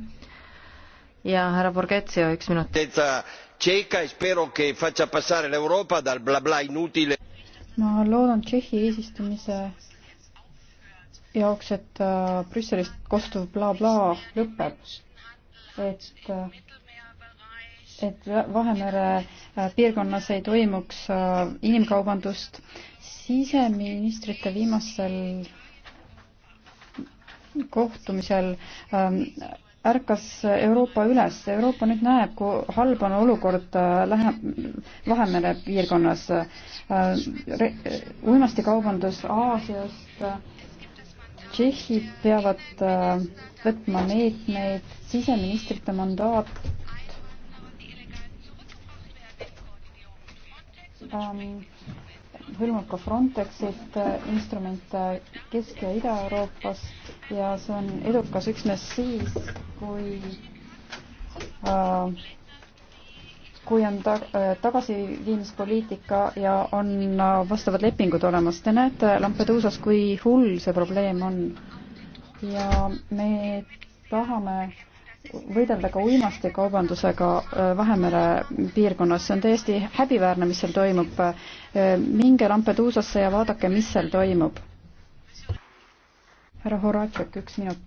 ja härra Borghezio, üks minut. ma loodan Tšehhi eesistumise jaoks, et äh, Brüsselist kostuv blablabla lõpeb, et äh, et Vahemere äh, piirkonnas ei toimuks inimkaubandust. siseministrite viimasel kohtumisel ähm, ärkas Euroopa üles, Euroopa nüüd näeb, kui halb on olukord lähe-, Vahemere piirkonnas, uimastikaubandus Aasiast Tšehhid peavad äh, võtma meetmeid, siseministrite mandaat hõlmab ka Frontexit, äh, instrumente Kesk- ja Ida-Euroopas ja see on edukas üksnes siis, kui äh, kui on ta-, äh, tagasiviimispoliitika ja on äh, vastavad lepingud olemas. Te näete Lampeduusas, kui hull see probleem on. ja me tahame võidelda ka uimastikaubandusega äh, Vahemere piirkonnas, see on täiesti häbiväärne, mis seal toimub. minge Lampeduusasse ja vaadake, mis seal toimub. härra Horatšek, üks minut.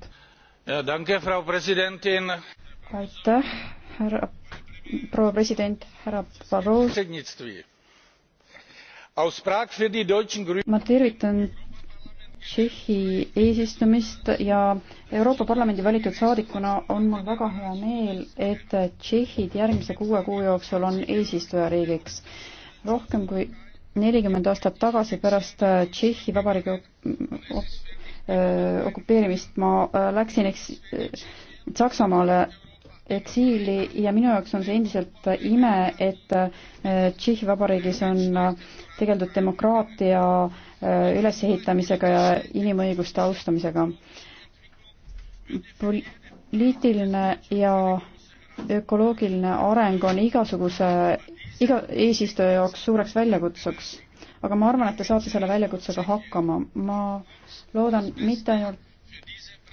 aitäh, härra proua president, härra Barroso. ma tervitan Tšehhi eesistumist ja Euroopa Parlamendi valitud saadikuna on mul väga hea meel, et Tšehhid järgmise kuue kuu jooksul on eesistujariigiks. rohkem kui nelikümmend aastat tagasi pärast Tšehhi Vabariigi okupeerimist ma äh, läksin eks Saksamaale eksiili ja minu jaoks on see endiselt ime, et äh, Tšehhi Vabariigis on äh, tegeldud demokraatia äh, ülesehitamisega ja inimõiguste austamisega. poliitiline ja ökoloogiline areng on igasuguse, iga eesistuja jaoks suureks väljakutseks. aga ma arvan, et te saate selle väljakutsega hakkama. ma loodan mitte ainult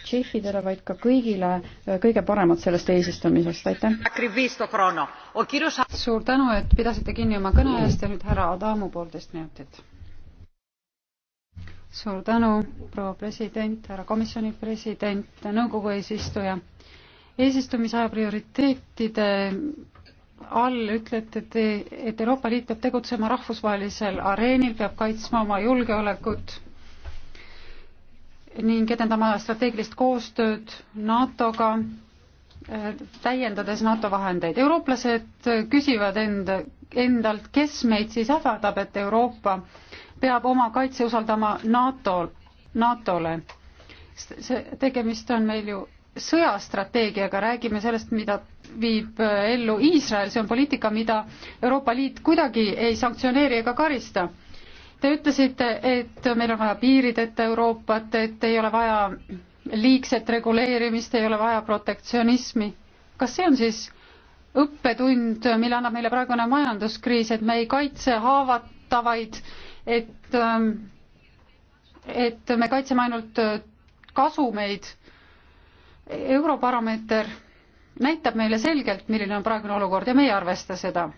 tšehhidele, vaid ka kõigile kõige paremat sellest eesistumisest, aitäh! suur tänu, et pidasite kinni oma kõne eest ja nüüd härra Adamu poolteist minutit. suur tänu, proua president, härra komisjoni president, nõukogu eesistuja. eesistumisaja prioriteetide all ütlete te, et Euroopa Liit peab tegutsema rahvusvahelisel areenil, peab kaitsma oma julgeolekut ning edendama strateegilist koostööd NATO-ga, äh, täiendades NATO vahendeid. eurooplased küsivad enda, endalt, kes meid siis ähvardab, et Euroopa peab oma kaitse usaldama NATO, NATO-le. see, tegemist on meil ju sõjastrateegiaga, räägime sellest, mida viib äh, ellu Iisrael, see on poliitika, mida Euroopa Liit kuidagi ei sanktsioneeri ega karista Te ütlesite, et meil on vaja piirideta Euroopat, et ei ole vaja liigset reguleerimist, ei ole vaja protektsionismi. kas see on siis õppetund, mille annab meile praegune majanduskriis, et me ei kaitse haavatavaid, et, ähm, et me kaitseme ainult äh, kasumeid? Eurobaromeeter näitab meile selgelt, milline on praegune olukord ja me ei arvesta seda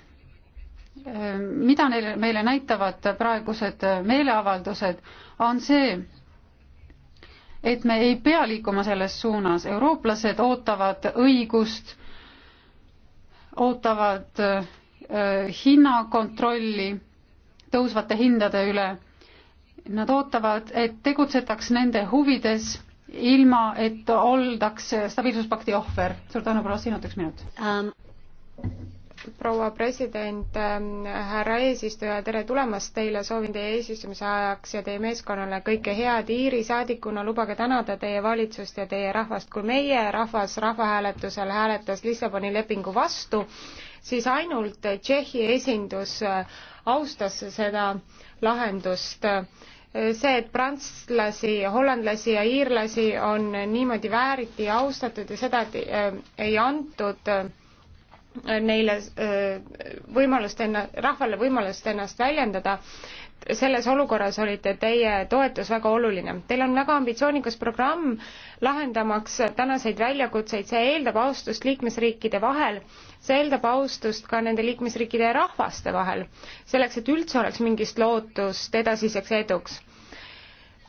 mida neile, meile näitavad praegused meeleavaldused, on see, et me ei pea liikuma selles suunas, eurooplased ootavad õigust, ootavad äh, hinnakontrolli tõusvate hindade üle. Nad ootavad, et tegutsetaks nende huvides, ilma et oldaks stabiilsuspakti ohver. suur tänu, proua Siim, üks minut um proua president, ähm, härra eesistuja, tere tulemast teile, soovin teie eesistumise ajaks ja teie meeskonnale kõike head. Iiri saadikuna lubage tänada teie valitsust ja teie rahvast. kui meie rahvas rahvahääletusel hääletas Lissaboni lepingu vastu, siis ainult Tšehhi esindus äh, austas seda lahendust see, et prantslasi, hollandlasi ja iirlasi on niimoodi vääriti austatud ja seda äh, ei antud äh, neile võimalust enna-, rahvale võimalust ennast väljendada. selles olukorras olite teie toetus väga oluline. Teil on väga ambitsioonikas programm lahendamaks tänaseid väljakutseid, see eeldab austust liikmesriikide vahel, see eeldab austust ka nende liikmesriikide ja rahvaste vahel, selleks et üldse oleks mingist lootust edasiseks eduks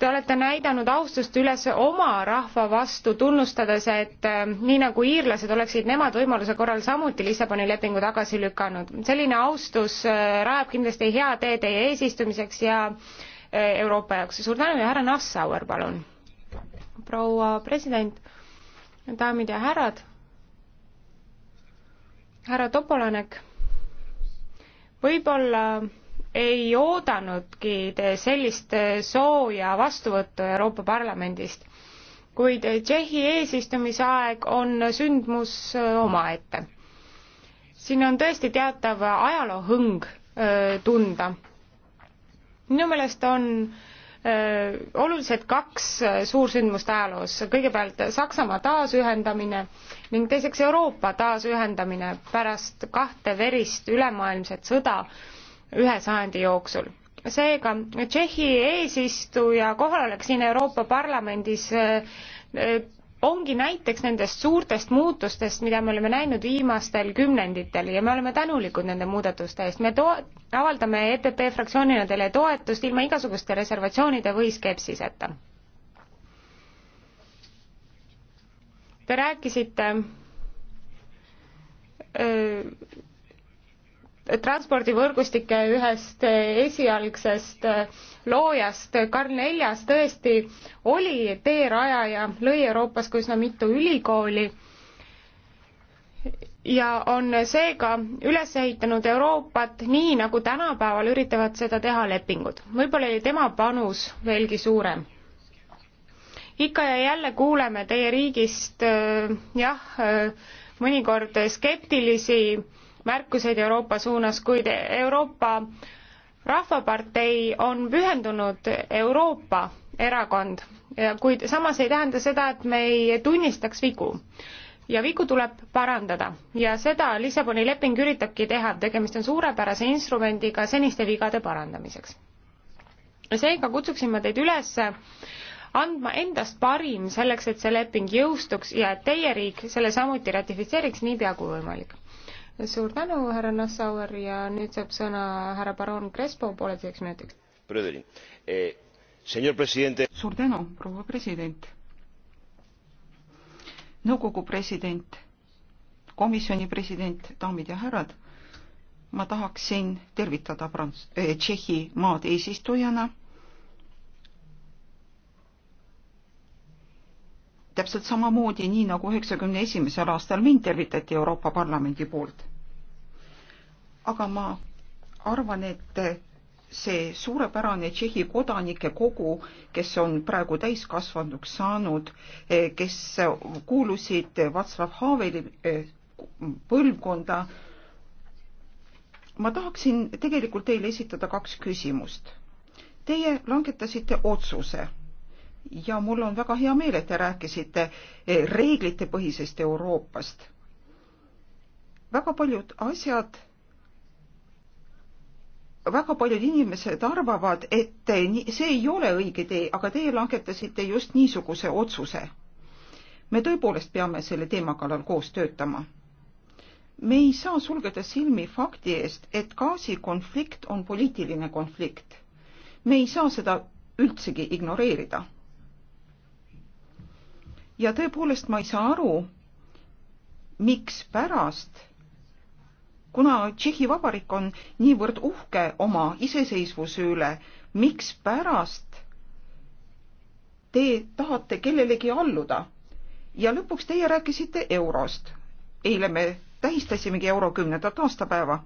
Te olete näidanud austust üles oma rahva vastu, tunnustades, et äh, nii nagu iirlased, oleksid nemad võimaluse korral samuti Lissaboni lepingu tagasi lükanud. selline austus äh, rajab kindlasti hea tee teie eesistumiseks ja äh, Euroopa jaoks. suur tänu ja härra Nassauer, palun. proua president, daamid ja härrad, härra Topolanek, võib-olla ei oodanudki sellist sooja vastuvõttu Euroopa Parlamendist, kuid Tšehhi eesistumise aeg on sündmus omaette. siin on tõesti teatav ajaloohõng tunda. minu meelest on olulised kaks suursündmust ajaloos, kõigepealt Saksamaa taasühendamine ning teiseks Euroopa taasühendamine pärast kahte verist ülemaailmset sõda, ühe sajandi jooksul. seega Tšehhi eesistuja kohalolek siin Euroopa Parlamendis eh, eh, ongi näiteks nendest suurtest muutustest, mida me oleme näinud viimastel kümnenditel ja me oleme tänulikud nende muudatuste eest. me to-, avaldame EPP fraktsioonina teile toetust ilma igasuguste reservatsioonide või skepsiseta. Te rääkisite öö, eh, transpordivõrgustike ühest esialgsest äh, loojast Karl Neljas tõesti oli teerajaja, lõi Euroopas ka üsna mitu ülikooli ja on seega üles ehitanud Euroopat nii, nagu tänapäeval üritavad seda teha lepingud. võib-olla oli tema panus veelgi suurem ikka ja jälle kuuleme teie riigist äh, jah, äh, mõnikord skeptilisi märkuseid Euroopa suunas, kuid Euroopa Rahvapartei on pühendunud Euroopa erakond, kuid samas ei tähenda seda, et me ei tunnistaks vigu. ja vigu tuleb parandada ja seda Lissaboni leping üritabki teha, tegemist on suurepärase instrumendiga seniste vigade parandamiseks. seega kutsuksin ma teid üles andma endast parim selleks, et see leping jõustuks ja et teie riik selle samuti ratifitseeriks niipea kui võimalik suur tänu, härra Nassauer ja nüüd saab sõna härra baroon Crespo pooleteiseks minutiks. Eh, suur tänu, proua president. nõukogu president, komisjoni president, daamid ja härrad. ma tahaksin tervitada Prants- eh,, Tšehhi maad eesistujana täpselt samamoodi, nii nagu üheksakümne esimesel aastal mind tervitati Euroopa Parlamendi poolt aga ma arvan, et see suurepärane Tšehhi kodanike kogu, kes on praegu täiskasvanuks saanud, kes kuulusid Václav Haveli eh, põlvkonda. ma tahaksin tegelikult teile esitada kaks küsimust. Teie langetasite otsuse ja mul on väga hea meel, et te rääkisite eh, reeglitepõhisest Euroopast. väga paljud asjad väga paljud inimesed arvavad, et see ei ole õige tee, aga teie langetasite just niisuguse otsuse. me tõepoolest peame selle teema kallal koos töötama. me ei saa sulgeda silmi fakti eest, et gaasikonflikt on poliitiline konflikt. me ei saa seda üldsegi ignoreerida. ja tõepoolest ma ei saa aru, mikspärast kuna Tšehhi Vabariik on niivõrd uhke oma iseseisvuse üle, mikspärast te tahate kellelegi alluda? ja lõpuks teie rääkisite eurost. eile me tähistasimegi euro kümnendat aastapäeva.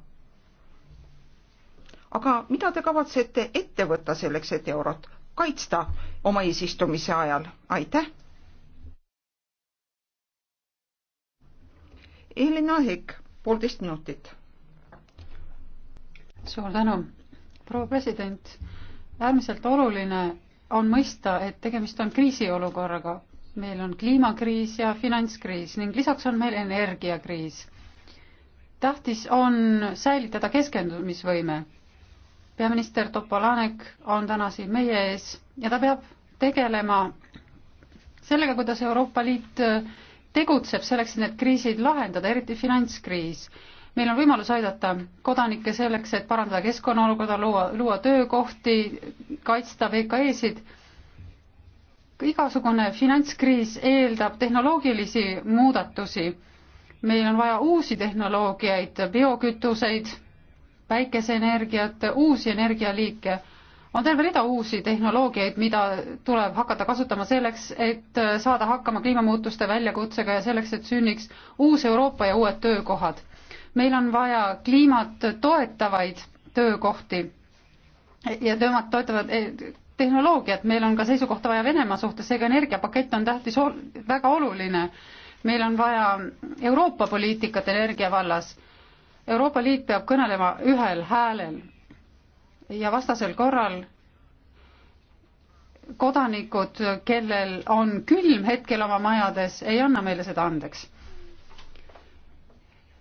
aga mida te kavatsete ette võtta selleks, et eurot kaitsta oma eesistumise ajal? aitäh! Elina Hekk poolteist minutit. suur tänu, proua president. äärmiselt oluline on mõista, et tegemist on kriisiolukorraga. meil on kliimakriis ja finantskriis ning lisaks on meil energiakriis. tähtis on säilitada keskendumisvõime. peaminister Topolanek on täna siin meie ees ja ta peab tegelema sellega, kuidas Euroopa Liit tegutseb selleks, et need kriisid lahendada, eriti finantskriis. meil on võimalus aidata kodanikke selleks, et parandada keskkonnaolukorda, luua, luua töökohti, kaitsta VKE-sid. igasugune finantskriis eeldab tehnoloogilisi muudatusi. meil on vaja uusi tehnoloogiaid, biokütuseid, päikeseenergiat, uusi energialiike on terve rida uusi tehnoloogiaid, mida tuleb hakata kasutama selleks, et äh, saada hakkama kliimamuutuste väljakutsega ja selleks, et sünniks uus Euroopa ja uued töökohad. meil on vaja kliimat toetavaid töökohti ja töömad toetavad eh, tehnoloogiat, meil on ka seisukohta vaja Venemaa suhtes, seega energiapakett on tähtis, väga oluline. meil on vaja Euroopa poliitikat energia vallas. Euroopa Liit peab kõnelema ühel häälel ja vastasel korral kodanikud, kellel on külm hetkel oma majades, ei anna meile seda andeks.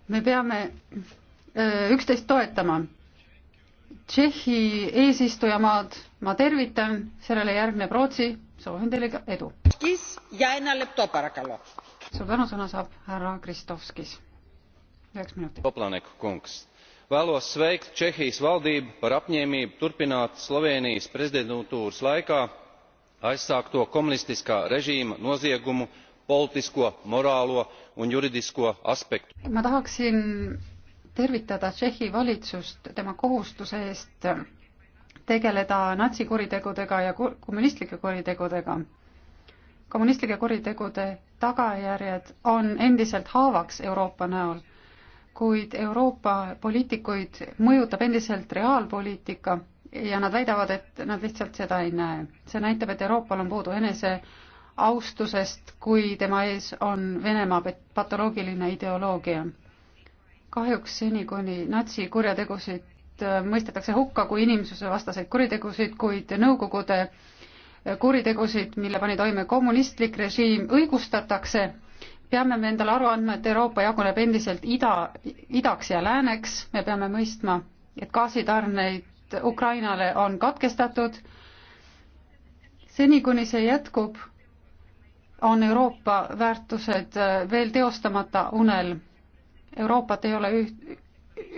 me peame äh, üksteist toetama. Tšehhi eesistujamaad ma tervitan, sellele järgneb Rootsi, soovin teile ka edu. suur tänu, sõna saab härra Kristovskis. üheks minutiks vēlos sveikt čehijas valdību par apņēmību turpināt slovēnijas prezidentūras laikā aizsākto komunistiskā režīma noziegumu politisko morālo un juridisko aspektu. ma tahaksin tervitada Tšehhi valitsust tema kohustuse eest tegeleda natsikuritegudega ja kommunistlike kuritegudega. kommunistlike kuritegude tagajärjed on endiselt haavaks Euroopa näol kuid Euroopa poliitikuid mõjutab endiselt reaalpoliitika ja nad väidavad, et nad lihtsalt seda ei näe. see näitab, et Euroopal on puudu eneseaustusest, kui tema ees on Venemaa patoloogiline ideoloogia. kahjuks seni, kuni natsikurjategusid äh, mõistetakse hukka kui inimsusevastaseid kuritegusid, kuid Nõukogude kuritegusid, mille pani toime kommunistlik režiim, õigustatakse peame me endale aru andma, et Euroopa jaguneb endiselt ida, idaks ja lääneks, me peame mõistma, et gaasitarneid Ukrainale on katkestatud. seni, kuni see jätkub, on Euroopa väärtused äh, veel teostamata unel. Euroopat ei ole üht,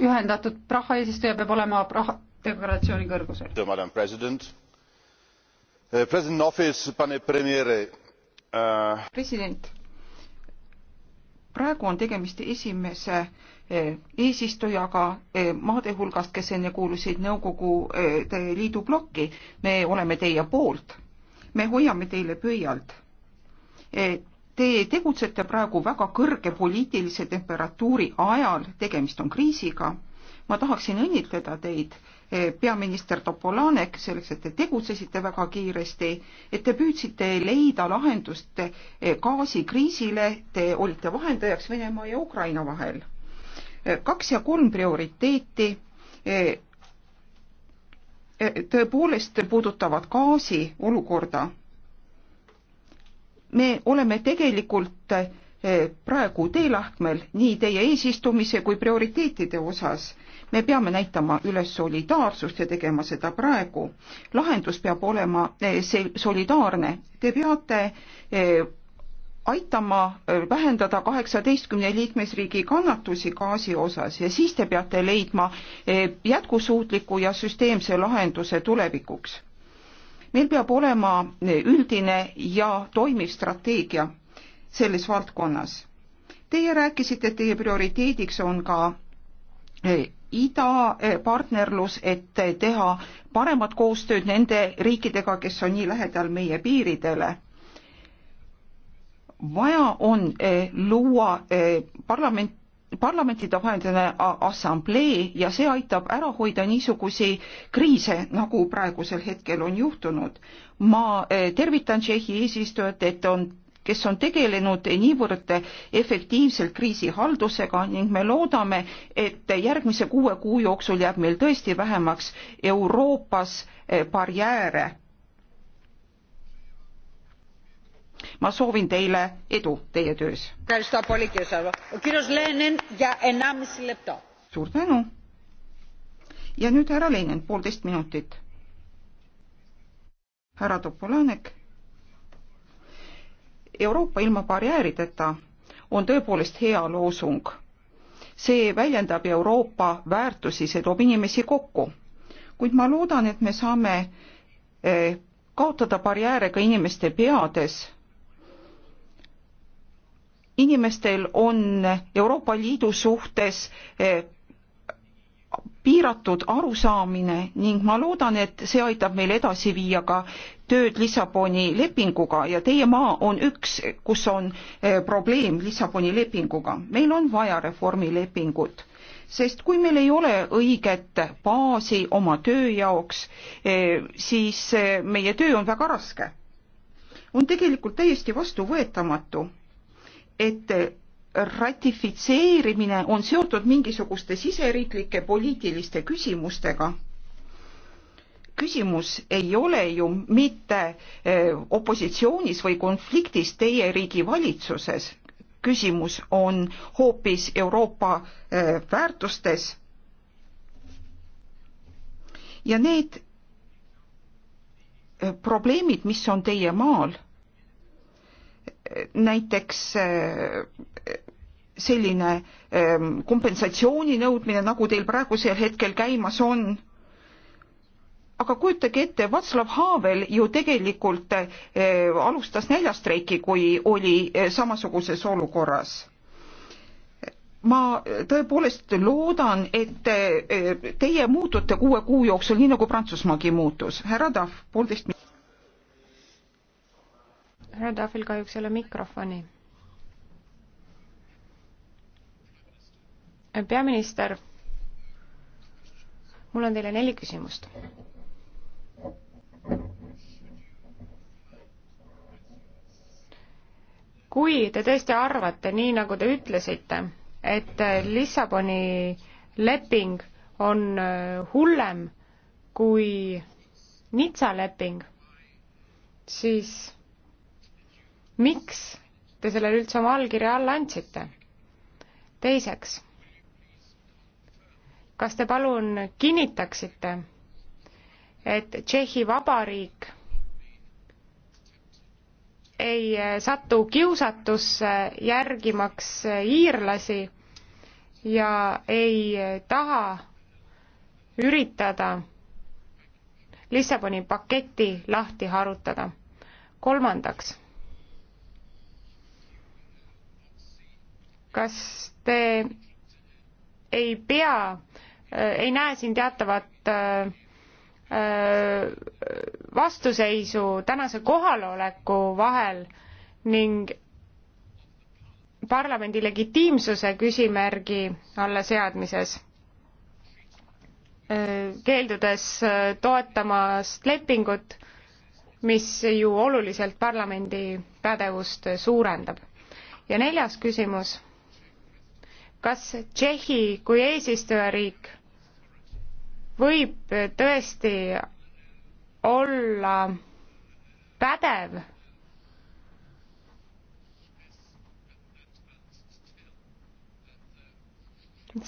ühendatud, Praha eesistuja peab olema Praha deklaratsiooni kõrgusel. president, äh, president, praegu on tegemist esimese eh, eesistujaga eh, maade hulgast, kes enne kuulusid Nõukogude eh, Liidu plokki. me oleme teie poolt, me hoiame teile pöialt. Te tegutsete praegu väga kõrge poliitilise temperatuuri ajal, tegemist on kriisiga. ma tahaksin õnnitleda teid Eh, peaminister Topolanek selleks, et te tegutsesite väga kiiresti, et te püüdsite leida lahendust eh, gaasikriisile, te olite vahendajaks Venemaa ja Ukraina vahel. Eh, kaks ja kolm prioriteeti tõepoolest puudutavad gaasi olukorda. me oleme tegelikult praegu teelahkmel nii teie eesistumise kui prioriteetide osas me peame näitama üles solidaarsust ja tegema seda praegu. lahendus peab olema eh, see solidaarne, te peate eh, aitama eh, vähendada kaheksateistkümne liikmesriigi kannatusi gaasi osas ja siis te peate leidma jätkusuutliku ja süsteemse lahenduse tulevikuks. meil peab olema üldine ja toimiv strateegia selles valdkonnas. Teie rääkisite, et teie prioriteediks on ka idapartnerlus, eh, et teha paremat koostööd nende riikidega, kes on nii lähedal meie piiridele. vaja on eh, luua eh, parlament, parlamentide vaheline assamblee ja see aitab ära hoida niisugusi kriise, nagu praegusel hetkel on juhtunud. ma tervitan Tšehhi eesistujat, et on kes on tegelenud niivõrd efektiivselt kriisihaldusega ning me loodame, et järgmise kuue kuu jooksul jääb meil tõesti vähemaks Euroopas eh, barjääre. ma soovin teile edu teie töös. suur tänu. ja nüüd härra Lenin, poolteist minutit. härra Topolanek Euroopa ilma barjäärideta on tõepoolest hea loosung. see väljendab Euroopa väärtusi, see toob inimesi kokku. kuid ma loodan, et me saame eh, kaotada barjääre ka inimeste peades. inimestel on Euroopa Liidu suhtes eh, piiratud arusaamine ning ma loodan, et see aitab meil edasi viia ka tööd Lissaboni lepinguga ja teie maa on üks, kus on eh, probleem Lissaboni lepinguga. meil on vaja reformilepingut, sest kui meil ei ole õiget baasi oma töö jaoks, eh, siis eh, meie töö on väga raske. on tegelikult täiesti vastuvõetamatu, et ratifitseerimine on seotud mingisuguste siseriiklike poliitiliste küsimustega. küsimus ei ole ju mitte eh, opositsioonis või konfliktis teie riigi valitsuses, küsimus on hoopis Euroopa eh, väärtustes. ja need eh, probleemid, mis on teie maal näiteks selline ehm, kompensatsiooni nõudmine, nagu teil praegusel hetkel käimas on. aga kujutage ette, Václav Havel ju tegelikult ehm, alustas näljastreiki, kui oli eh, samasuguses olukorras ma tõepoolest loodan, et eh, teie muutute kuue kuu jooksul, nii nagu Prantsusmaagi muutus. härra Tahv, poolteist minutit härra Tahvil kahjuks ei ole mikrofoni. peaminister, mul on teile neli küsimust. kui te tõesti arvate, nii nagu te ütlesite, et Lissaboni leping on äh, hullem kui Nitsa leping, siis miks te sellele üldse oma allkirja alla andsite? teiseks, kas te palun kinnitaksite, et Tšehhi Vabariik ei satu kiusatusse järgimaks iirlasi ja ei taha üritada Lissaboni paketi lahti harutada. kolmandaks kas te ei pea, äh, ei näe siin teatavat äh, äh, vastuseisu tänase kohaloleku vahel ning parlamendi legitiimsuse küsimärgi alla seadmises, keeldudes toetamast lepingut, mis ju oluliselt parlamendi pädevust suurendab. ja neljas küsimus kas Tšehhi kui eesistujariik võib tõesti olla pädev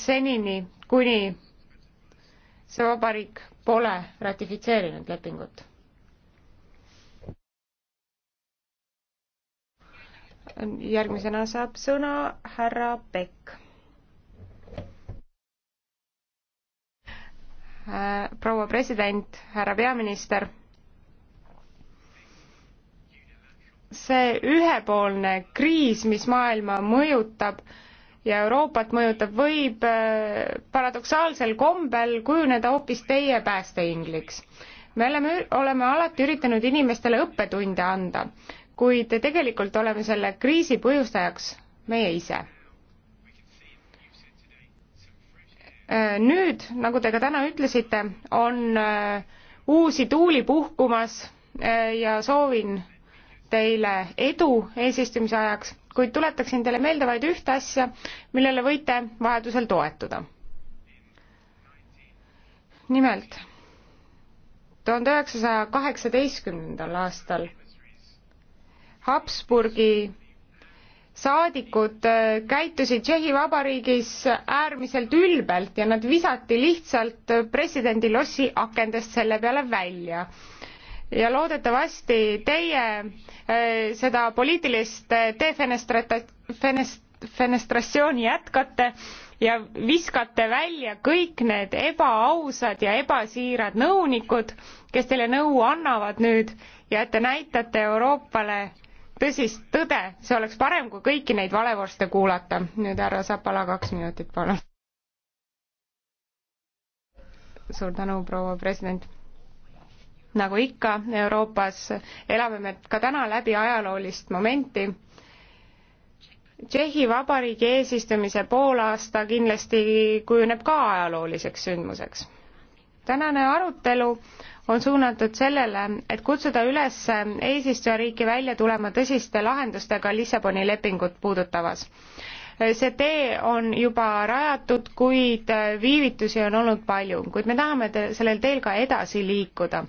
senini, kuni see vabariik pole ratifitseerinud lepingut. järgmisena saab sõna härra Pekk Äh, proua president, härra peaminister. see ühepoolne kriis, mis maailma mõjutab ja Euroopat mõjutab, võib äh, paradoksaalsel kombel kujuneda hoopis teie päästeingliks. me oleme, oleme alati üritanud inimestele õppetunde anda, kuid tegelikult oleme selle kriisi põhjustajaks meie ise Äh, nüüd, nagu te ka täna ütlesite, on äh, uusi tuuli puhkumas äh, ja soovin teile edu eesistumise ajaks, kuid tuletaksin teile meelde vaid ühte asja, millele võite vajadusel toetuda. nimelt, tuhande üheksasaja kaheksateistkümnendal aastal Habsburgi saadikud äh, käitusid Tšehhi Vabariigis äärmiselt ülbelt ja nad visati lihtsalt presidendi lossi akendest selle peale välja. ja loodetavasti teie äh, seda poliitilist äh, defenestrata-, fenestratsiooni jätkate ja viskate välja kõik need ebaausad ja ebasiirad nõunikud, kes teile nõu annavad nüüd ja et te näitate Euroopale tõsist tõde, see oleks parem, kui kõiki neid valevorste kuulata. nüüd härra Sapala, kaks minutit, palun. suur tänu, proua president nagu ikka Euroopas, elame me ka täna läbi ajaloolist momenti. Tšehhi Vabariigi eesistumise poolaasta kindlasti kujuneb ka ajalooliseks sündmuseks. tänane arutelu on suunatud sellele, et kutsuda üles eesistujariiki välja tulema tõsiste lahendustega Lissaboni lepingut puudutavas. see tee on juba rajatud, kuid viivitusi on olnud palju, kuid me tahame sellel teel ka edasi liikuda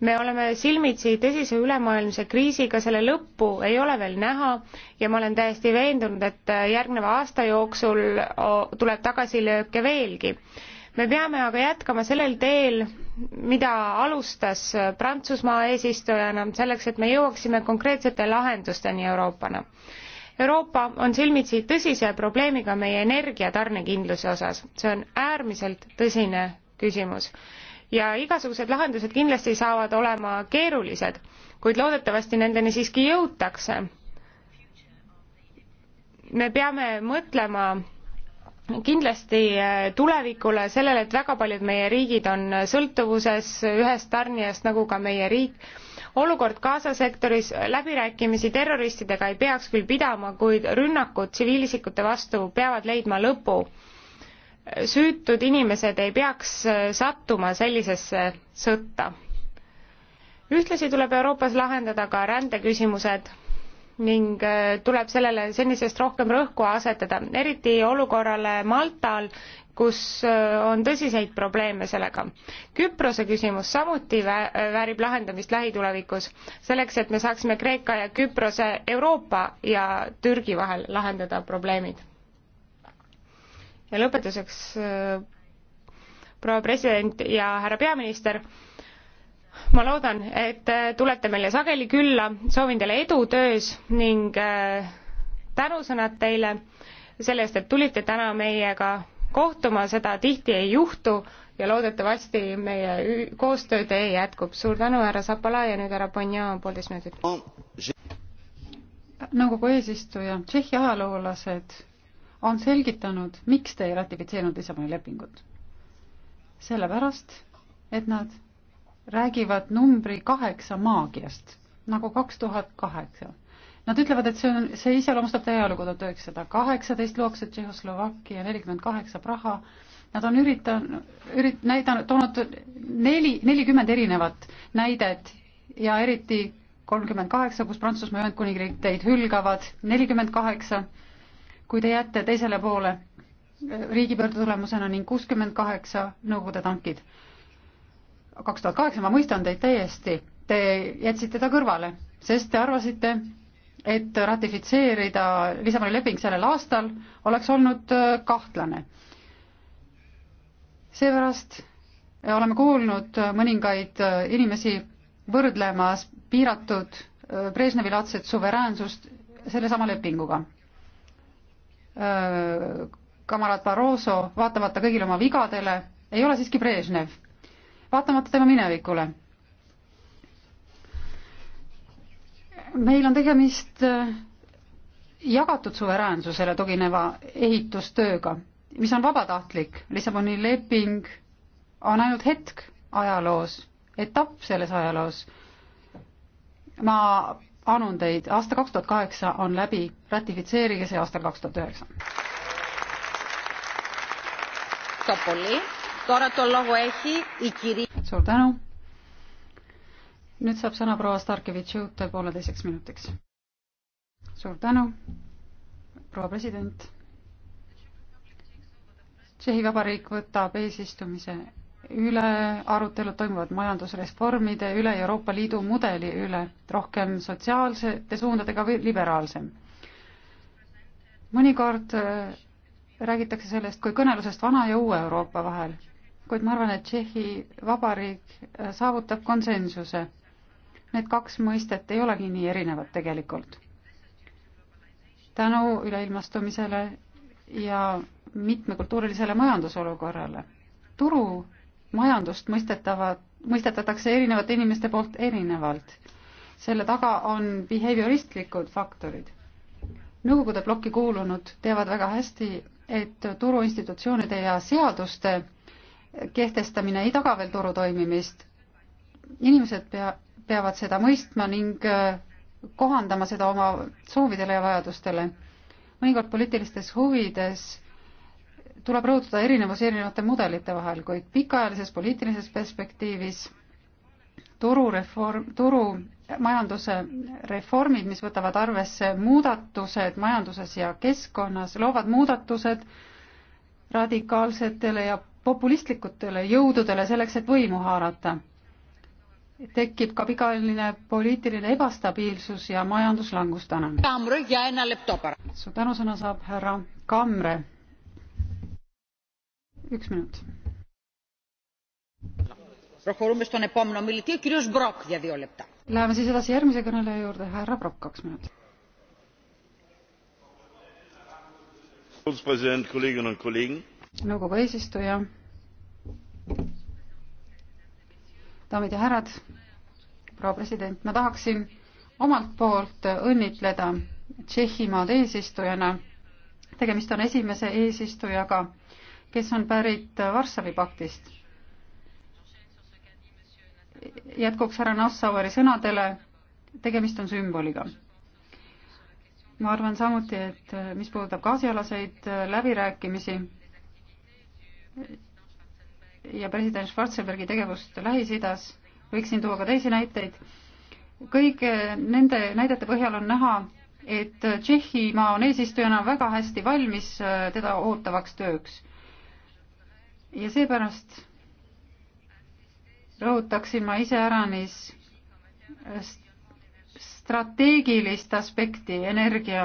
me oleme silmitsi tõsise ülemaailmse kriisiga, selle lõppu ei ole veel näha ja ma olen täiesti veendunud, et järgneva aasta jooksul tuleb tagasilööke veelgi me peame aga jätkama sellel teel, mida alustas Prantsusmaa eesistujana, selleks et me jõuaksime konkreetsete lahendusteni Euroopana. Euroopa on silmitsi tõsise probleemiga meie energia tarnekindluse osas, see on äärmiselt tõsine küsimus ja igasugused lahendused kindlasti saavad olema keerulised, kuid loodetavasti nendeni siiski jõutakse. me peame mõtlema kindlasti äh, tulevikule sellele, et väga paljud meie riigid on sõltuvuses ühest tarnijast, nagu ka meie riik. olukord Gaza sektoris, läbirääkimisi terroristidega ei peaks küll pidama, kuid rünnakud tsiviilisikute vastu peavad leidma lõpu. süütud inimesed ei peaks äh, sattuma sellisesse sõtta. ühtlasi tuleb Euroopas lahendada ka rändeküsimused ning äh, tuleb sellele senisest rohkem rõhku asetada, eriti olukorrale Maltal, kus äh, on tõsiseid probleeme sellega. Küprose küsimus samuti väärib lahendamist lähitulevikus, selleks et me saaksime Kreeka ja Küprose, Euroopa ja Türgi vahel lahendada probleemid. ja lõpetuseks äh, proua president ja härra peaminister ma loodan, et äh, tulete meile sageli külla, soovin teile edu töös ning äh, tänusõnad teile selle eest, et tulite täna meiega kohtuma, seda tihti ei juhtu ja loodetavasti meie koostöötee jätkub. suur tänu, härra Sapala ja nüüd härra Bonja, poolteist minutit. nõukogu eesistuja, Tšehhi ajaloolased on selgitanud, miks te ei ratifitseerinud Lissaboni lepingut. sellepärast, et nad räägivad numbri kaheksa maagiast, nagu kaks tuhat kaheksa. Nad ütlevad, et see on, see iseloomustab täie ajalugu tuhat üheksasada kaheksateist luuakse Tšehhoslovakkia, nelikümmend kaheksa Praha. Nad on üritanud, ürit-, näidanud, toonud neli, nelikümmend erinevat näidet ja eriti kolmkümmend kaheksa, kus Prantsusmaa ja Ühendkuningriik teid hülgavad, nelikümmend kaheksa, kui te jääte teisele poole riigipöörde tulemusena ning kuuskümmend kaheksa Nõukogude tankid kaks tuhat kaheksa, ma mõistan teid täiesti, te jätsite ta kõrvale, sest te arvasite, et ratifitseerida Lissaboni leping sellel aastal oleks olnud äh, kahtlane. seepärast äh, oleme kuulnud äh, mõningaid inimesi võrdlemas piiratud Brežnevi laadset suveräänsust sellesama lepinguga. kamarad Barroso, vaatamata kõigile oma vigadele, ei ole siiski Brežnev vaatamata tema minevikule. meil on tegemist äh, jagatud suveräänsusele tugineva ehitustööga, mis on vabatahtlik. Lissaboni leping on ainult hetk ajaloos, etapp selles ajaloos. ma anun teid, aasta kaks tuhat kaheksa on läbi, ratifitseerige see aastal kaks tuhat üheksa suur tänu. nüüd saab sõna proua Starkevitš-Jõute pooleteiseks minutiks. suur tänu, proua president. Tšehhi Vabariik võtab eesistumise üle, arutelud toimuvad majandusreformide üle ja Euroopa Liidu mudeli üle, rohkem sotsiaalsete suundadega või liberaalsem. mõnikord äh, räägitakse sellest kui kõnelusest vana ja uue Euroopa vahel kuid ma arvan, et Tšehhi Vabariik äh, saavutab konsensuse. Need kaks mõistet ei olegi nii erinevad tegelikult. tänu üleilmastumisele ja mitmekultuurilisele majandusolukorrale. turumajandust mõistetavad, mõistetatakse erinevate inimeste poolt erinevalt. selle taga on behavioristlikud faktorid. Nõukogude plokki kuulunud teavad väga hästi, et turuinstitutsioonide ja seaduste kehtestamine ei taga veel turu toimimist. inimesed pea, peavad seda mõistma ning äh, kohandama seda oma soovidele ja vajadustele. mõnikord poliitilistes huvides tuleb rõhutada erinevusi erinevate mudelite vahel, kuid pikaajalises poliitilises perspektiivis turureform, turumajanduse reformid, mis võtavad arvesse muudatused majanduses ja keskkonnas, loovad muudatused radikaalsetele ja populistlikutele jõududele selleks, et võimu haarata. tekib ka pikaajaline poliitiline ebastabiilsus ja majanduslangus täna. su tänusõna saab härra Kamre. üks minut. Läheme siis edasi järgmise kõneleja juurde, härra Brock, kaks minutit. Herr Präsident, Kolleginnen und Kollegen! nõukogu eesistuja, daamid ja härrad, proua president, ma tahaksin omalt poolt õnnitleda Tšehhimaad eesistujana. tegemist on esimese eesistujaga, kes on pärit Varssavi paktist. jätkuks härra Nassaueri sõnadele, tegemist on sümboliga ma arvan samuti, et mis puudutab gaasialaseid läbirääkimisi, ja president Schwarzenbergi tegevust Lähis-Idas, võiksin tuua ka teisi näiteid, kõige eh, nende näidete põhjal on näha, et Tšehhimaa on eesistujana väga hästi valmis eh, teda ootavaks tööks. ja seepärast rõhutaksin ma iseäranis eh, strateegilist aspekti energia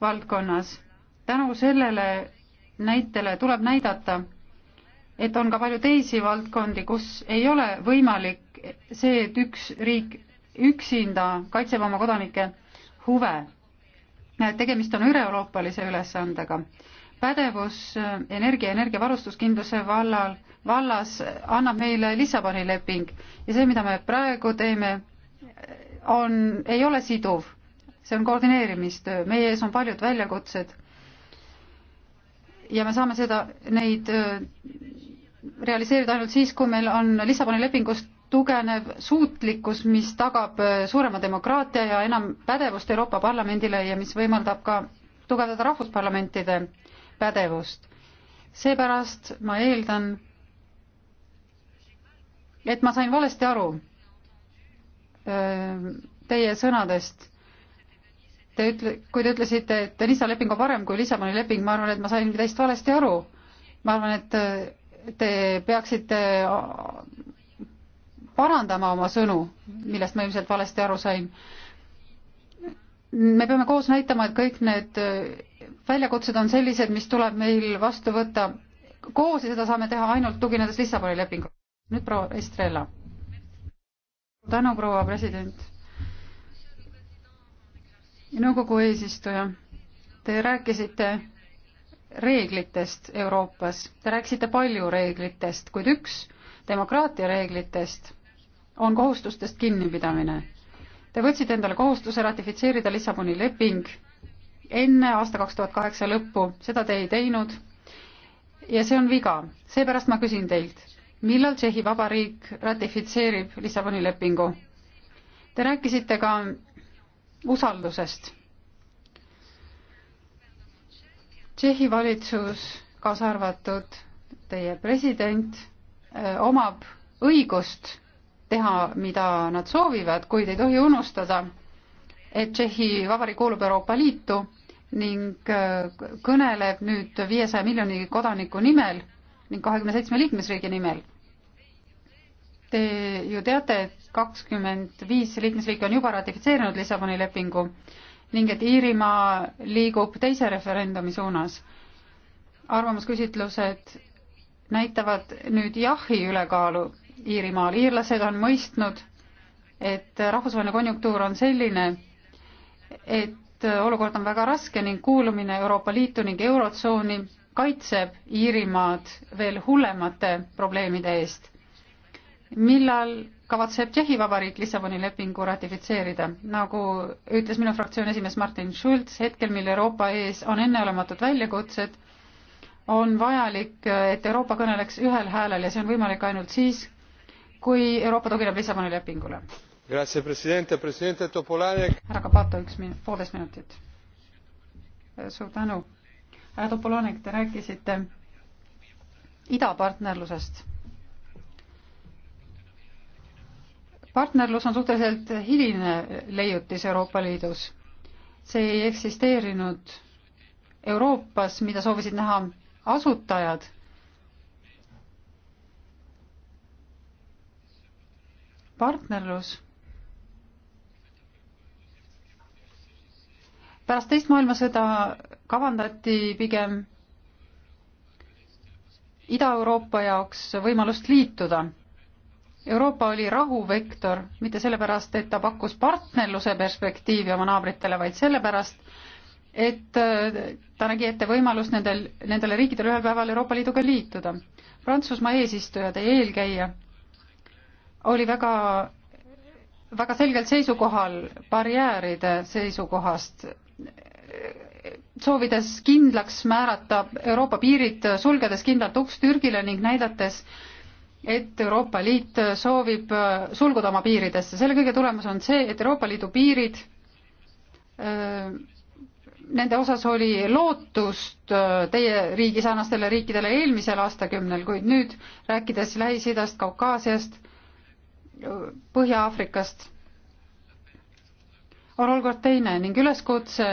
valdkonnas. tänu sellele näitele tuleb näidata, et on ka palju teisi valdkondi, kus ei ole võimalik see, et üks riik üksinda kaitseb oma kodanike huve. tegemist on üle-euroopalise ülesandega. pädevus energia, energiavarustuskindluse vallal, vallas annab meile Lissaboni leping ja see, mida me praegu teeme, on, ei ole siduv. see on koordineerimistöö, meie ees on paljud väljakutsed ja me saame seda, neid realiseerida ainult siis, kui meil on Lissaboni lepingust tugevnev suutlikkus, mis tagab äh, suurema demokraatia ja enam pädevust Euroopa Parlamendile ja mis võimaldab ka tugevdada rahvusparlamentide pädevust. seepärast ma eeldan, et ma sain valesti aru äh, teie sõnadest. Te ütle, kui te ütlesite, et Nisa leping on parem kui Lissaboni leping, ma arvan, et ma sain teist valesti aru. ma arvan, et äh, te peaksite äh, parandama oma sõnu, millest ma ilmselt valesti aru sain. me peame koos näitama, et kõik need äh, väljakutsed on sellised, mis tuleb meil vastu võtta koos ja seda saame teha ainult tuginedes Lissaboni lepingule. nüüd proua Estrela. tänu, proua president. nõukogu eesistuja, te rääkisite reeglitest Euroopas, te rääkisite palju reeglitest, kuid üks demokraatia reeglitest on kohustustest kinnipidamine. Te võtsite endale kohustuse ratifitseerida Lissaboni leping enne aasta kaks tuhat kaheksa lõppu, seda te ei teinud ja see on viga. seepärast ma küsin teilt, millal Tšehhi Vabariik ratifitseerib Lissaboni lepingu? Te rääkisite ka usaldusest Tšehhi valitsus, kaasa arvatud teie president, omab õigust teha, mida nad soovivad, kuid ei tohi unustada, et Tšehhi Vabariik kuulub Euroopa Liitu ning kõneleb nüüd viiesaja miljoni kodaniku nimel ning kahekümne seitsme liikmesriigi nimel. Te ju teate, et kakskümmend viis liikmesriiki on juba ratifitseerinud Lissaboni lepingu ning et Iirimaa liigub teise referendumi suunas. arvamusküsitlused näitavad nüüd jahi ülekaalu Iirimaal. iirlased on mõistnud, et rahvusvaheline konjunktuur on selline, et olukord on väga raske ning kuulumine Euroopa Liitu ning Eurotsooni kaitseb Iirimaad veel hullemate probleemide eest. millal kavatseb Tšehhi Vabariik Lissaboni lepingu ratifitseerida. nagu ütles minu fraktsiooni esimees Martin Schulz, hetkel, mil Euroopa ees on enneolematud väljakutsed, on vajalik, et Euroopa kõneleks ühel häälel ja see on võimalik ainult siis, kui Euroopa tugineb Lissaboni lepingule. härra Kapato, üks minut, poolteist minutit. suur tänu. härra Topolanek, te rääkisite idapartnerlusest partnerlus on suhteliselt hiline leiutis Euroopa Liidus. see ei eksisteerinud Euroopas, mida soovisid näha asutajad. partnerlus pärast teist maailmasõda kavandati pigem Ida-Euroopa jaoks võimalust liituda Euroopa oli rahuvektor mitte sellepärast, et ta pakkus partnerluse perspektiivi oma naabritele, vaid sellepärast, et äh, ta nägi ette võimalust nendel, nendele riikidele ühel päeval Euroopa Liiduga liituda. Prantsusmaa eesistuja, teie eelkäija, oli väga, väga selgelt seisukohal barjääride seisukohast, soovides kindlaks määrata Euroopa piirid, sulgedes kindlalt uks Türgile ning näidates äh, et Euroopa Liit soovib äh, sulguda oma piiridesse. selle kõige tulemus on see, et Euroopa Liidu piirid, äh, nende osas oli lootust äh, teie riigi sarnastele riikidele eelmisel aastakümnel, kuid nüüd, rääkides Lähis-Idast, Kaukaasiast, Põhja-Aafrikast, on olukord teine ning üleskutse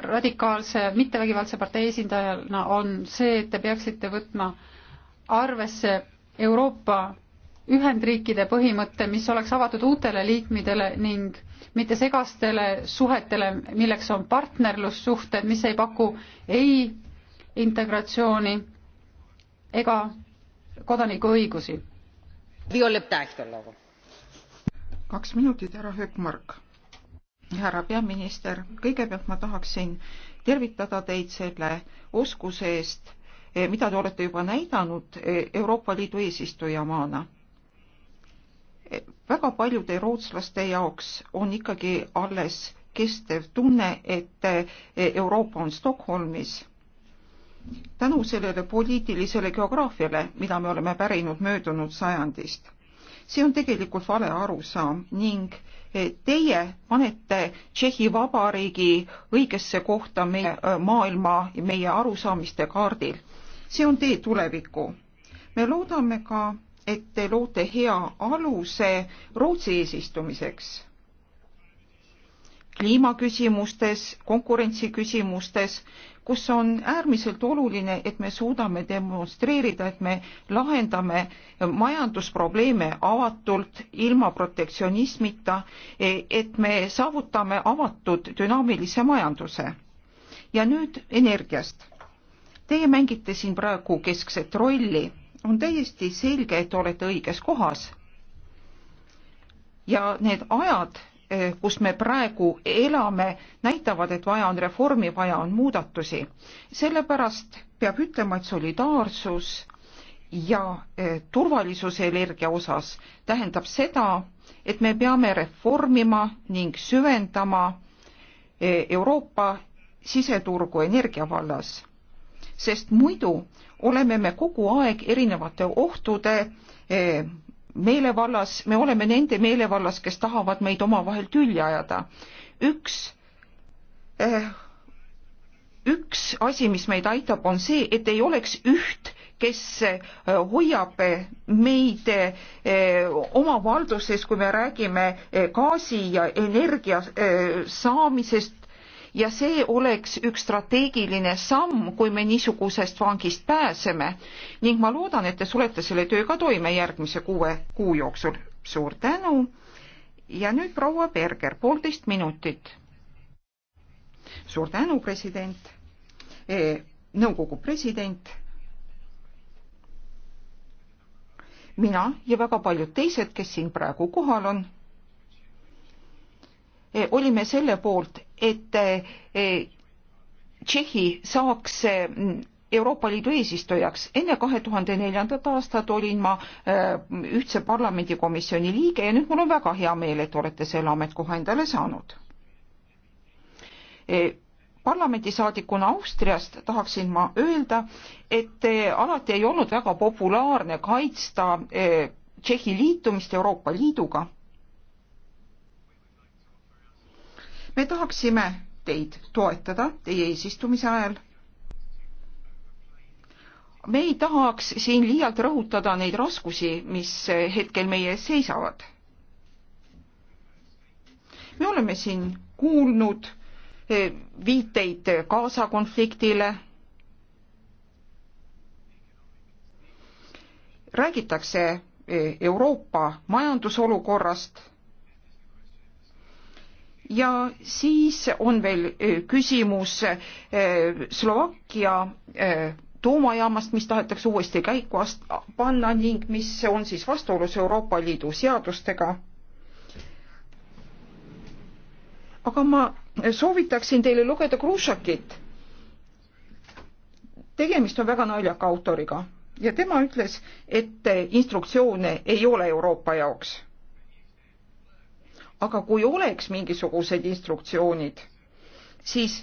radikaalse mittevägivaldse partei esindajana on see, et te peaksite võtma arvesse Euroopa Ühendriikide põhimõte, mis oleks avatud uutele liikmidele ning mitte segastele suhetele, milleks on partnerlussuhted, mis ei paku ei integratsiooni ega kodanikuõigusi. kaks minutit, härra Höökmark. härra peaminister, kõigepealt ma tahaksin tervitada teid selle oskuse eest E, mida te olete juba näidanud e, Euroopa Liidu eesistujamaana. E, väga paljude rootslaste jaoks on ikkagi alles kestev tunne, et Euroopa on Stockholmis. tänu sellele poliitilisele geograafiale, mida me oleme pärinud möödunud sajandist, see on tegelikult vale arusaam ning teie panete Tšehhi Vabariigi õigesse kohta meie maailma, meie arusaamiste kaardil see on tee tulevikku. me loodame ka, et te loote hea aluse Rootsi eesistumiseks. kliimaküsimustes, konkurentsiküsimustes, kus on äärmiselt oluline, et me suudame demonstreerida, et me lahendame majandusprobleeme avatult, ilma protektsionismita, et me saavutame avatud dünaamilise majanduse. ja nüüd energiast Teie mängite siin praegu keskset rolli. on täiesti selge, et olete õiges kohas. ja need ajad, eh, kus me praegu elame, näitavad, et vaja on reformi, vaja on muudatusi. sellepärast peab ütlema, et solidaarsus ja eh, turvalisuse energia osas tähendab seda, et me peame reformima ning süvendama eh, Euroopa siseturgu energia vallas sest muidu oleme me kogu aeg erinevate ohtude eh, meelevallas, me oleme nende meelevallas, kes tahavad meid omavahel tülli ajada. üks eh, üks asi, mis meid aitab, on see, et ei oleks üht, kes eh, hoiab meid oma valduses, kui me räägime gaasi ja energia saamisest, ja see oleks üks strateegiline samm, kui me niisugusest vangist pääseme ning ma loodan, et te sulete selle tööga toime järgmise kuue kuu jooksul. suur tänu ja nüüd proua Berger, poolteist minutit. suur tänu, president, e, nõukogu president mina ja väga paljud teised, kes siin praegu kohal on, e, olime selle poolt, et eh, Tšehhi saaks eh, Euroopa Liidu eesistujaks. enne kahe tuhande neljandat aastat olin ma eh, ühtse parlamendikomisjoni liige ja nüüd mul on väga hea meel, et olete selle ametkoha endale saanud. parlamendisaadikuna Austriast tahaksin ma öelda, et alati ei olnud väga populaarne kaitsta Tšehhi liitumist Euroopa Liiduga me tahaksime teid toetada teie eesistumise ajal. me ei tahaks siin liialt rõhutada neid raskusi, mis hetkel meie ees seisavad. me oleme siin kuulnud eh, viiteid Gaza konfliktile räägitakse eh, Euroopa majandusolukorrast ja siis on veel e, küsimus e, Slovakkia e, tuumajaamast, mis tahetakse uuesti käiku panna ning mis on siis vastuolus Euroopa Liidu seadustega. aga ma soovitaksin teile lugeda Krušakit. tegemist on väga naljaka autoriga ja tema ütles, et instruktsioone ei ole Euroopa jaoks aga kui oleks mingisugused instruktsioonid, siis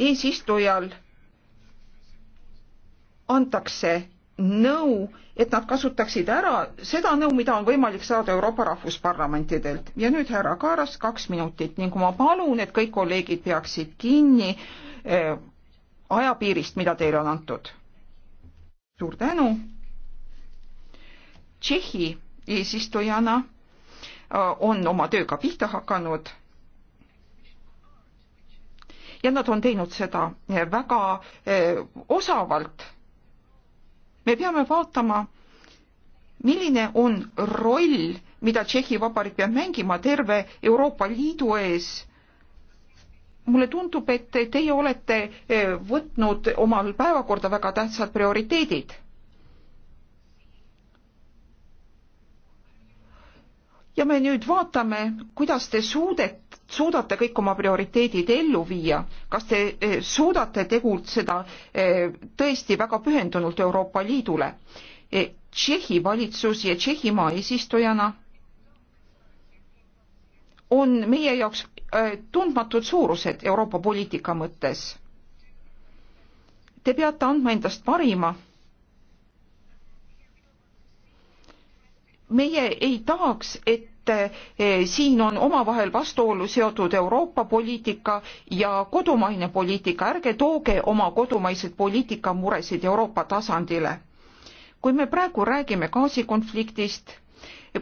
eesistujal antakse nõu, et nad kasutaksid ära seda nõu, mida on võimalik saada Euroopa rahvusparlamentidelt. ja nüüd härra Kaaras kaks minutit ning ma palun, et kõik kolleegid peaksid kinni eh, ajapiirist, mida teile on antud. suur tänu. Tšehhi eesistujana Äh, on oma tööga pihta hakanud. ja nad on teinud seda äh, väga äh, osavalt. me peame vaatama, milline on roll, mida Tšehhi Vabariik peab mängima terve Euroopa Liidu ees mulle tundub, et teie olete võtnud omal päevakorda väga tähtsad prioriteedid ja me nüüd vaatame, kuidas te suudet, suudate kõik oma prioriteedid ellu viia, kas te eh, suudate tegutseda eh, tõesti väga pühendunult Euroopa Liidule. E, Tšehhi valitsus ja Tšehhimaa eesistujana on meie jaoks eh, tundmatud suurused Euroopa poliitika mõttes. Te peate andma endast parima meie ei tahaks, et eh, siin on omavahel vastuollu seotud Euroopa poliitika ja kodumaine poliitika, ärge tooge oma kodumaiseid poliitikamuresid Euroopa tasandile. kui me praegu räägime gaasikonfliktist,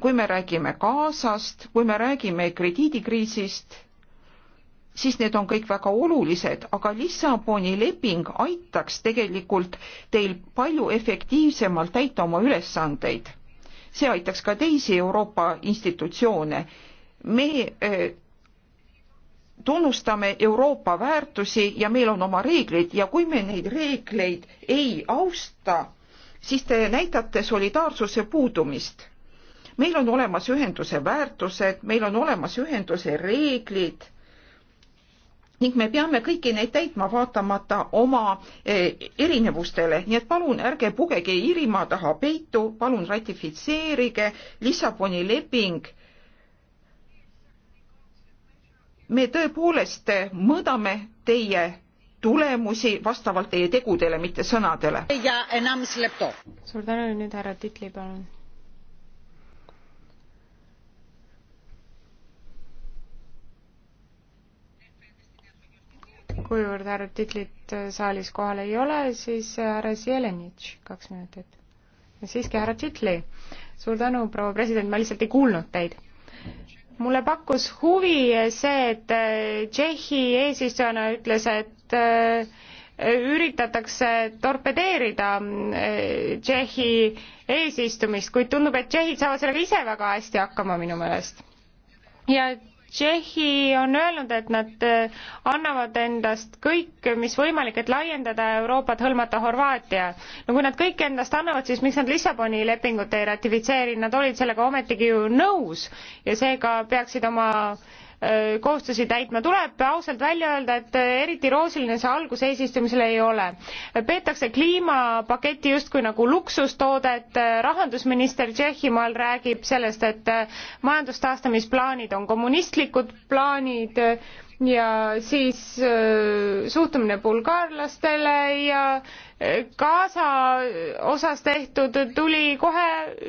kui me räägime Gazast, kui me räägime krediidikriisist, siis need on kõik väga olulised, aga Lissaboni leping aitaks tegelikult teil palju efektiivsemalt täita oma ülesandeid see aitaks ka teisi Euroopa institutsioone. me eh, tunnustame Euroopa väärtusi ja meil on oma reeglid ja kui me neid reegleid ei austa, siis te näitate solidaarsuse puudumist. meil on olemas ühenduse väärtused, meil on olemas ühenduse reeglid ning me peame kõiki neid täitma vaatamata oma eh, erinevustele, nii et palun ärge pugege Iirimaa taha peitu, palun ratifitseerige Lissaboni leping. me tõepoolest mõõdame teie tulemusi vastavalt teie tegudele, mitte sõnadele. suur tänu, nüüd härra Titli, palun kuivõrd härra Tiklit äh, saalis kohal ei ole, siis äh, härra Zelenitš, kaks minutit. siiski härra Titli, suur tänu, proua president, ma lihtsalt ei kuulnud teid mulle pakkus huvi see, et äh, Tšehhi eesistujana ütles, et üritatakse torpedeerida Tšehhi eesistumist, kuid tundub, et tšehhid saavad sellega ise väga hästi hakkama minu meelest. ja et Tšehhi on öelnud, et nad äh, annavad endast kõik, mis võimalik, et laiendada Euroopat, hõlmata Horvaatia. no kui nad kõik endast annavad, siis miks nad Lissaboni lepingut ei ratifitseeri, nad olid sellega ometigi ju nõus ja seega peaksid oma kohustusi täitma. tuleb ausalt välja öelda, et eriti roosiline see algus eesistumisel ei ole. peetakse kliimapaketti justkui nagu luksustoodet, rahandusminister Tšehhimaal räägib sellest, et majandustaastamisplaanid on kommunistlikud plaanid ja siis äh, suhtumine bulgaarlastele ja Gaza osas tehtud tuli kohe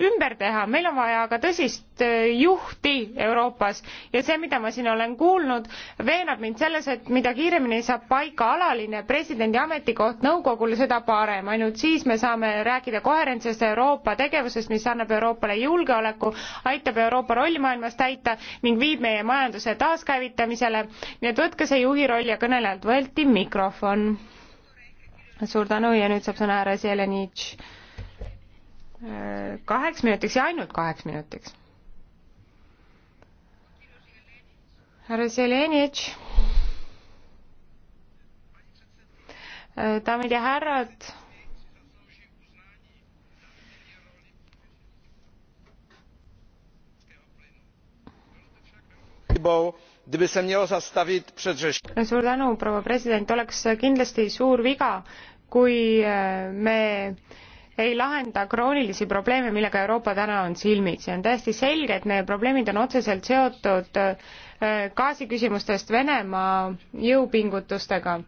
ümber teha, meil on vaja ka tõsist äh, juhti Euroopas ja see, mida ma siin olen kuulnud, veenab mind selles, et mida kiiremini saab paika alaline presidendi ametikoht nõukogule, seda parem, ainult siis me saame rääkida koherentsest Euroopa tegevusest, mis annab Euroopale julgeoleku, aitab Euroopa rolli maailmas täita ning viib meie majanduse taaskäivitamisele, nii et võtke see juhi roll ja kõnelejalt võeti mikrofon suur tänu ja nüüd saab sõna härra Zelenitš äh, kaheks minutiks ja ainult kaheks minutiks. härra Zelenitš. Äh, daamid ja härrad bo gdyby se mělo zastavit před řešením. suur tänu proua president oleks kindlasti suur viga kui eh, me ei lahenda kroonilisi probleeme millega euroopa täna on silmitsi on täiesti selge et need probleemid on otseselt seotud eh, gaasiküsimustest venemaa jõupingutustega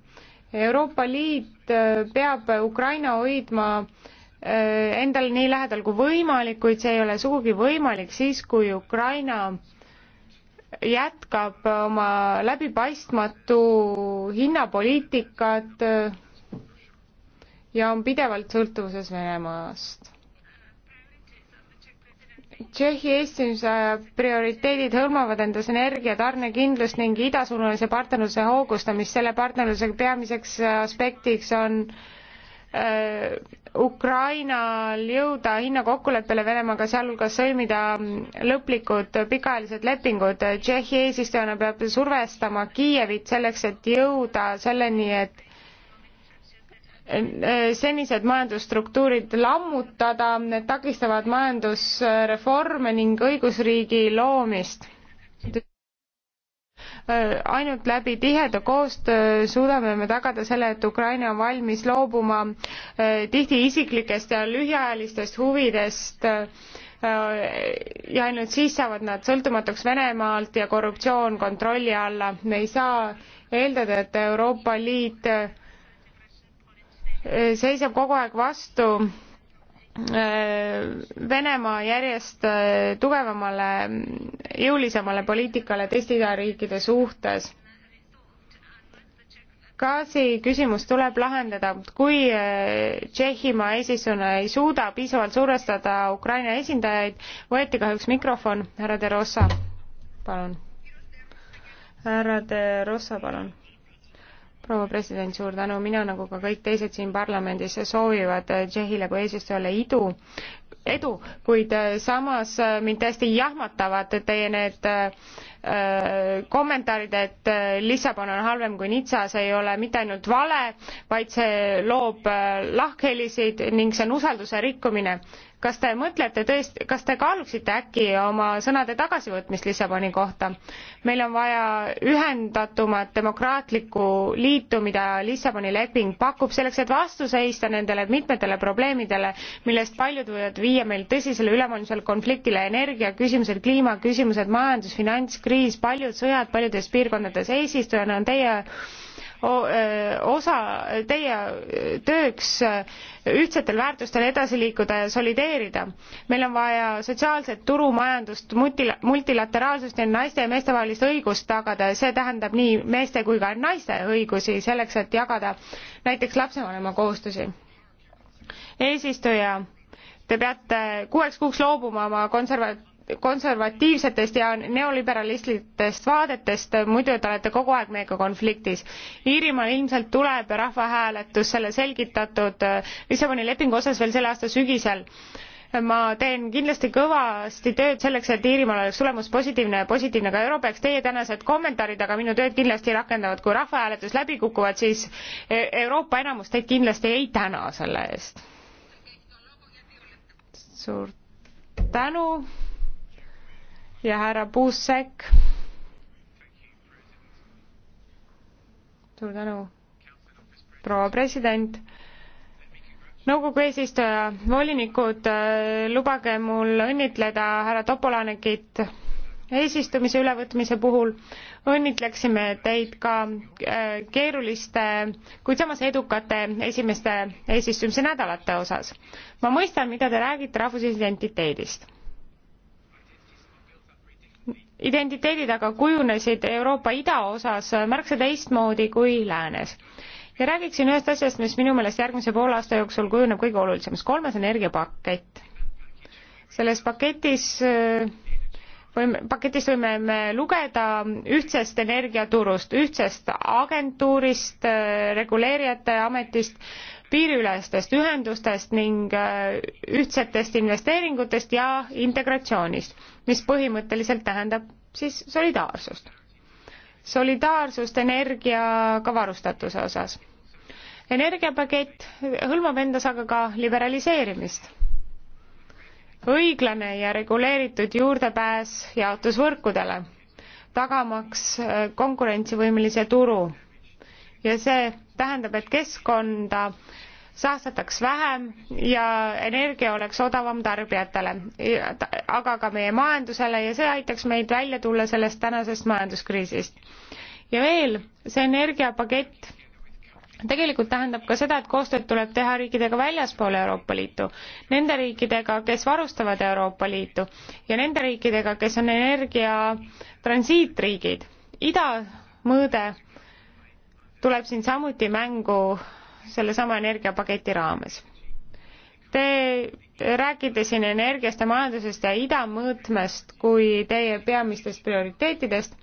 euroopa liit eh, peab ukraina hoidma endale nii lähedal kui võimalik kuid see ei ole sugugi võimalik siis kui ukraina jätkab oma läbipaistmatu hinnapoliitikat ja on pidevalt sõltuvuses Venemaast. Tšehhi eestimise prioriteedid hõlmavad endas energia tarnekindlust ning idasuunalise partnerluse hoogustamist. selle partnerluse peamiseks aspektiks on äh, Äh, Ukrainal jõuda hinnakokkuleppele Venemaaga, sealhulgas sõlmida lõplikud pikaajalised lepingud. Tšehhi eesistujana peab survestama Kiievit selleks, et jõuda selleni, et äh, senised majandusstruktuurid lammutada, need takistavad majandusreforme ning õigusriigi loomist ainult läbi tiheda koostöö suudame me tagada selle, et Ukraina on valmis loobuma eh, tihti isiklikest ja lühiajalistest huvidest eh, ja ainult siis saavad nad sõltumatuks Venemaalt ja korruptsioon kontrolli alla. me ei saa eeldada, et Euroopa Liit eh, seisab kogu aeg vastu Äh, Venemaa järjest äh, tugevamale, jõulisemale poliitikale teiste idariikide suhtes. gaasi küsimus tuleb lahendada, kui äh, Tšehhimaa eesistujana ei suuda piisavalt survestada Ukraina esindajaid, võeti kahjuks mikrofon, härra De Rossa, palun. härra De Rossa, palun proua president, suur tänu, mina nagu ka kõik teised siin parlamendis soovivad Tšehhile kui eesistujale idu, edu, kuid äh, samas äh, mind täiesti jahmatavad teie need äh, kommentaarid, et Lissabon on halvem kui Nizza, see ei ole mitte ainult vale, vaid see loob lahkhelisid ning see on usalduse rikkumine kas te mõtlete tõesti, kas te kaaluksite äkki oma sõnade tagasivõtmist Lissaboni kohta? meil on vaja ühendatumat demokraatlikku liitu, mida Lissaboni leping pakub, selleks et vastu seista nendele mitmetele probleemidele, millest paljud võivad viia meil tõsisele ülemaailmsele konfliktile, energiaküsimused, kliimaküsimused, majandus, finantskriis, paljud sõjad paljudes piirkondades. eesistujana on teie osa teie tööks ühtsetel väärtustel edasi liikuda ja solideerida. meil on vaja sotsiaalset turumajandust, multi-, multilateraalsust ja naiste ja meeste vahelist õigust tagada ja see tähendab nii meeste kui ka naiste õigusi selleks, et jagada näiteks lapsevanema kohustusi. eesistuja, te peate kuueks kuuks loobuma oma konserva-, konservatiivsetest ja neoliberalistlikest vaadetest, muidu te olete kogu aeg meiega konfliktis. Iirimaal ilmselt tuleb rahvahääletus selle selgitatud äh, Lissaboni lepingu osas veel selle aasta sügisel ma teen kindlasti kõvasti tööd selleks, et Iirimaal oleks tulemus positiivne ja positiivne ka Euroopaks. Teie tänased kommentaarid aga minu tööd kindlasti rakendavad, kui rahvahääletus läbi kukuvad, siis äh, Euroopa enamus teid kindlasti ei täna selle eest. suur tänu ja härra Puusek. suur tänu, proua president nõukogu eesistuja, volinikud, äh, lubage mul õnnitleda härra Topolanekit eesistumise ülevõtmise puhul. õnnitleksime teid ka äh, keeruliste, kuid samas edukate esimeste eesistumise nädalate osas. ma mõistan, mida te räägite rahvusidentiteedist identiteedid aga kujunesid Euroopa idaosas märksa teistmoodi kui läänes. ja räägiksin ühest asjast, mis minu meelest järgmise poole aasta jooksul kujuneb kõige olulisemaks, kolmas energiapakett. selles paketis võime, paketist võime me lugeda ühtsest energiaturust, ühtsest agentuurist, reguleerijate ametist, piiriülestest ühendustest ning äh, ühtsetest investeeringutest ja integratsioonist, mis põhimõtteliselt tähendab siis solidaarsust. solidaarsust energiaga varustatuse osas. energiapakett hõlmab endas aga ka liberaliseerimist õiglane ja reguleeritud juurdepääs jaotusvõrkudele, tagamaks äh, konkurentsivõimelise turu ja see tähendab, et keskkonda saastataks vähem ja energia oleks odavam tarbijatele, aga ka meie majandusele ja see aitaks meid välja tulla sellest tänasest majanduskriisist. ja veel, see energiapakett tegelikult tähendab ka seda, et koostööd tuleb teha riikidega väljaspool Euroopa Liitu, nende riikidega, kes varustavad Euroopa Liitu ja nende riikidega, kes on energia transiitriigid. ida mõõde tuleb siin samuti mängu sellesama energiapaketi raames. Te, te räägite siin energiast ja majandusest ja idamõõtmest kui teie peamistest prioriteetidest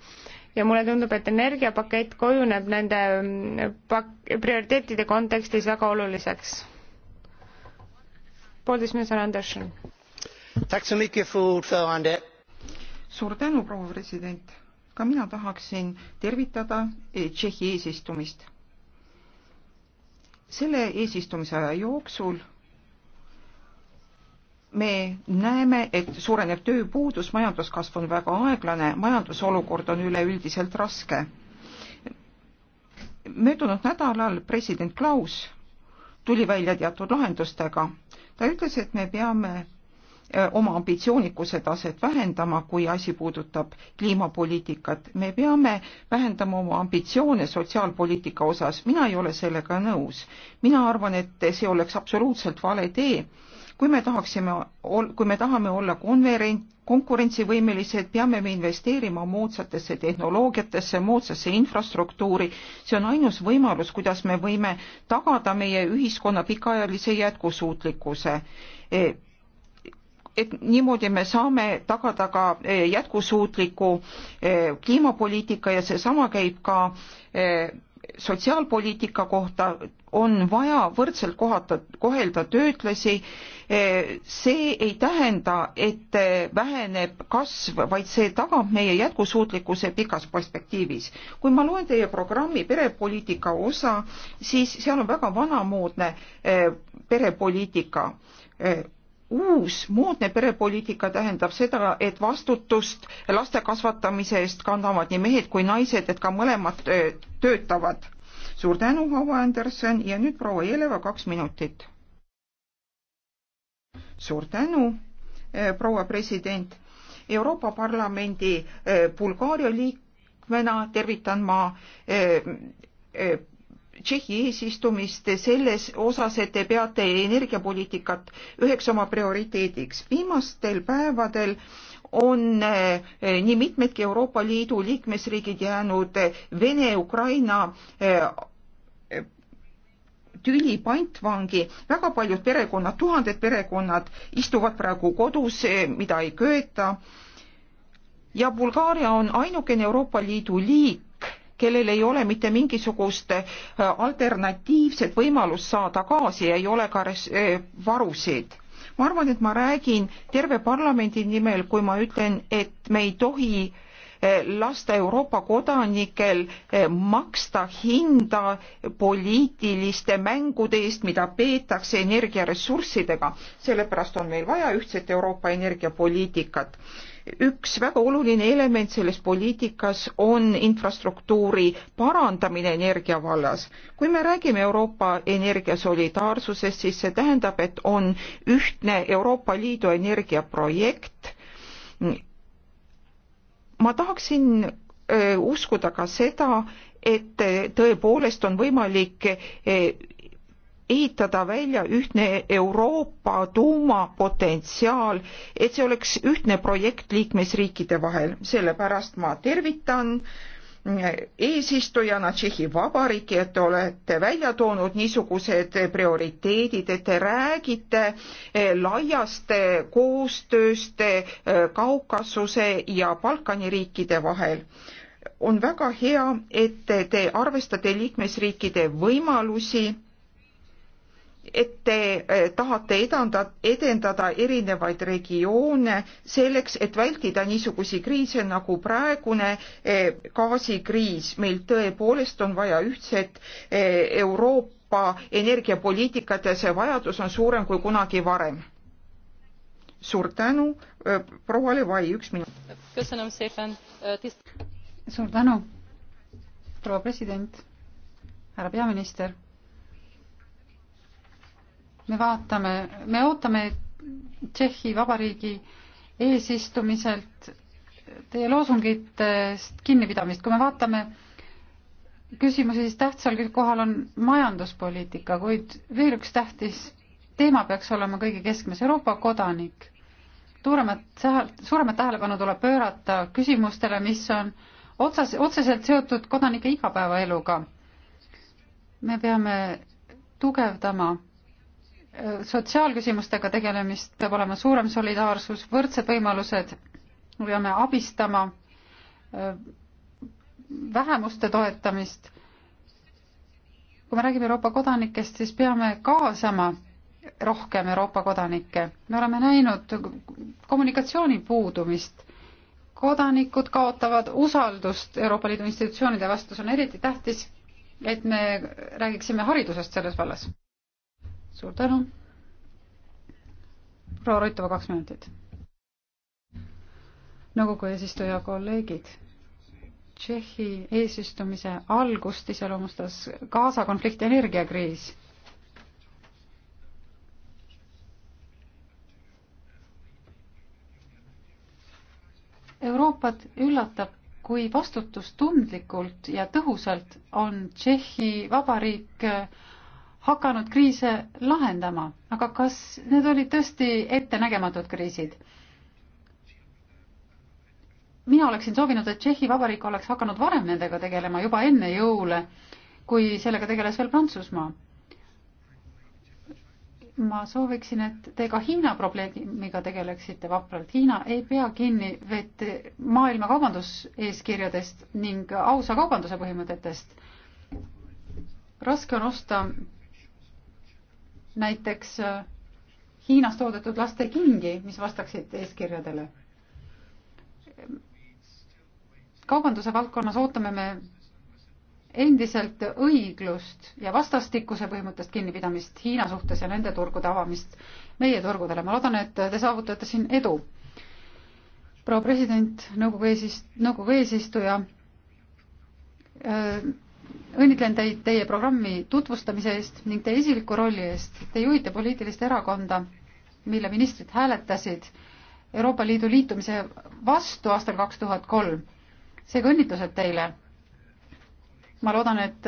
ja mulle tundub, et energiapakett kujuneb nende mm, pak-, prioriteetide kontekstis väga oluliseks. poolteist minutit, Anderson. suur tänu, proua president ka mina tahaksin tervitada eh, Tšehhi eesistumist. selle eesistumise aja jooksul me näeme, et suureneb tööpuudus, majanduskasv on väga aeglane, majandusolukord on üleüldiselt raske. möödunud nädalal president Klaus tuli välja teatud lahendustega. ta ütles, et me peame oma ambitsioonikuse taset vähendama, kui asi puudutab kliimapoliitikat. me peame vähendama oma ambitsioone sotsiaalpoliitika osas, mina ei ole sellega nõus. mina arvan, et see oleks absoluutselt vale tee. kui me tahaksime, kui me tahame olla konverent, konkurentsivõimelised, peame me investeerima moodsatesse tehnoloogiatesse, moodsasse infrastruktuuri. see on ainus võimalus, kuidas me võime tagada meie ühiskonna pikaajalise jätkusuutlikkuse e, et niimoodi me saame tagada ka e, jätkusuutliku e, kliimapoliitika ja seesama käib ka e, sotsiaalpoliitika kohta on vaja võrdselt kohata, kohelda töötlasi. see ei tähenda, et väheneb kasv, vaid see tagab meie jätkusuutlikkuse pikas perspektiivis. kui ma loen teie programmi perepoliitika osa, siis seal on väga vanamoodne perepoliitika uus moodne perepoliitika tähendab seda, et vastutust laste kasvatamise eest kannavad nii mehed kui naised, et ka mõlemad töötavad. suur tänu, Avo Anderson ja nüüd proua Jeleva kaks minutit. suur tänu, eh, proua president. Euroopa Parlamendi eh, Bulgaaria liikmena tervitan ma eh, Tšehhi eesistumist selles osas, et te peate energiapoliitikat üheks oma prioriteediks. viimastel päevadel on eh, nii mitmedki Euroopa Liidu liikmesriigid jäänud Vene-Ukraina eh, tüli pantvangi, väga paljud perekonnad, tuhanded perekonnad istuvad praegu kodus, eh, mida ei köeta. ja Bulgaaria on ainukene Euroopa Liidu liik, kellel ei ole mitte mingisugust äh, alternatiivset võimalust saada gaasi, ei ole ka äh, varusid ma arvan, et ma räägin terve parlamendi nimel, kui ma ütlen, et me ei tohi äh, lasta Euroopa kodanikel maksta hinda poliitiliste mängude eest, mida peetakse energiaressurssidega. sellepärast on meil vaja ühtset Euroopa energiapoliitikat üks väga oluline element selles poliitikas on infrastruktuuri parandamine energia vallas. kui me räägime Euroopa energiasolidaarsusest, siis see tähendab, et on ühtne Euroopa Liidu energiaprojekt. ma tahaksin äh, uskuda ka seda, et äh, tõepoolest on võimalik äh, ehitada välja ühtne Euroopa tuumapotentsiaal, et see oleks ühtne projekt liikmesriikide vahel, sellepärast ma tervitan eesistujana Tšehhi Vabariiki, et te olete välja toonud niisugused prioriteedid, et te räägite laiast koostööst Kaukasuse ja Balkani riikide vahel. on väga hea, et te arvestate liikmesriikide võimalusi et te eh, tahate edanda, edendada erinevaid regioone selleks, et vältida niisugusi kriise nagu praegune eh, gaasikriis. meil tõepoolest on vaja ühtset eh, Euroopa energiapoliitikat ja see vajadus on suurem kui kunagi varem. suur tänu, proua Levai, üks minut. suur tänu, proua president, härra peaminister me vaatame, me ootame Tšehhi Vabariigi eesistumiselt teie loosungitest kinnipidamist, kui me vaatame küsimusi, siis tähtsal kohal on majanduspoliitika, kuid veel üks tähtis teema peaks olema kõige keskmes, Euroopa kodanik. suuremat, suuremat tähelepanu tuleb pöörata küsimustele, mis on otsas, otseselt seotud kodanike igapäevaeluga. me peame tugevdama sotsiaalküsimustega tegelemist, peab olema suurem solidaarsus, võrdsed võimalused, me peame abistama vähemuste toetamist. kui me räägime Euroopa kodanikest, siis peame kaasama rohkem Euroopa kodanikke. me oleme näinud kommunikatsiooni puudumist. kodanikud kaotavad usaldust Euroopa Liidu institutsioonide vastu, see on eriti tähtis, et me räägiksime haridusest selles vallas suur tänu. proua Roitova, kaks minutit. nõukogu eesistuja kolleegid. Tšehhi eesistumise algust iseloomustas Gaza konflikti energiakriis Euroopat üllatab, kui vastutustundlikult ja tõhusalt on Tšehhi Vabariik hakanud kriise lahendama, aga kas need olid tõesti ettenägematud kriisid? mina oleksin soovinud, et Tšehhi Vabariik oleks hakanud varem nendega tegelema, juba enne jõule, kui sellega tegeles veel Prantsusmaa. ma sooviksin, et te ka Hiina probleemiga tegeleksite vapralt. Hiina ei pea kinni vett maailma kaubanduseeskirjadest ning ausa kaubanduse põhimõtetest. raske on osta näiteks äh, Hiinas toodetud laste kingi, mis vastaksid eeskirjadele. kaubanduse valdkonnas ootame me endiselt õiglust ja vastastikuse põhimõttest kinnipidamist Hiina suhtes ja nende turgude avamist meie turgudele. ma loodan, et te saavutate siin edu. proua president, nõukogu eesist-, nõukogu eesistuja äh,, õnnitlen teid teie programmi tutvustamise eest ning teie isikliku rolli eest. Te juhite poliitilist erakonda, mille ministrid hääletasid Euroopa Liidu liitumise vastu aastal kaks tuhat kolm. seega õnnitlused teile. ma loodan, et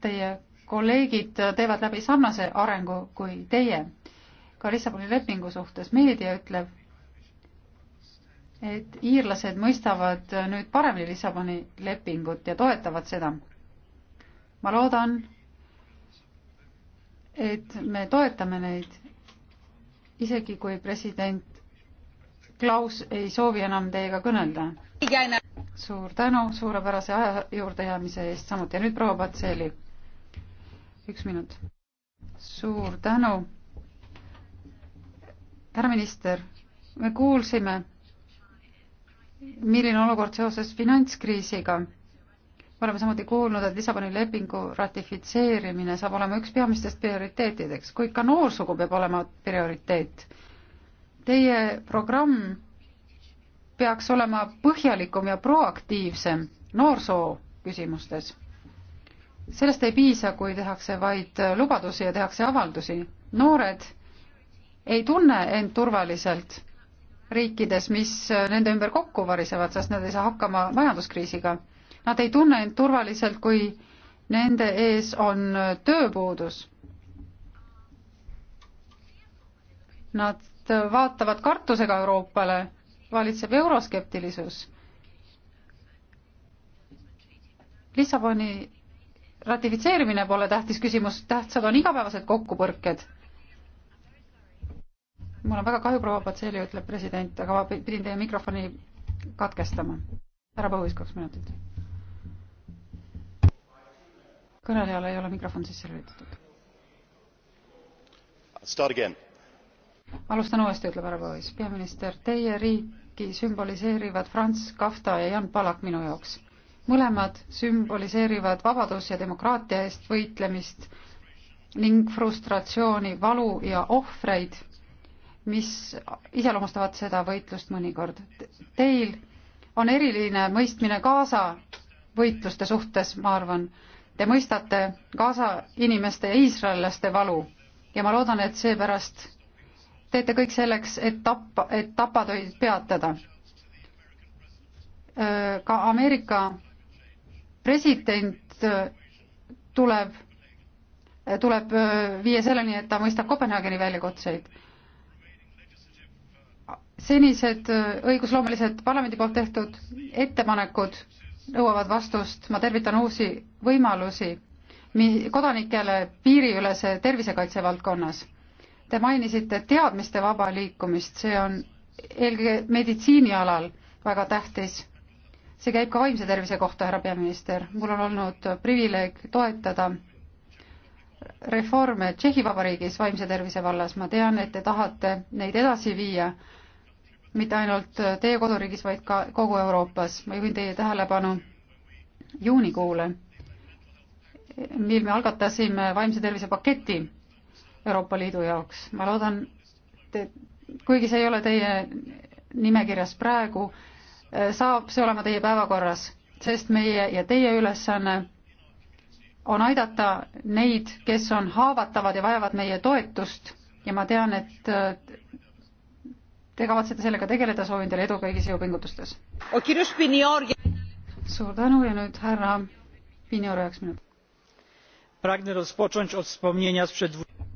teie kolleegid teevad läbi sarnase arengu kui teie. ka Lissaboni lepingu suhtes meedia ütleb, et iirlased mõistavad nüüd paremini Lissaboni lepingut ja toetavad seda. ma loodan, et me toetame neid, isegi kui president Klaus ei soovi enam teiega kõnelda. suur tänu suurepärase aja juurdejäämise eest samuti ja nüüd proua Patseli. üks minut. suur tänu. härra minister, me kuulsime milline olukord seoses finantskriisiga. me oleme samuti kuulnud, et Lissaboni lepingu ratifitseerimine saab olema üks peamistest prioriteetideks, kuid ka noorsugu peab olema prioriteet. Teie programm peaks olema põhjalikum ja proaktiivsem noorsoo küsimustes. sellest ei piisa, kui tehakse vaid lubadusi ja tehakse avaldusi. noored ei tunne end turvaliselt riikides, mis äh, nende ümber kokku varisevad, sest nad ei saa hakkama majanduskriisiga. Nad ei tunne end turvaliselt, kui nende ees on äh, tööpuudus. Nad äh, vaatavad kartusega Euroopale, valitseb euroskeptilisus. Lissaboni ratifitseerimine pole tähtis küsimus, tähtsad on igapäevased kokkupõrked mul on väga kahju, proua Patseli, ütleb president, aga ma pidin teie mikrofoni katkestama. härra Põhuis, kaks minutit. kõnelejale ei ole mikrofon sisse lülitatud. alustan uuesti, ütleb härra Põhuis. peaminister, teie riiki sümboliseerivad Franz Kafta ja Jan Palak minu jaoks. mõlemad sümboliseerivad vabadus- ja demokraatia eest võitlemist ning frustratsiooni, valu ja ohvreid mis iseloomustavad seda võitlust mõnikord. Teil on eriline mõistmine Gaza võitluste suhtes, ma arvan. Te mõistate Gaza inimeste ja iisraellaste valu ja ma loodan, et seepärast teete kõik selleks, et tappa, et tapatöid peatada. ka Ameerika president tuleb, tuleb viia selleni, et ta mõistab Kopenhaageni väljakutseid senised äh, õigusloomelised parlamendi poolt tehtud ettepanekud nõuavad vastust, ma tervitan uusi võimalusi kodanikele piiriülese tervisekaitse valdkonnas. Te mainisite teadmiste vaba liikumist, see on eelkõige meditsiinialal väga tähtis. see käib ka vaimse tervise kohta, härra peaminister, mul on olnud privileeg toetada reforme Tšehhi Vabariigis vaimse tervise vallas, ma tean, et te tahate neid edasi viia mitte ainult teie koduriigis, vaid ka kogu Euroopas. ma juhin teie tähelepanu juunikuule, mil me algatasime vaimse tervise paketi Euroopa Liidu jaoks. ma loodan, te, kuigi see ei ole teie nimekirjas praegu, saab see olema teie päevakorras, sest meie ja teie ülesanne on aidata neid, kes on haavatavad ja vajavad meie toetust ja ma tean, et te kavatsete sellega tegeleda, soovin teile edu kõigis jõupingutustes. suur tänu ja nüüd härra Pinior üheks minutiks.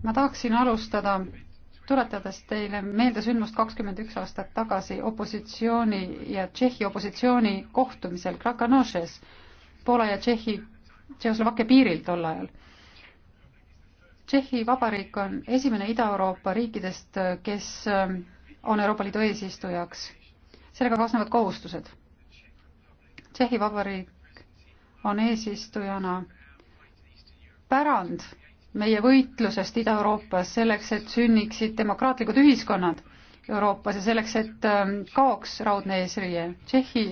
ma tahaksin alustada tuletades teile meelde sündmust kakskümmend üks aastat tagasi opositsiooni ja Tšehhi opositsiooni kohtumisel Krakanošes, Poola ja Tšehhi, Tšehhoslovakkia piiril tol ajal Tšehhi Vabariik on esimene Ida-Euroopa riikidest, kes on Euroopa Liidu eesistujaks. sellega kaasnevad kohustused. Tšehhi Vabariik on eesistujana pärand meie võitlusest Ida-Euroopas selleks, et sünniksid demokraatlikud ühiskonnad Euroopas ja selleks, et ähm, kaoks raudne eesriie. Tšehhi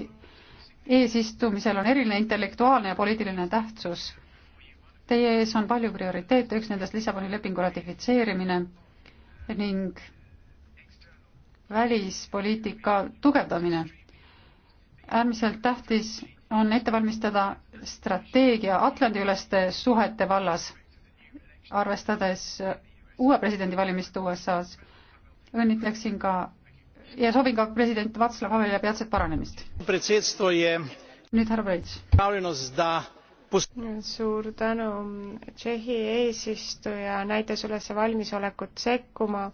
eesistumisel on eriline intellektuaalne ja poliitiline tähtsus. Teie ees on palju prioriteete, üks nendest Lissaboni lepingu ratifitseerimine ning välispoliitika tugevdamine. äärmiselt tähtis on ette valmistada strateegia Atlandi-üleste suhete vallas, arvestades uue presidendi valimist USA-s. õnnitleksin ka ja soovin ka president Václav Havelile peatset paranemist. nüüd härra Preits. suur tänu, Tšehhi eesistuja näitas üles valmisolekut sekkuma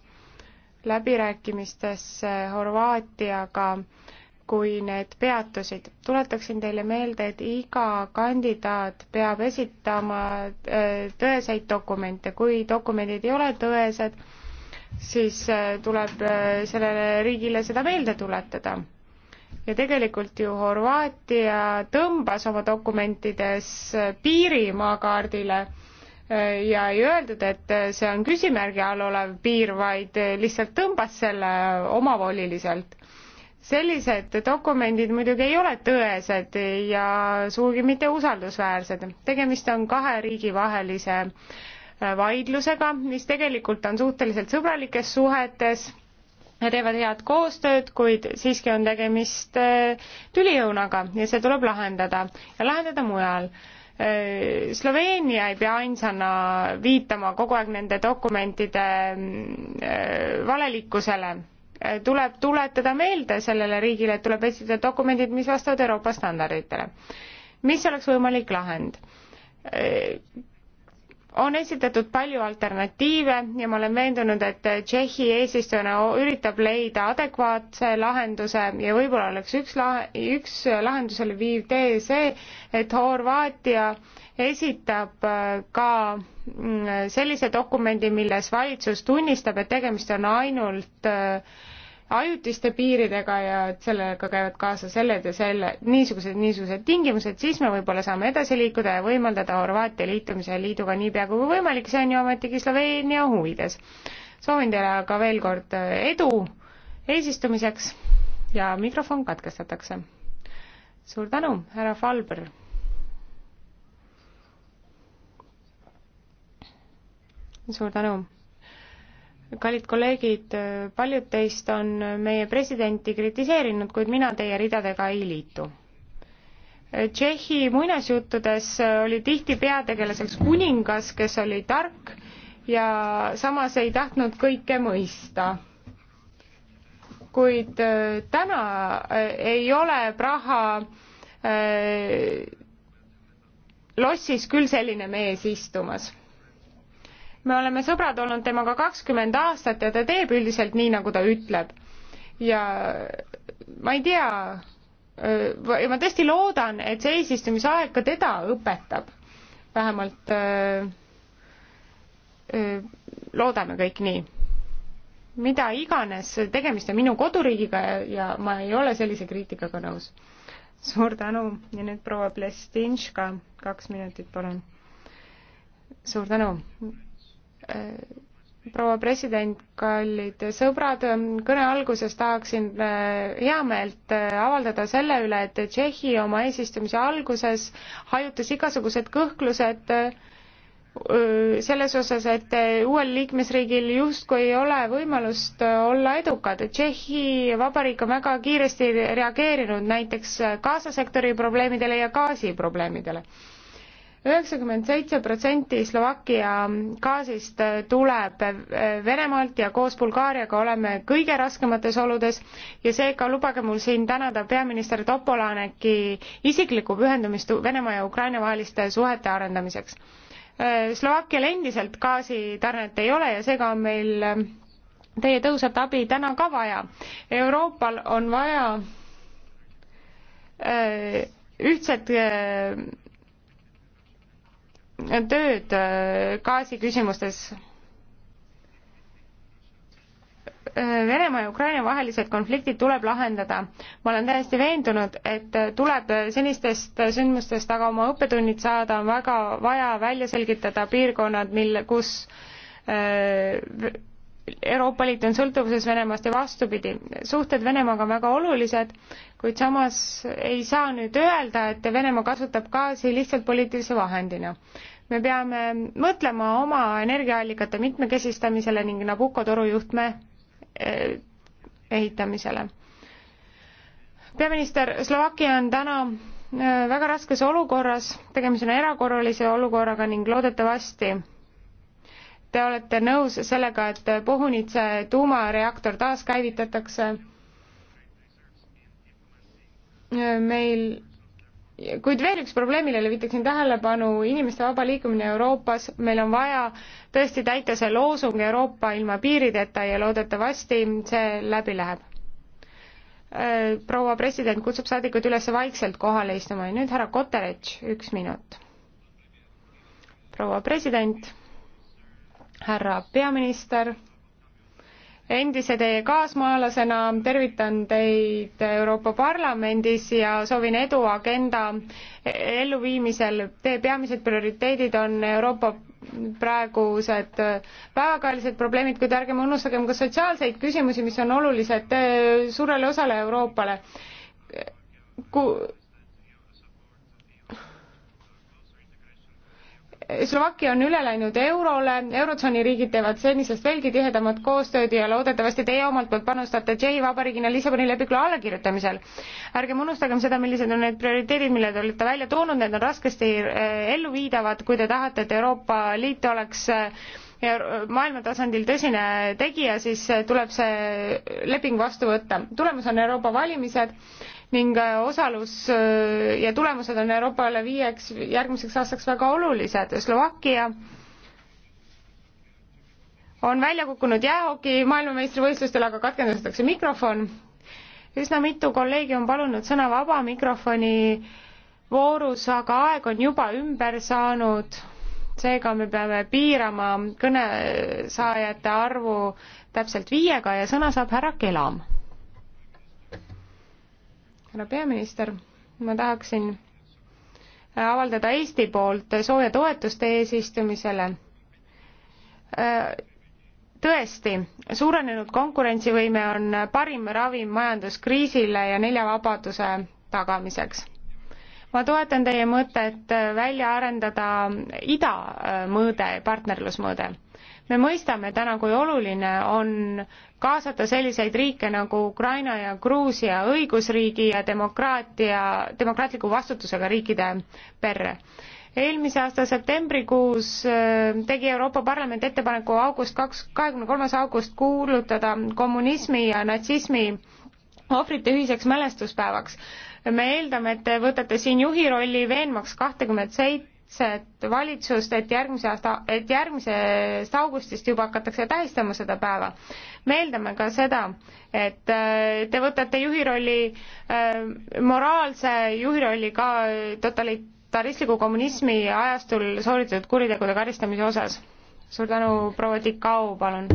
läbirääkimistesse Horvaatiaga, kui need peatusid. tuletaksin teile meelde, et iga kandidaat peab esitama äh, tõeseid dokumente, kui dokumendid ei ole tõesed, siis äh, tuleb äh, sellele riigile seda meelde tuletada. ja tegelikult ju Horvaatia tõmbas oma dokumentides piiri maakaardile ja ei öeldud, et see on küsimärgi all olev piir, vaid lihtsalt tõmbas selle omavoliliselt. sellised dokumendid muidugi ei ole tõesed ja sugugi mitte usaldusväärsed. tegemist on kahe riigi vahelise äh, vaidlusega, mis tegelikult on suhteliselt sõbralikes suhetes ja teevad head koostööd, kuid siiski on tegemist äh, tüliõunaga ja see tuleb lahendada ja lahendada mujal Äh, Sloveenia ei pea ainsana viitama kogu aeg nende dokumentide äh, valelikkusele. Äh, tuleb tuletada meelde sellele riigile, et tuleb esitada dokumendid, mis vastavad Euroopa standarditele. mis oleks võimalik lahend? on esitatud palju alternatiive ja ma olen veendunud, et Tšehhi eesistujana üritab leida adekvaatse lahenduse ja võib-olla oleks üks lah-, üks lahendusele viiv tee see, et Horvaatia esitab äh, ka mm, sellise dokumendi, milles valitsus tunnistab, et tegemist on ainult äh, ajutiste piiridega ja et sellega käivad kaasa selled ja selle, niisugused, niisugused tingimused, siis me võib-olla saame edasi liikuda ja võimaldada Horvaatia liitumise liiduga niipea kui võimalik, see on ju ometigi Sloveenia huvides. soovin teile aga veel kord äh, edu eesistumiseks ja mikrofon katkestatakse. suur tänu, härra Falber. suur tänu kallid kolleegid, paljud teist on meie presidenti kritiseerinud, kuid mina teie ridadega ei liitu. Tšehhi muinasjuttudes oli tihti peategelaseks kuningas, kes oli tark ja samas ei tahtnud kõike mõista. kuid äh, täna äh, ei ole Praha äh, lossis küll selline mees istumas me oleme sõbrad olnud temaga kakskümmend aastat ja ta teeb üldiselt nii, nagu ta ütleb. ja ma ei tea, ja ma tõesti loodan, et see eesistumisaeg ka teda õpetab. vähemalt öö, öö, loodame kõik nii mida iganes, tegemist on minu koduriigiga ja, ja ma ei ole sellise kriitikaga nõus. suur tänu ja nüüd proua Plestinška, kaks minutit, palun. suur tänu. Äh, proua president, kallid sõbrad, kõne alguses tahaksin äh, heameelt äh, avaldada selle üle, et Tšehhi oma eesistumise alguses hajutas igasugused kõhklused selles osas, et uuel liikmesriigil justkui ei ole võimalust olla edukad. Tšehhi Vabariik on väga kiiresti reageerinud näiteks kaasasektori probleemidele ja gaasiprobleemidele üheksakümmend seitse protsenti Slovakkia gaasist tuleb Venemaalt ja koos Bulgaariaga oleme kõige raskemates oludes ja seega lubage mul siin tänada peaminister Topolaneki isiklikku pühendumist Venemaa ja Ukraina vaheliste suhete arendamiseks. Slovakkial endiselt gaasitarnet ei ole ja seega on meil teie tõusvat abi täna ka vaja. Euroopal on vaja äh, ühtset äh, tööd äh, gaasiküsimustes. Äh, Venemaa ja Ukraina vahelised konfliktid tuleb lahendada. ma olen täiesti veendunud, et tuleb senistest sündmustest aga oma õppetunnid saada, on väga vaja välja selgitada piirkonnad, mil, kus äh, Euroopa Liit on sõltuvuses Venemaast ja vastupidi. suhted Venemaaga on väga olulised, kuid samas ei saa nüüd öelda, et Venemaa kasutab gaasi lihtsalt poliitilise vahendina me peame mõtlema oma energiaallikate mitmekesistamisele ning Nabucco torujuhtme eh, ehitamisele. peaminister, Slovakkia on täna eh, väga raskes olukorras, tegemist on erakorralise olukorraga ning loodetavasti te olete nõus sellega, et Puhunitse tuumareaktor taaskäivitatakse. meil kuid veel üks probleem, millele viitaksin tähelepanu, inimeste vaba liikumine Euroopas, meil on vaja tõesti täita see loosung Euroopa ilma piirideta ja loodetavasti see läbi läheb. Äh, proua president kutsub saadikud üles vaikselt kohale istuma ja nüüd härra Koteretš, üks minut. proua president, härra peaminister endise teie kaasmaalasena tervitan teid Euroopa Parlamendis ja soovin edu agenda elluviimisel. Teie peamised prioriteedid on Euroopa praegused päevakajalised probleemid, kuid ärgem unustagem ka sotsiaalseid küsimusi, mis on olulised suurele osale Euroopale. Ku-, Slovakkia on üle läinud eurole, Eurotsooni riigid teevad senisest veelgi tihedamat koostööd ja loodetavasti teie omalt poolt panustate Tšehhi Vabariigina Lissaboni lepingu allakirjutamisel. ärgem unustagem seda, millised on need prioriteedid, mille te olete välja toonud, need on raskesti eh, elluviidavad, kui te tahate, et Euroopa Liit oleks eh, maailma tasandil tõsine tegija, siis eh, tuleb see leping vastu võtta. tulemas on Euroopa valimised, ning äh, osalus äh, ja tulemused on Euroopale viieks järgmiseks aastaks väga olulised. Slovakkia on välja kukkunud jäähoki maailmameistrivõistlustel, aga katkestatakse mikrofon. üsna mitu kolleegi on palunud sõna vaba mikrofoni voorus, aga aeg on juba ümber saanud. seega me peame piirama kõnesaajate arvu täpselt viiega ja sõna saab härra Kelam härra peaminister, ma tahaksin avaldada Eesti poolt sooja toetust teie eesistumisele. Äh, tõesti, suurenenud konkurentsivõime on parim ravim majanduskriisile ja nelja vabaduse tagamiseks. ma toetan teie mõtet välja arendada idamõõde, äh, partnerlusmõõde me mõistame täna, kui oluline on kaasata selliseid riike nagu Ukraina ja Gruusia õigusriigi ja demokraatia, demokraatliku vastutusega riikide perre. eelmise aasta septembrikuus äh, tegi Euroopa Parlament ettepaneku august kaks, kahekümne kolmas august kuulutada kommunismi ja natsismi ohvrite ühiseks mälestuspäevaks. me eeldame, et te võtate siin juhi rolli veenmaks kahtekümmet seit-, konkreetset valitsust, et järgmise aasta, et järgmisest augustist juba hakatakse tähistama seda päeva. meeldame ka seda, et äh, te võtate juhi rolli, äh, moraalse juhi rolli ka totalitaristliku kommunismi ajastul sooritatud kuritegude karistamise osas. suur tänu, proua Tikau, palun!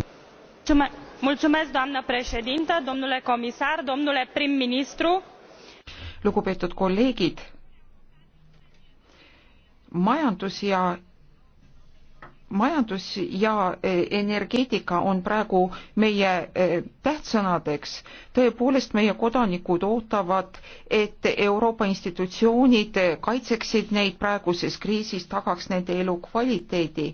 doamnă președintă domnule comisar domnule prim ministru lugupeetud kolleegid majandus- ja majandus ja e, energeetika on praegu meie e, tähtsõnadeks. tõepoolest, meie kodanikud ootavad, et Euroopa institutsioonid kaitseksid neid praeguses kriisis, tagaks nende elukvaliteedi.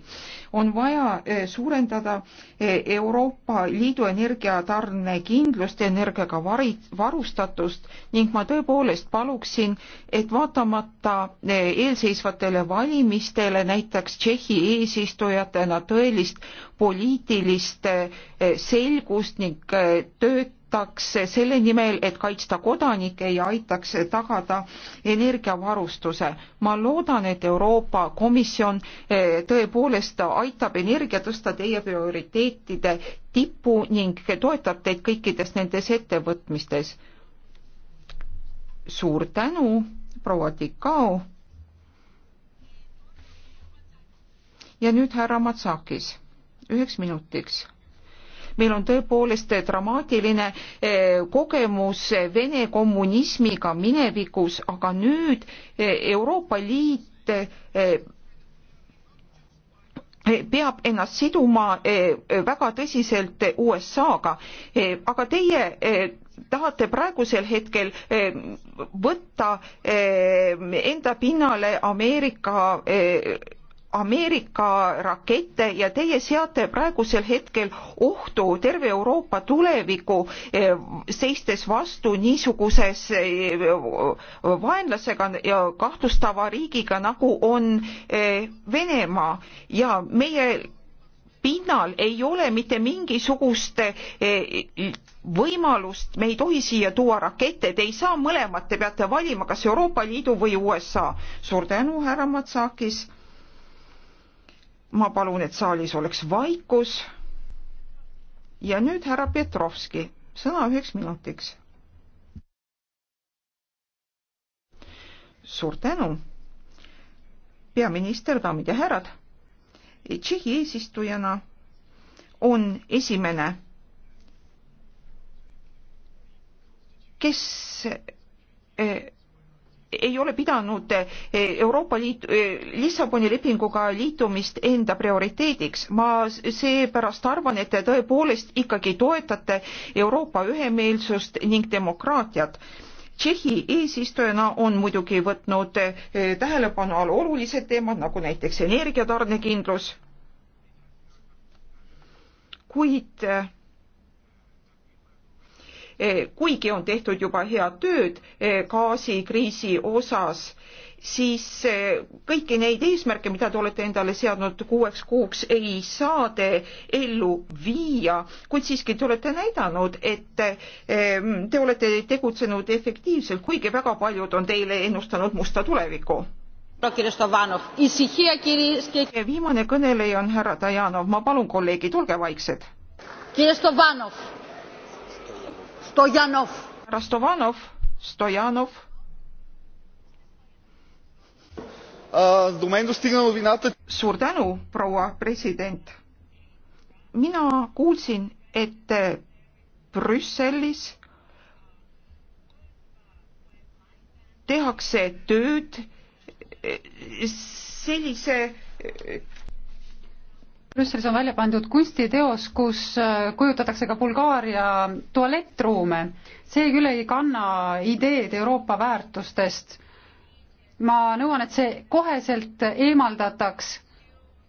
on vaja e, suurendada Euroopa Liidu energiatarnekindlust, energiaga varit, varustatust ning ma tõepoolest paluksin, et vaatamata eelseisvatele valimistele, näiteks Tšehhi eesistuja eesistujatena tõelist poliitilist eh, selgust ning eh, töötaks selle nimel, et kaitsta kodanikke ja aitaks tagada energiavarustuse. ma loodan, et Euroopa Komisjon eh, tõepoolest aitab energia tõsta teie prioriteetide tippu ning toetab teid kõikides nendes ettevõtmistes. suur tänu, proua Tikao ja nüüd härra Matsakis, üheks minutiks. meil on tõepoolest dramaatiline eh, kogemus Vene kommunismiga minevikus, aga nüüd eh, Euroopa Liit eh, peab ennast siduma väga tõsiselt USA-ga, aga teie tahate praegusel hetkel võtta enda pinnale Ameerika Ameerika rakette ja teie seate praegusel hetkel ohtu terve Euroopa tuleviku, eh, seistes vastu niisuguses eh, vaenlasega ja kahtlustava riigiga, nagu on eh, Venemaa ja meie pinnal ei ole mitte mingisugust võimalust me ei tohi siia tuua rakette te ei saa mõlemat te peate valima kas euroopa liidu või usa suur tänu härra matsakis ma palun, et saalis oleks vaikus. ja nüüd härra Petrovski, sõna üheks minutiks. suur tänu. peaminister, daamid ja härrad. Tšehhi eesistujana on esimene, kes eh, ei ole pidanud eh, Euroopa Liit, eh, Lissaboni lepinguga liitumist enda prioriteediks. ma seepärast arvan, et te tõepoolest ikkagi toetate Euroopa ühemeelsust ning demokraatiat Tšehhi eesistujana on muidugi võtnud eh, tähelepanu all olulised teemad nagu näiteks energiatarnekindlus, kuid Eh, kuigi on tehtud juba head tööd eh, gaasikriisi osas, siis eh, kõiki neid eesmärke, mida te olete endale seadnud kuueks kuuks, ei saa te ellu viia, kuid siiski te olete näidanud, et te olete tegutsenud efektiivselt, kuigi väga paljud on teile ennustanud musta tulevikku. viimane kõneleja on härra Dajanov, ma palun, kolleegid, olge vaiksed. Stojanov. Rastovanov, Стоянов. До мен достигна новината. Suur tänu, proua president. Mina kuulsin, et eh, Brüsselis tehakse tööd eh, sellise eh, Brüsselis on välja pandud kunstiteos, kus äh, kujutatakse ka Bulgaaria tualettruume. see küll ei kanna ideed Euroopa väärtustest. ma nõuan, et see koheselt eemaldataks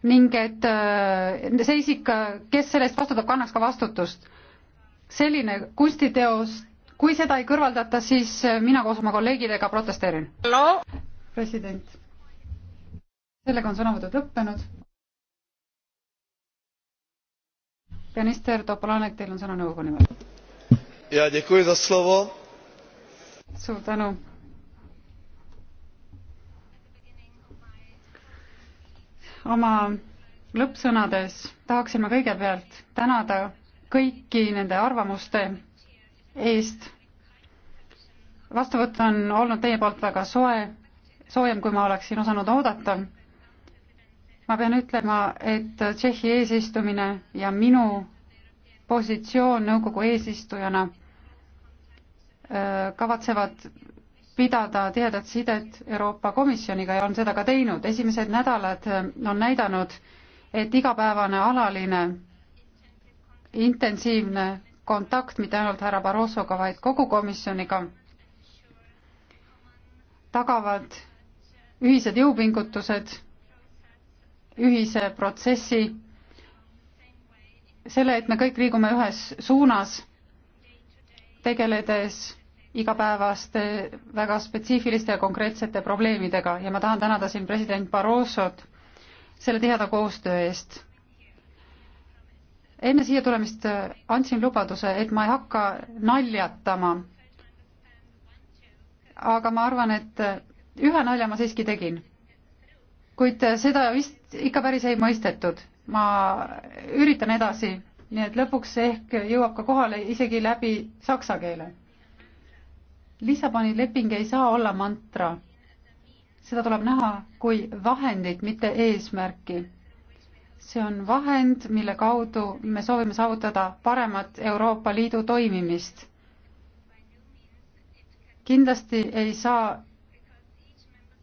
ning et äh, see isik, kes selle eest vastutab, kannaks ka vastutust. selline kunstiteos, kui seda ei kõrvaldata, siis äh, mina koos oma kolleegidega protesteerin. president. sellega on sõnavõtud lõppenud minister Topolanek, teil on sõna nõukogu nimel. suur tänu. oma lõppsõnades tahaksin ma kõigepealt tänada kõiki nende arvamuste eest. vastuvõtt on olnud teie poolt väga soe, soojem, kui ma oleksin osanud oodata ma pean ütlema, et Tšehhi eesistumine ja minu positsioon nõukogu eesistujana äh, kavatsevad pidada tihedat sidet Euroopa Komisjoniga ja on seda ka teinud. esimesed nädalad äh, on näidanud, et igapäevane alaline intensiivne kontakt mitte ainult härra Barrosoga, vaid kogu komisjoniga tagavad ühised jõupingutused ühise protsessi, selle, et me kõik liigume ühes suunas, tegeledes igapäevaste väga spetsiifiliste ja konkreetsete probleemidega ja ma tahan tänada siin president Barrosot selle tiheda koostöö eest. enne siia tulemist andsin lubaduse, et ma ei hakka naljatama. aga ma arvan, et ühe nalja ma siiski tegin. kuid seda vist ikka päris ei mõistetud. ma üritan edasi, nii et lõpuks ehk jõuab ka kohale isegi läbi saksa keele. Lissaboni leping ei saa olla mantra. seda tuleb näha kui vahendit, mitte eesmärki. see on vahend, mille kaudu me soovime saavutada paremat Euroopa Liidu toimimist. kindlasti ei saa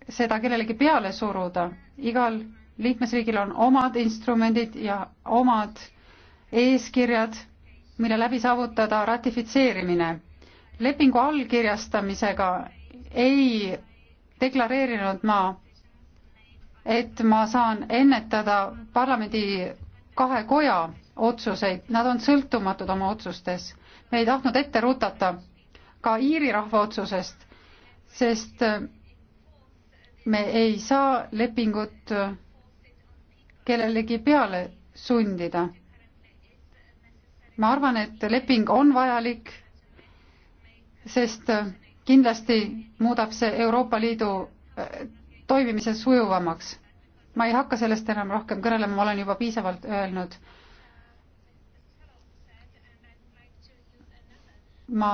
seda kellelegi peale suruda, igal liikmesriigil on omad instrumendid ja omad eeskirjad, mille läbi saavutada ratifitseerimine. lepingu allkirjastamisega ei deklareerinud ma, et ma saan ennetada parlamendi kahe koja otsuseid, nad on sõltumatud oma otsustes. me ei tahtnud ette rutata ka Iiri rahva otsusest, sest me ei saa lepingut kellelegi peale sundida. ma arvan, et leping on vajalik, sest kindlasti muudab see Euroopa Liidu äh, toimimise sujuvamaks. ma ei hakka sellest enam rohkem kõnelema, ma olen juba piisavalt öelnud. ma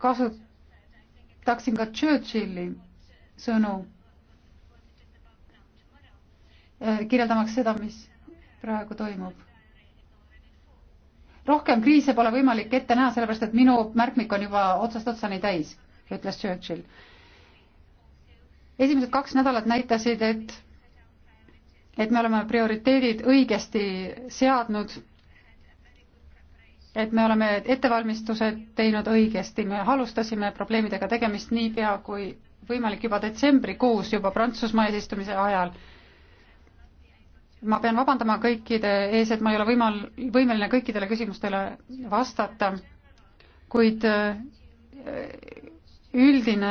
kasu-, tahaksin ka Churchilli sõnu Äh, kirjeldamaks seda, mis praegu toimub. rohkem kriise pole võimalik ette näha, sellepärast et minu märkmik on juba otsast otsani täis, ütles Churchill. esimesed kaks nädalat näitasid, et et me oleme prioriteedid õigesti seadnud, et me oleme ettevalmistused teinud õigesti, me alustasime probleemidega tegemist niipea kui võimalik juba detsembrikuus, juba Prantsusmaa eesistumise ajal ma pean vabandama kõikide ees, et ma ei ole võimal-, võimeline kõikidele küsimustele vastata, kuid äh, üldine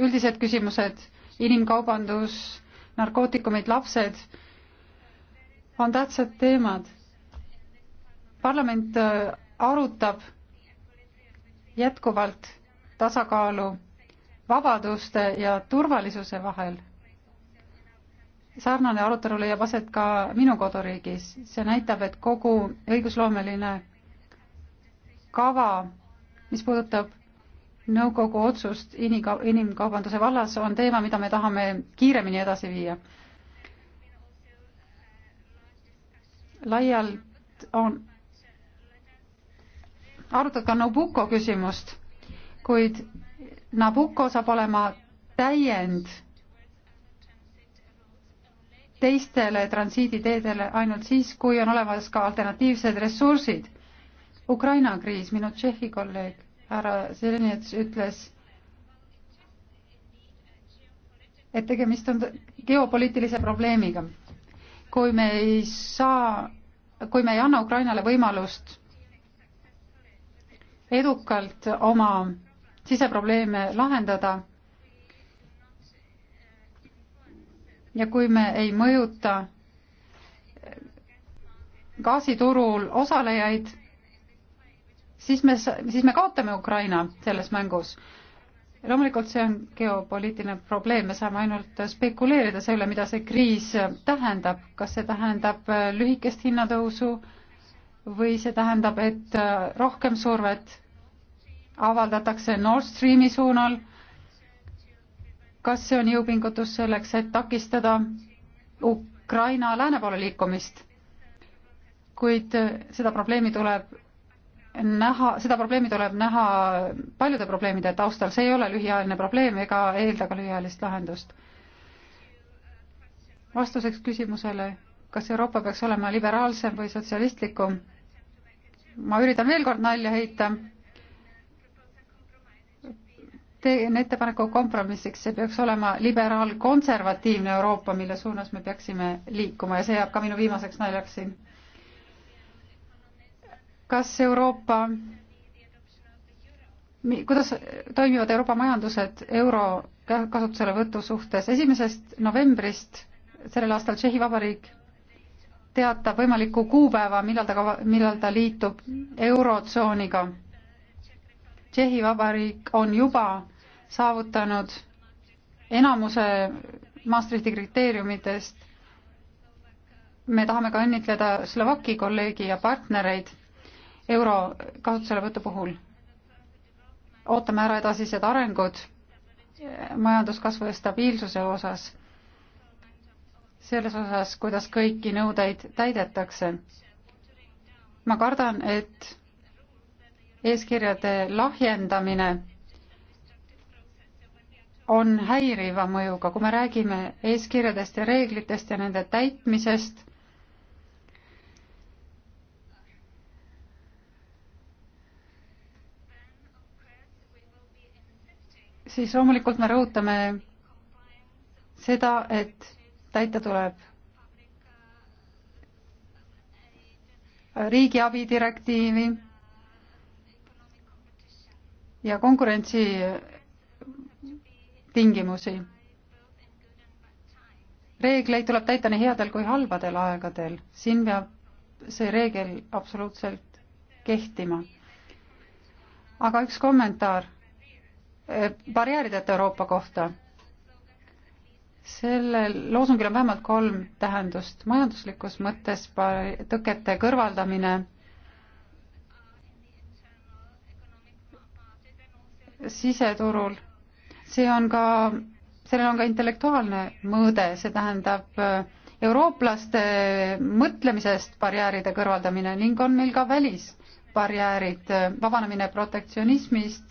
üldised küsimused, inimkaubandus, narkootikumid, lapsed, on tähtsad teemad. parlament äh, arutab jätkuvalt tasakaalu vabaduste ja turvalisuse vahel. sarnane arutelu leiab aset ka minu koduriigis. see näitab, et kogu õigusloomeline kava, mis puudutab nõukogu otsust inika-, inimkaubanduse vallas, on teema, mida me tahame kiiremini edasi viia. laialt on arutatud ka Nabucco küsimust, kuid Nabucco saab olema täiend teistele transiiditeedele ainult siis, kui on olemas ka alternatiivsed ressursid. Ukraina kriis, minu Tšehhi kolleeg härra Zelenets ütles, et tegemist on geopoliitilise probleemiga. kui me ei saa, kui me ei anna Ukrainale võimalust edukalt oma siseprobleeme lahendada. ja kui me ei mõjuta gaasiturul osalejaid, siis me, siis me kaotame Ukraina selles mängus. loomulikult see on geopoliitiline probleem, me saame ainult spekuleerida selle üle, mida see kriis tähendab, kas see tähendab lühikest hinnatõusu või see tähendab, et rohkem survet avaldatakse Nord Streami suunal. kas see on jõupingutus selleks, et takistada Ukraina lääne poole liikumist? kuid seda probleemi tuleb näha, seda probleemi tuleb näha paljude probleemide taustal, see ei ole lühiajaline probleem ega eelda ka lühiajalist lahendust. vastuseks küsimusele, kas Euroopa peaks olema liberaalsem või sotsialistlikum, ma üritan veel kord nalja heita teen ettepaneku kompromissiks, see peaks olema liberaalkonservatiivne Euroopa, mille suunas me peaksime liikuma ja see jääb ka minu viimaseks naljaks siin. kas Euroopa, kuidas toimivad Euroopa majandused euro kasutuselevõtu suhtes, esimesest novembrist sellel aastal Tšehhi Vabariik teatab võimalikku kuupäeva, millal ta, millal ta liitub Eurotsooniga Tšehhi Vabariik on juba saavutanud enamuse Maastrichti kriteeriumitest. me tahame ka õnnitleda Slovaki kolleegi ja partnereid euro kasutuselevõtu puhul. ootame ära edasised arengud majanduskasvu ja stabiilsuse osas, selles osas, kuidas kõiki nõudeid täidetakse. ma kardan, et eeskirjade lahjendamine on häiriva mõjuga, kui me räägime eeskirjadest ja reeglitest ja nende täitmisest. siis loomulikult me rõhutame seda, et täita tuleb riigiabi direktiivi ja konkurentsi tingimusi. reegleid tuleb täita nii headel kui halbadel aegadel, siin peab see reegel absoluutselt kehtima. aga üks kommentaar eh, barjäärideta Euroopa kohta. sellel loosungil on vähemalt kolm tähendust. majanduslikus mõttes tõkete kõrvaldamine siseturul see on ka, sellel on ka intellektuaalne mõõde, see tähendab äh, eurooplaste mõtlemisest barjääride kõrvaldamine ning on meil ka välisbarjäärid, äh, vabanemine protektsionismist,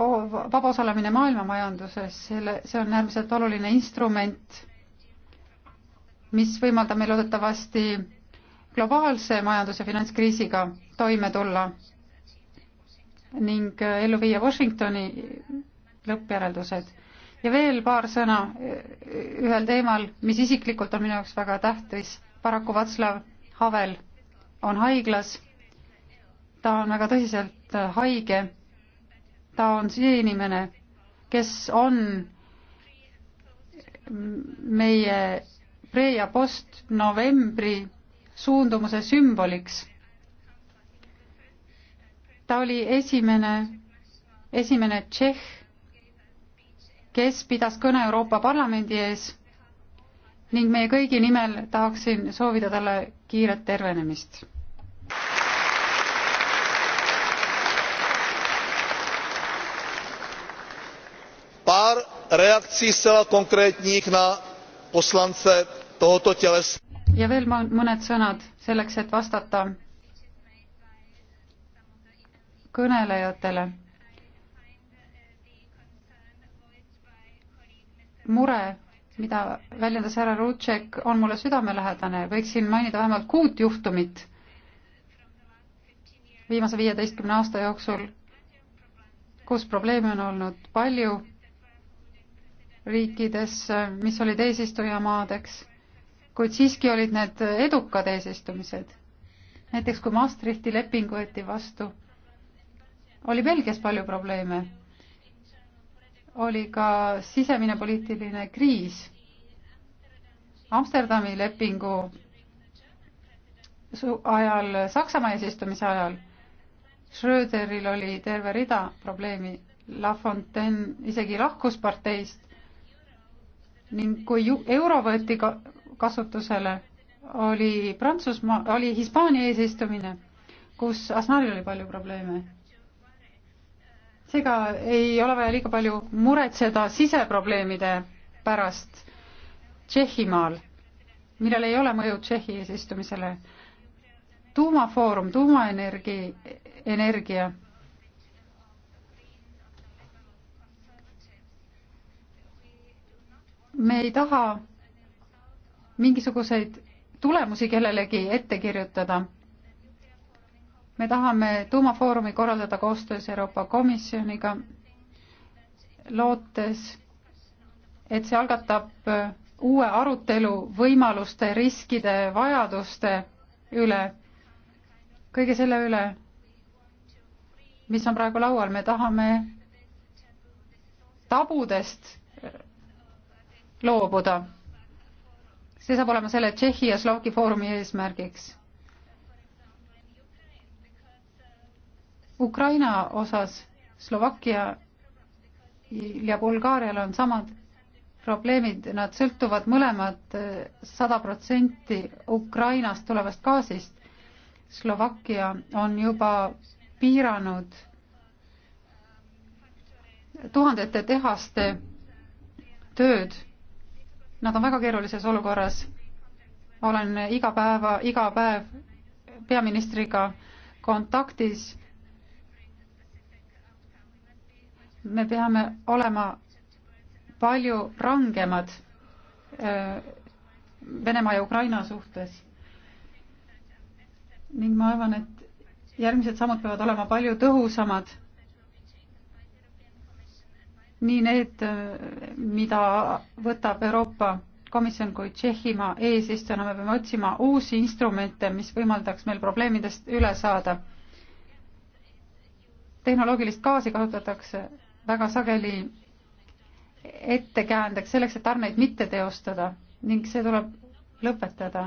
vaba osalemine maailmamajanduses, selle, see on äärmiselt oluline instrument, mis võimaldab meil loodetavasti globaalse majandus- ja finantskriisiga toime tulla ning äh, ellu viia Washingtoni lõppjäreldused. ja veel paar sõna äh, ühel teemal, mis isiklikult on minu jaoks väga tähtis. paraku Václav Havel on haiglas. ta on väga tõsiselt äh, haige. ta on see inimene, kes on mm, meie pre- ja post-novembri suundumuse sümboliks ta oli esimene, esimene Tšehh, kes pidas kõne Euroopa Parlamendi ees ning meie kõigi nimel tahaksin soovida talle kiiret tervenemist. pár reakcí zcela konkrétních na poslance tohoto tělesa. ja veel mõned sõnad selleks, et vastata kõnelejatele. mure, mida väljendas härra Rutšek, on mulle südamelähedane, võiksin mainida vähemalt kuut juhtumit viimase viieteistkümne aasta jooksul, kus probleeme on olnud palju riikides, mis olid eesistujamaadeks, kuid siiski olid need edukad eesistumised. näiteks kui Maastrichti leping võeti vastu oli Belgias palju probleeme. oli ka sisemine poliitiline kriis. Amsterdami lepingu ajal, Saksamaa eesistumise ajal, Schröderil oli terve rida probleemi, La Fontaine isegi lahkus parteist ning kui euro võeti ka kasutusele, oli Prantsusmaa, oli Hispaania eesistumine, kus Asmaril oli palju probleeme seega ei ole vaja liiga palju muretseda siseprobleemide pärast Tšehhimaal, millel ei ole mõju Tšehhi eesistumisele. tuumafoorum, tuumaenergi, energia. me ei taha mingisuguseid tulemusi kellelegi ette kirjutada me tahame tuumafoorumi korraldada koostöös Euroopa Komisjoniga, lootes, et see algatab äh, uue arutelu võimaluste, riskide, vajaduste üle, kõige selle üle, mis on praegu laual, me tahame tabudest äh, loobuda. see saab olema selle Tšehhi ja Slovaki foorumi eesmärgiks Ukraina osas Slovakkia ja Bulgaarial on samad probleemid, nad sõltuvad mõlemad eh, sada protsenti Ukrainast tulevast gaasist. Slovakkia on juba piiranud tuhandete tehaste tööd. Nad on väga keerulises olukorras. olen iga päeva, iga päev peaministriga kontaktis me peame olema palju rangemad äh, Venemaa ja Ukraina suhtes. ning ma arvan, et järgmised sammud peavad olema palju tõhusamad. nii need, äh, mida võtab Euroopa Komisjon kui Tšehhimaa eesistujana, me peame otsima uusi instrumente, mis võimaldaks meil probleemidest üle saada. tehnoloogilist gaasi kasutatakse väga sageli ettekäändeks selleks, et tarneid mitte teostada ning see tuleb lõpetada.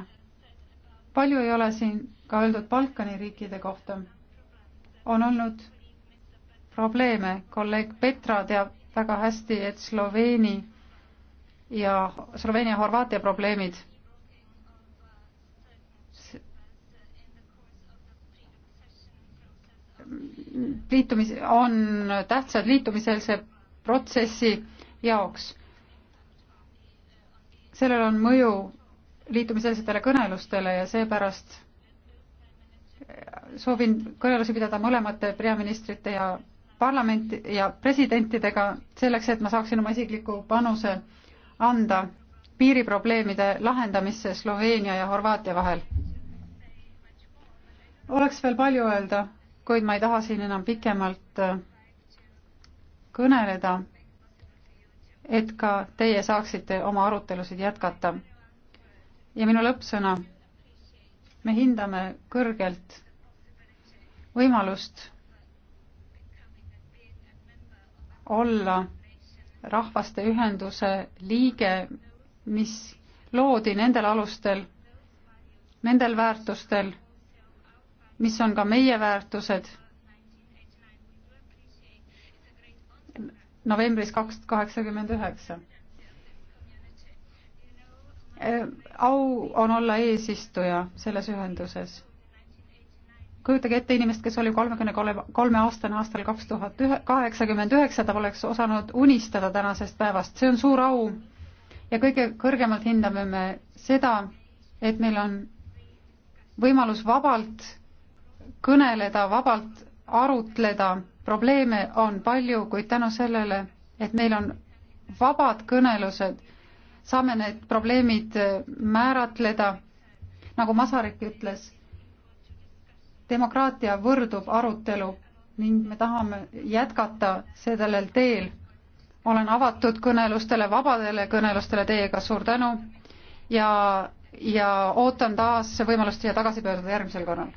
palju ei ole siin ka öeldud Balkani riikide kohta. on olnud probleeme, kolleeg Petra teab väga hästi, et Sloveeni ja Sloveenia ja Horvaatia probleemid liitumis, on tähtsad liitumiseelse protsessi jaoks. sellel on mõju liitumiseelsetele kõnelustele ja seepärast soovin kõnelusi pidada mõlemate peaministrite ja parlamenti ja presidentidega selleks, et ma saaksin oma isikliku panuse anda piiriprobleemide lahendamisse Sloveenia ja Horvaatia vahel. oleks veel palju öelda kuid ma ei taha siin enam pikemalt äh, kõneleda, et ka teie saaksite oma arutelusid jätkata. ja minu lõppsõna. me hindame kõrgelt võimalust olla rahvaste ühenduse liige, mis loodi nendel alustel, nendel väärtustel mis on ka meie väärtused. novembris kaks kaheksakümmend üheksa. au on olla eesistuja selles ühenduses. kujutage ette inimest, kes oli kolmekümne kolme aastane aastal kaks tuhat ühe, kaheksakümmend üheksa, ta poleks osanud unistada tänasest päevast, see on suur au. ja kõige kõrgemalt hindame me seda, et meil on võimalus vabalt kõneleda, vabalt arutleda, probleeme on palju, kuid tänu sellele, et meil on vabad kõnelused, saame need probleemid äh, määratleda, nagu Masaryk ütles, demokraatia võrdub arutelu ning me tahame jätkata sellel teel. olen avatud kõnelustele, vabadele kõnelustele teiega, suur tänu ja ja ootan taas võimalust siia tagasi pöörduda järgmisel korral.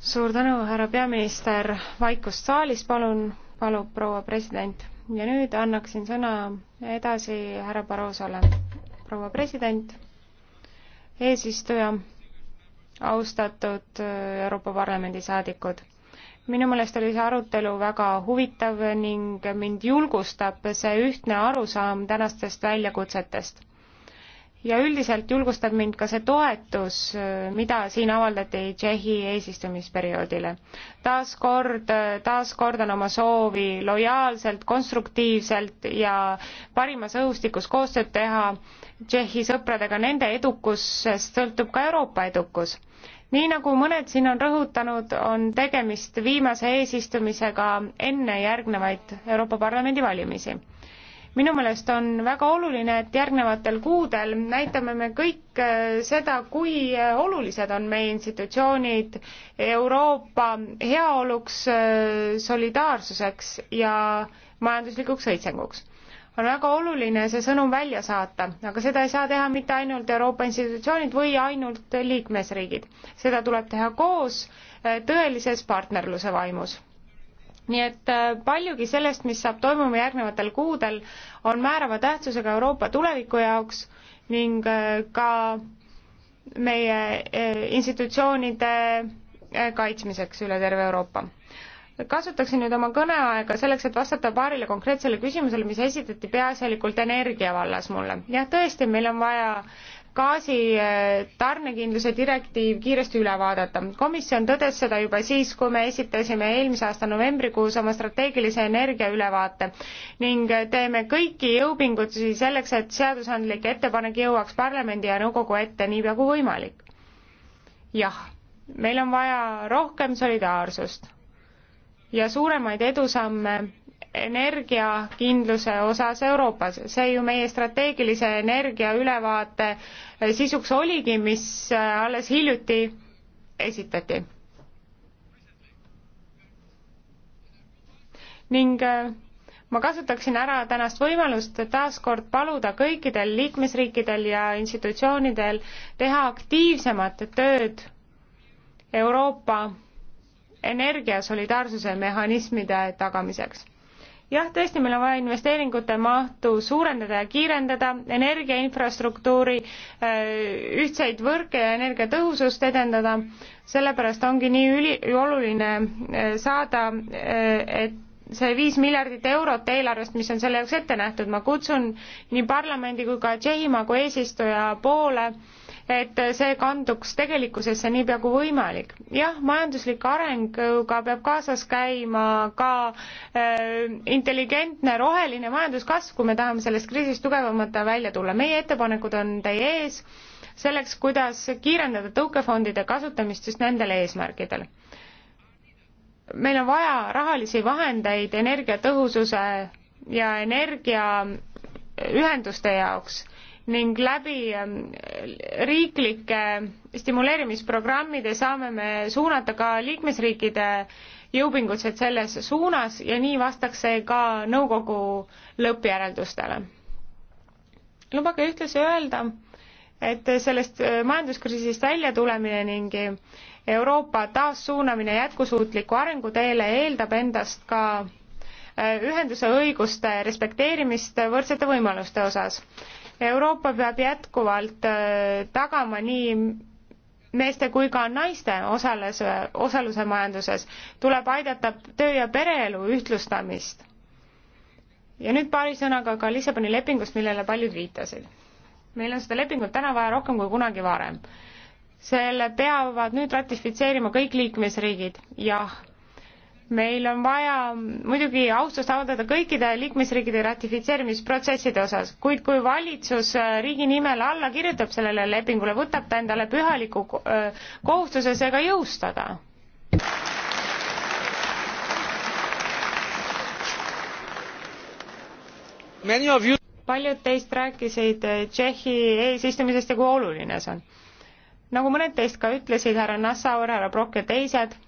suur tänu, härra peaminister, vaikust saalis palun, palub proua president. ja nüüd annaksin sõna edasi härra Barrosole. proua president, eesistuja, austatud Euroopa Parlamendi saadikud minu meelest oli see arutelu väga huvitav ning mind julgustab see ühtne arusaam tänastest väljakutsetest. ja üldiselt julgustab mind ka see toetus, mida siin avaldati Tšehhi eesistumisperioodile. taas kord, taas kordan oma soovi lojaalselt, konstruktiivselt ja parimas õhustikus koostööd teha Tšehhi sõpradega, nende edukusest sõltub ka Euroopa edukus nii nagu mõned siin on rõhutanud, on tegemist viimase eesistumisega enne järgnevaid Euroopa Parlamendi valimisi. minu meelest on väga oluline, et järgnevatel kuudel näitame me kõik äh, seda, kui äh, olulised on meie institutsioonid Euroopa heaoluks, äh, solidaarsuseks ja majanduslikuks õitsenguks on väga oluline see sõnum välja saata, aga seda ei saa teha mitte ainult Euroopa institutsioonid või ainult liikmesriigid. seda tuleb teha koos eh, tõelises partnerluse vaimus. nii et eh, paljugi sellest, mis saab toimuma järgnevatel kuudel, on määrava tähtsusega Euroopa tuleviku jaoks ning eh, ka meie institutsioonide kaitsmiseks üle terve Euroopa kasutaksin nüüd oma kõneaega selleks, et vastata paarile konkreetsele küsimusele, mis esitati peaasjalikult energia vallas mulle. jah, tõesti, meil on vaja gaasi eh, tarnekindluse direktiiv kiiresti üle vaadata. komisjon tõdes seda juba siis, kui me esitasime eelmise aasta novembrikuus oma strateegilise energiaülevaate ning teeme kõiki jõupingutusi selleks, et seadusandlik ettepanek jõuaks parlamendi ja nõukogu ette niipea kui võimalik. jah, meil on vaja rohkem solidaarsust ja suuremaid edusamme energiakindluse osas Euroopas. see ju meie strateegilise energia ülevaate sisuks oligi, mis alles hiljuti esitati. ning äh, ma kasutaksin ära tänast võimalust taaskord paluda kõikidel liikmesriikidel ja institutsioonidel teha aktiivsemat tööd Euroopa energia solidaarsuse mehhanismide tagamiseks. jah, tõesti, meil on vaja investeeringute mahtu suurendada ja kiirendada, energiainfrastruktuuri, äh, ühtseid võrke ja energiatõhusust edendada, sellepärast ongi nii üli, oluline äh, saada, äh, et see viis miljardit eurot eelarvest, mis on selle jaoks ette nähtud, ma kutsun nii parlamendi kui ka Tšehhimaa kui eesistuja poole äh, et see kanduks tegelikkusesse niipea kui võimalik. jah, majanduslik arenguga peab kaasas käima ka äh, intelligentne roheline majanduskasv, kui me tahame sellest kriisist tugevamalt välja tulla. meie ettepanekud on teie ees selleks, kuidas kiirendada tõukefondide kasutamist just nendel eesmärkidel. meil on vaja rahalisi vahendeid energiatõhususe ja energiaühenduste jaoks ning läbi ähm, riiklike stimuleerimisprogrammide saame me suunata ka liikmesriikide jõupingutused selles suunas ja nii vastaks see ka nõukogu lõppjäreldustele. lubage ühtlasi öelda, et sellest äh, majanduskriisist välja tulemine ning Euroopa taassuunamine jätkusuutliku arengu teele eeldab endast ka äh, ühenduse õiguste respekteerimist võrdsete võimaluste osas. Euroopa peab jätkuvalt äh, tagama nii meeste kui ka naiste osales, osaluse majanduses, tuleb aidata töö- ja pereelu ühtlustamist. ja nüüd paari sõnaga ka Lissaboni lepingust, millele paljud viitasid. meil on seda lepingut täna vaja rohkem kui kunagi varem. selle peavad nüüd ratifitseerima kõik liikmesriigid, jah meil on vaja muidugi austust avaldada kõikide liikmesriikide ratifitseerimisprotsesside osas, kuid kui valitsus äh, riigi nimel alla kirjutab sellele lepingule, võtab ta endale pühaliku äh, kohustuse see ka jõustada. paljud teist rääkisid äh, Tšehhi eesistumisest ja kui oluline see on. nagu mõned teist ka ütlesid, härra Nassau, härra Brock ja teised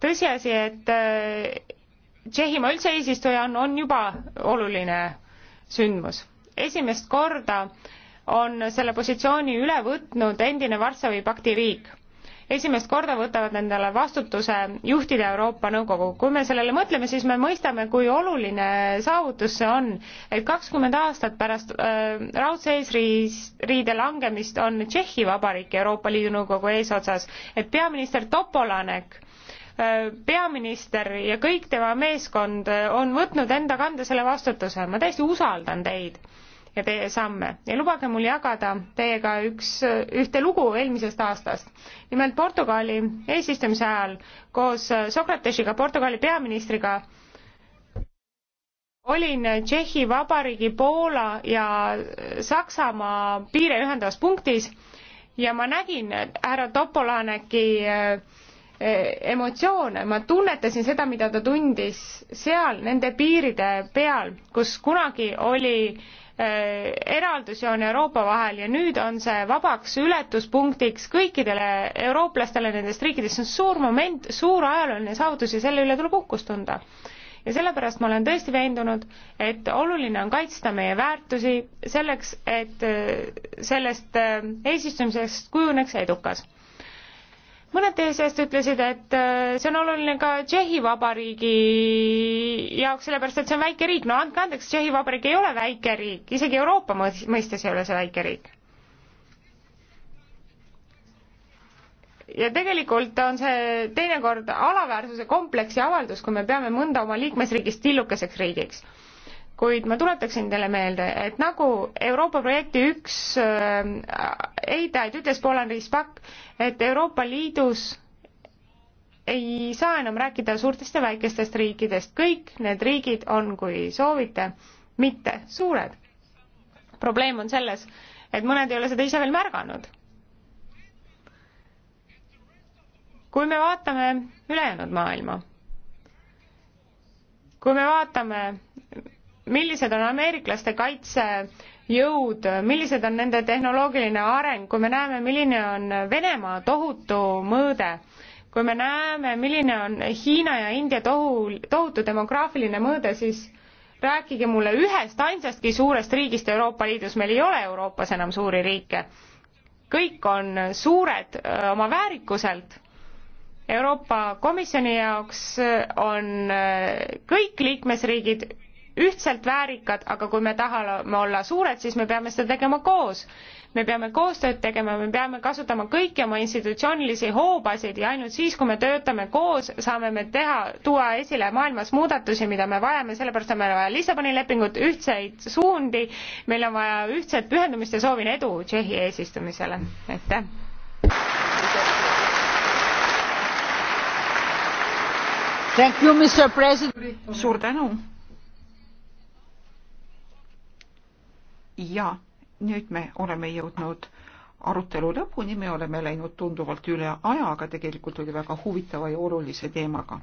tõsiasi, et äh, Tšehhimaa üldse eesistuja on, on juba oluline sündmus. esimest korda on selle positsiooni üle võtnud endine Varssavi pakti riik. esimest korda võtavad endale vastutuse juhtida Euroopa Nõukogu. kui me sellele mõtleme, siis me mõistame, kui oluline saavutus see on, et kakskümmend aastat pärast äh, raudse eesriide langemist on Tšehhi Vabariik Euroopa Liidu Nõukogu eesotsas, et peaminister Topolanek Äh, peaminister ja kõik tema meeskond äh, on võtnud enda kanda selle vastutuse, ma täiesti usaldan teid ja teie samme ja lubage mul jagada teiega üks, äh, ühte lugu eelmisest aastast. nimelt Portugali eesistumise ajal koos Sokratesiga, Portugali peaministriga, olin Tšehhi Vabariigi, Poola ja Saksamaa piire ühendavas punktis ja ma nägin härra Topolaneki äh, emotsioone, ma tunnetasin seda, mida ta tundis seal nende piiride peal, kus kunagi oli äh, eraldusjoon Euroopa vahel ja nüüd on see vabaks ületuspunktiks kõikidele eurooplastele nendest riikidest, see on suur moment, suur ajalooline saavutus ja selle üle tuleb uhkust tunda. ja sellepärast ma olen tõesti veendunud, et oluline on kaitsta meie väärtusi selleks, et äh, sellest äh, eesistumisest kujuneks edukas mõned teie seest ütlesid, et äh, see on oluline ka Tšehhi Vabariigi jaoks, sellepärast et see on väike riik. no andke andeks, Tšehhi Vabariik ei ole väike riik, isegi Euroopa mõistes ei ole see väike riik. ja tegelikult on see teinekord alaväärsuse kompleksi avaldus, kui me peame mõnda oma liikmesriigist tillukeseks riigiks kuid ma tuletaksin teile meelde, et nagu Euroopa projekti üks äh, eitajaid ütles, Polan Riispak, et Euroopa Liidus ei saa enam rääkida suurtest ja väikestest riikidest, kõik need riigid on, kui soovite, mitte suured. probleem on selles, et mõned ei ole seda ise veel märganud. kui me vaatame ülejäänud maailma, kui me vaatame millised on ameeriklaste kaitsejõud, millised on nende tehnoloogiline areng, kui me näeme, milline on Venemaa tohutu mõõde, kui me näeme, milline on Hiina ja India tohu, tohutu demograafiline mõõde, siis rääkige mulle ühest ainsastki suurest riigist Euroopa Liidus, meil ei ole Euroopas enam suuri riike. kõik on suured öö, oma väärikuselt Euroopa Komisjoni jaoks on kõik liikmesriigid ühtselt väärikad, aga kui me tahame olla suured, siis me peame seda tegema koos. me peame koostööd tegema, me peame kasutama kõiki oma institutsioonilisi hoobasid ja ainult siis, kui me töötame koos, saame me teha, tuua esile maailmas muudatusi, mida me vajame, sellepärast on meil vaja Lissaboni lepingut, ühtseid suundi, meil on vaja ühtset pühendumist ja soovin edu Tšehhi eesistumisele, aitäh! suur tänu! ja nüüd me oleme jõudnud arutelu lõpuni, me oleme läinud tunduvalt üle aja, aga tegelikult oli väga huvitava ja olulise teemaga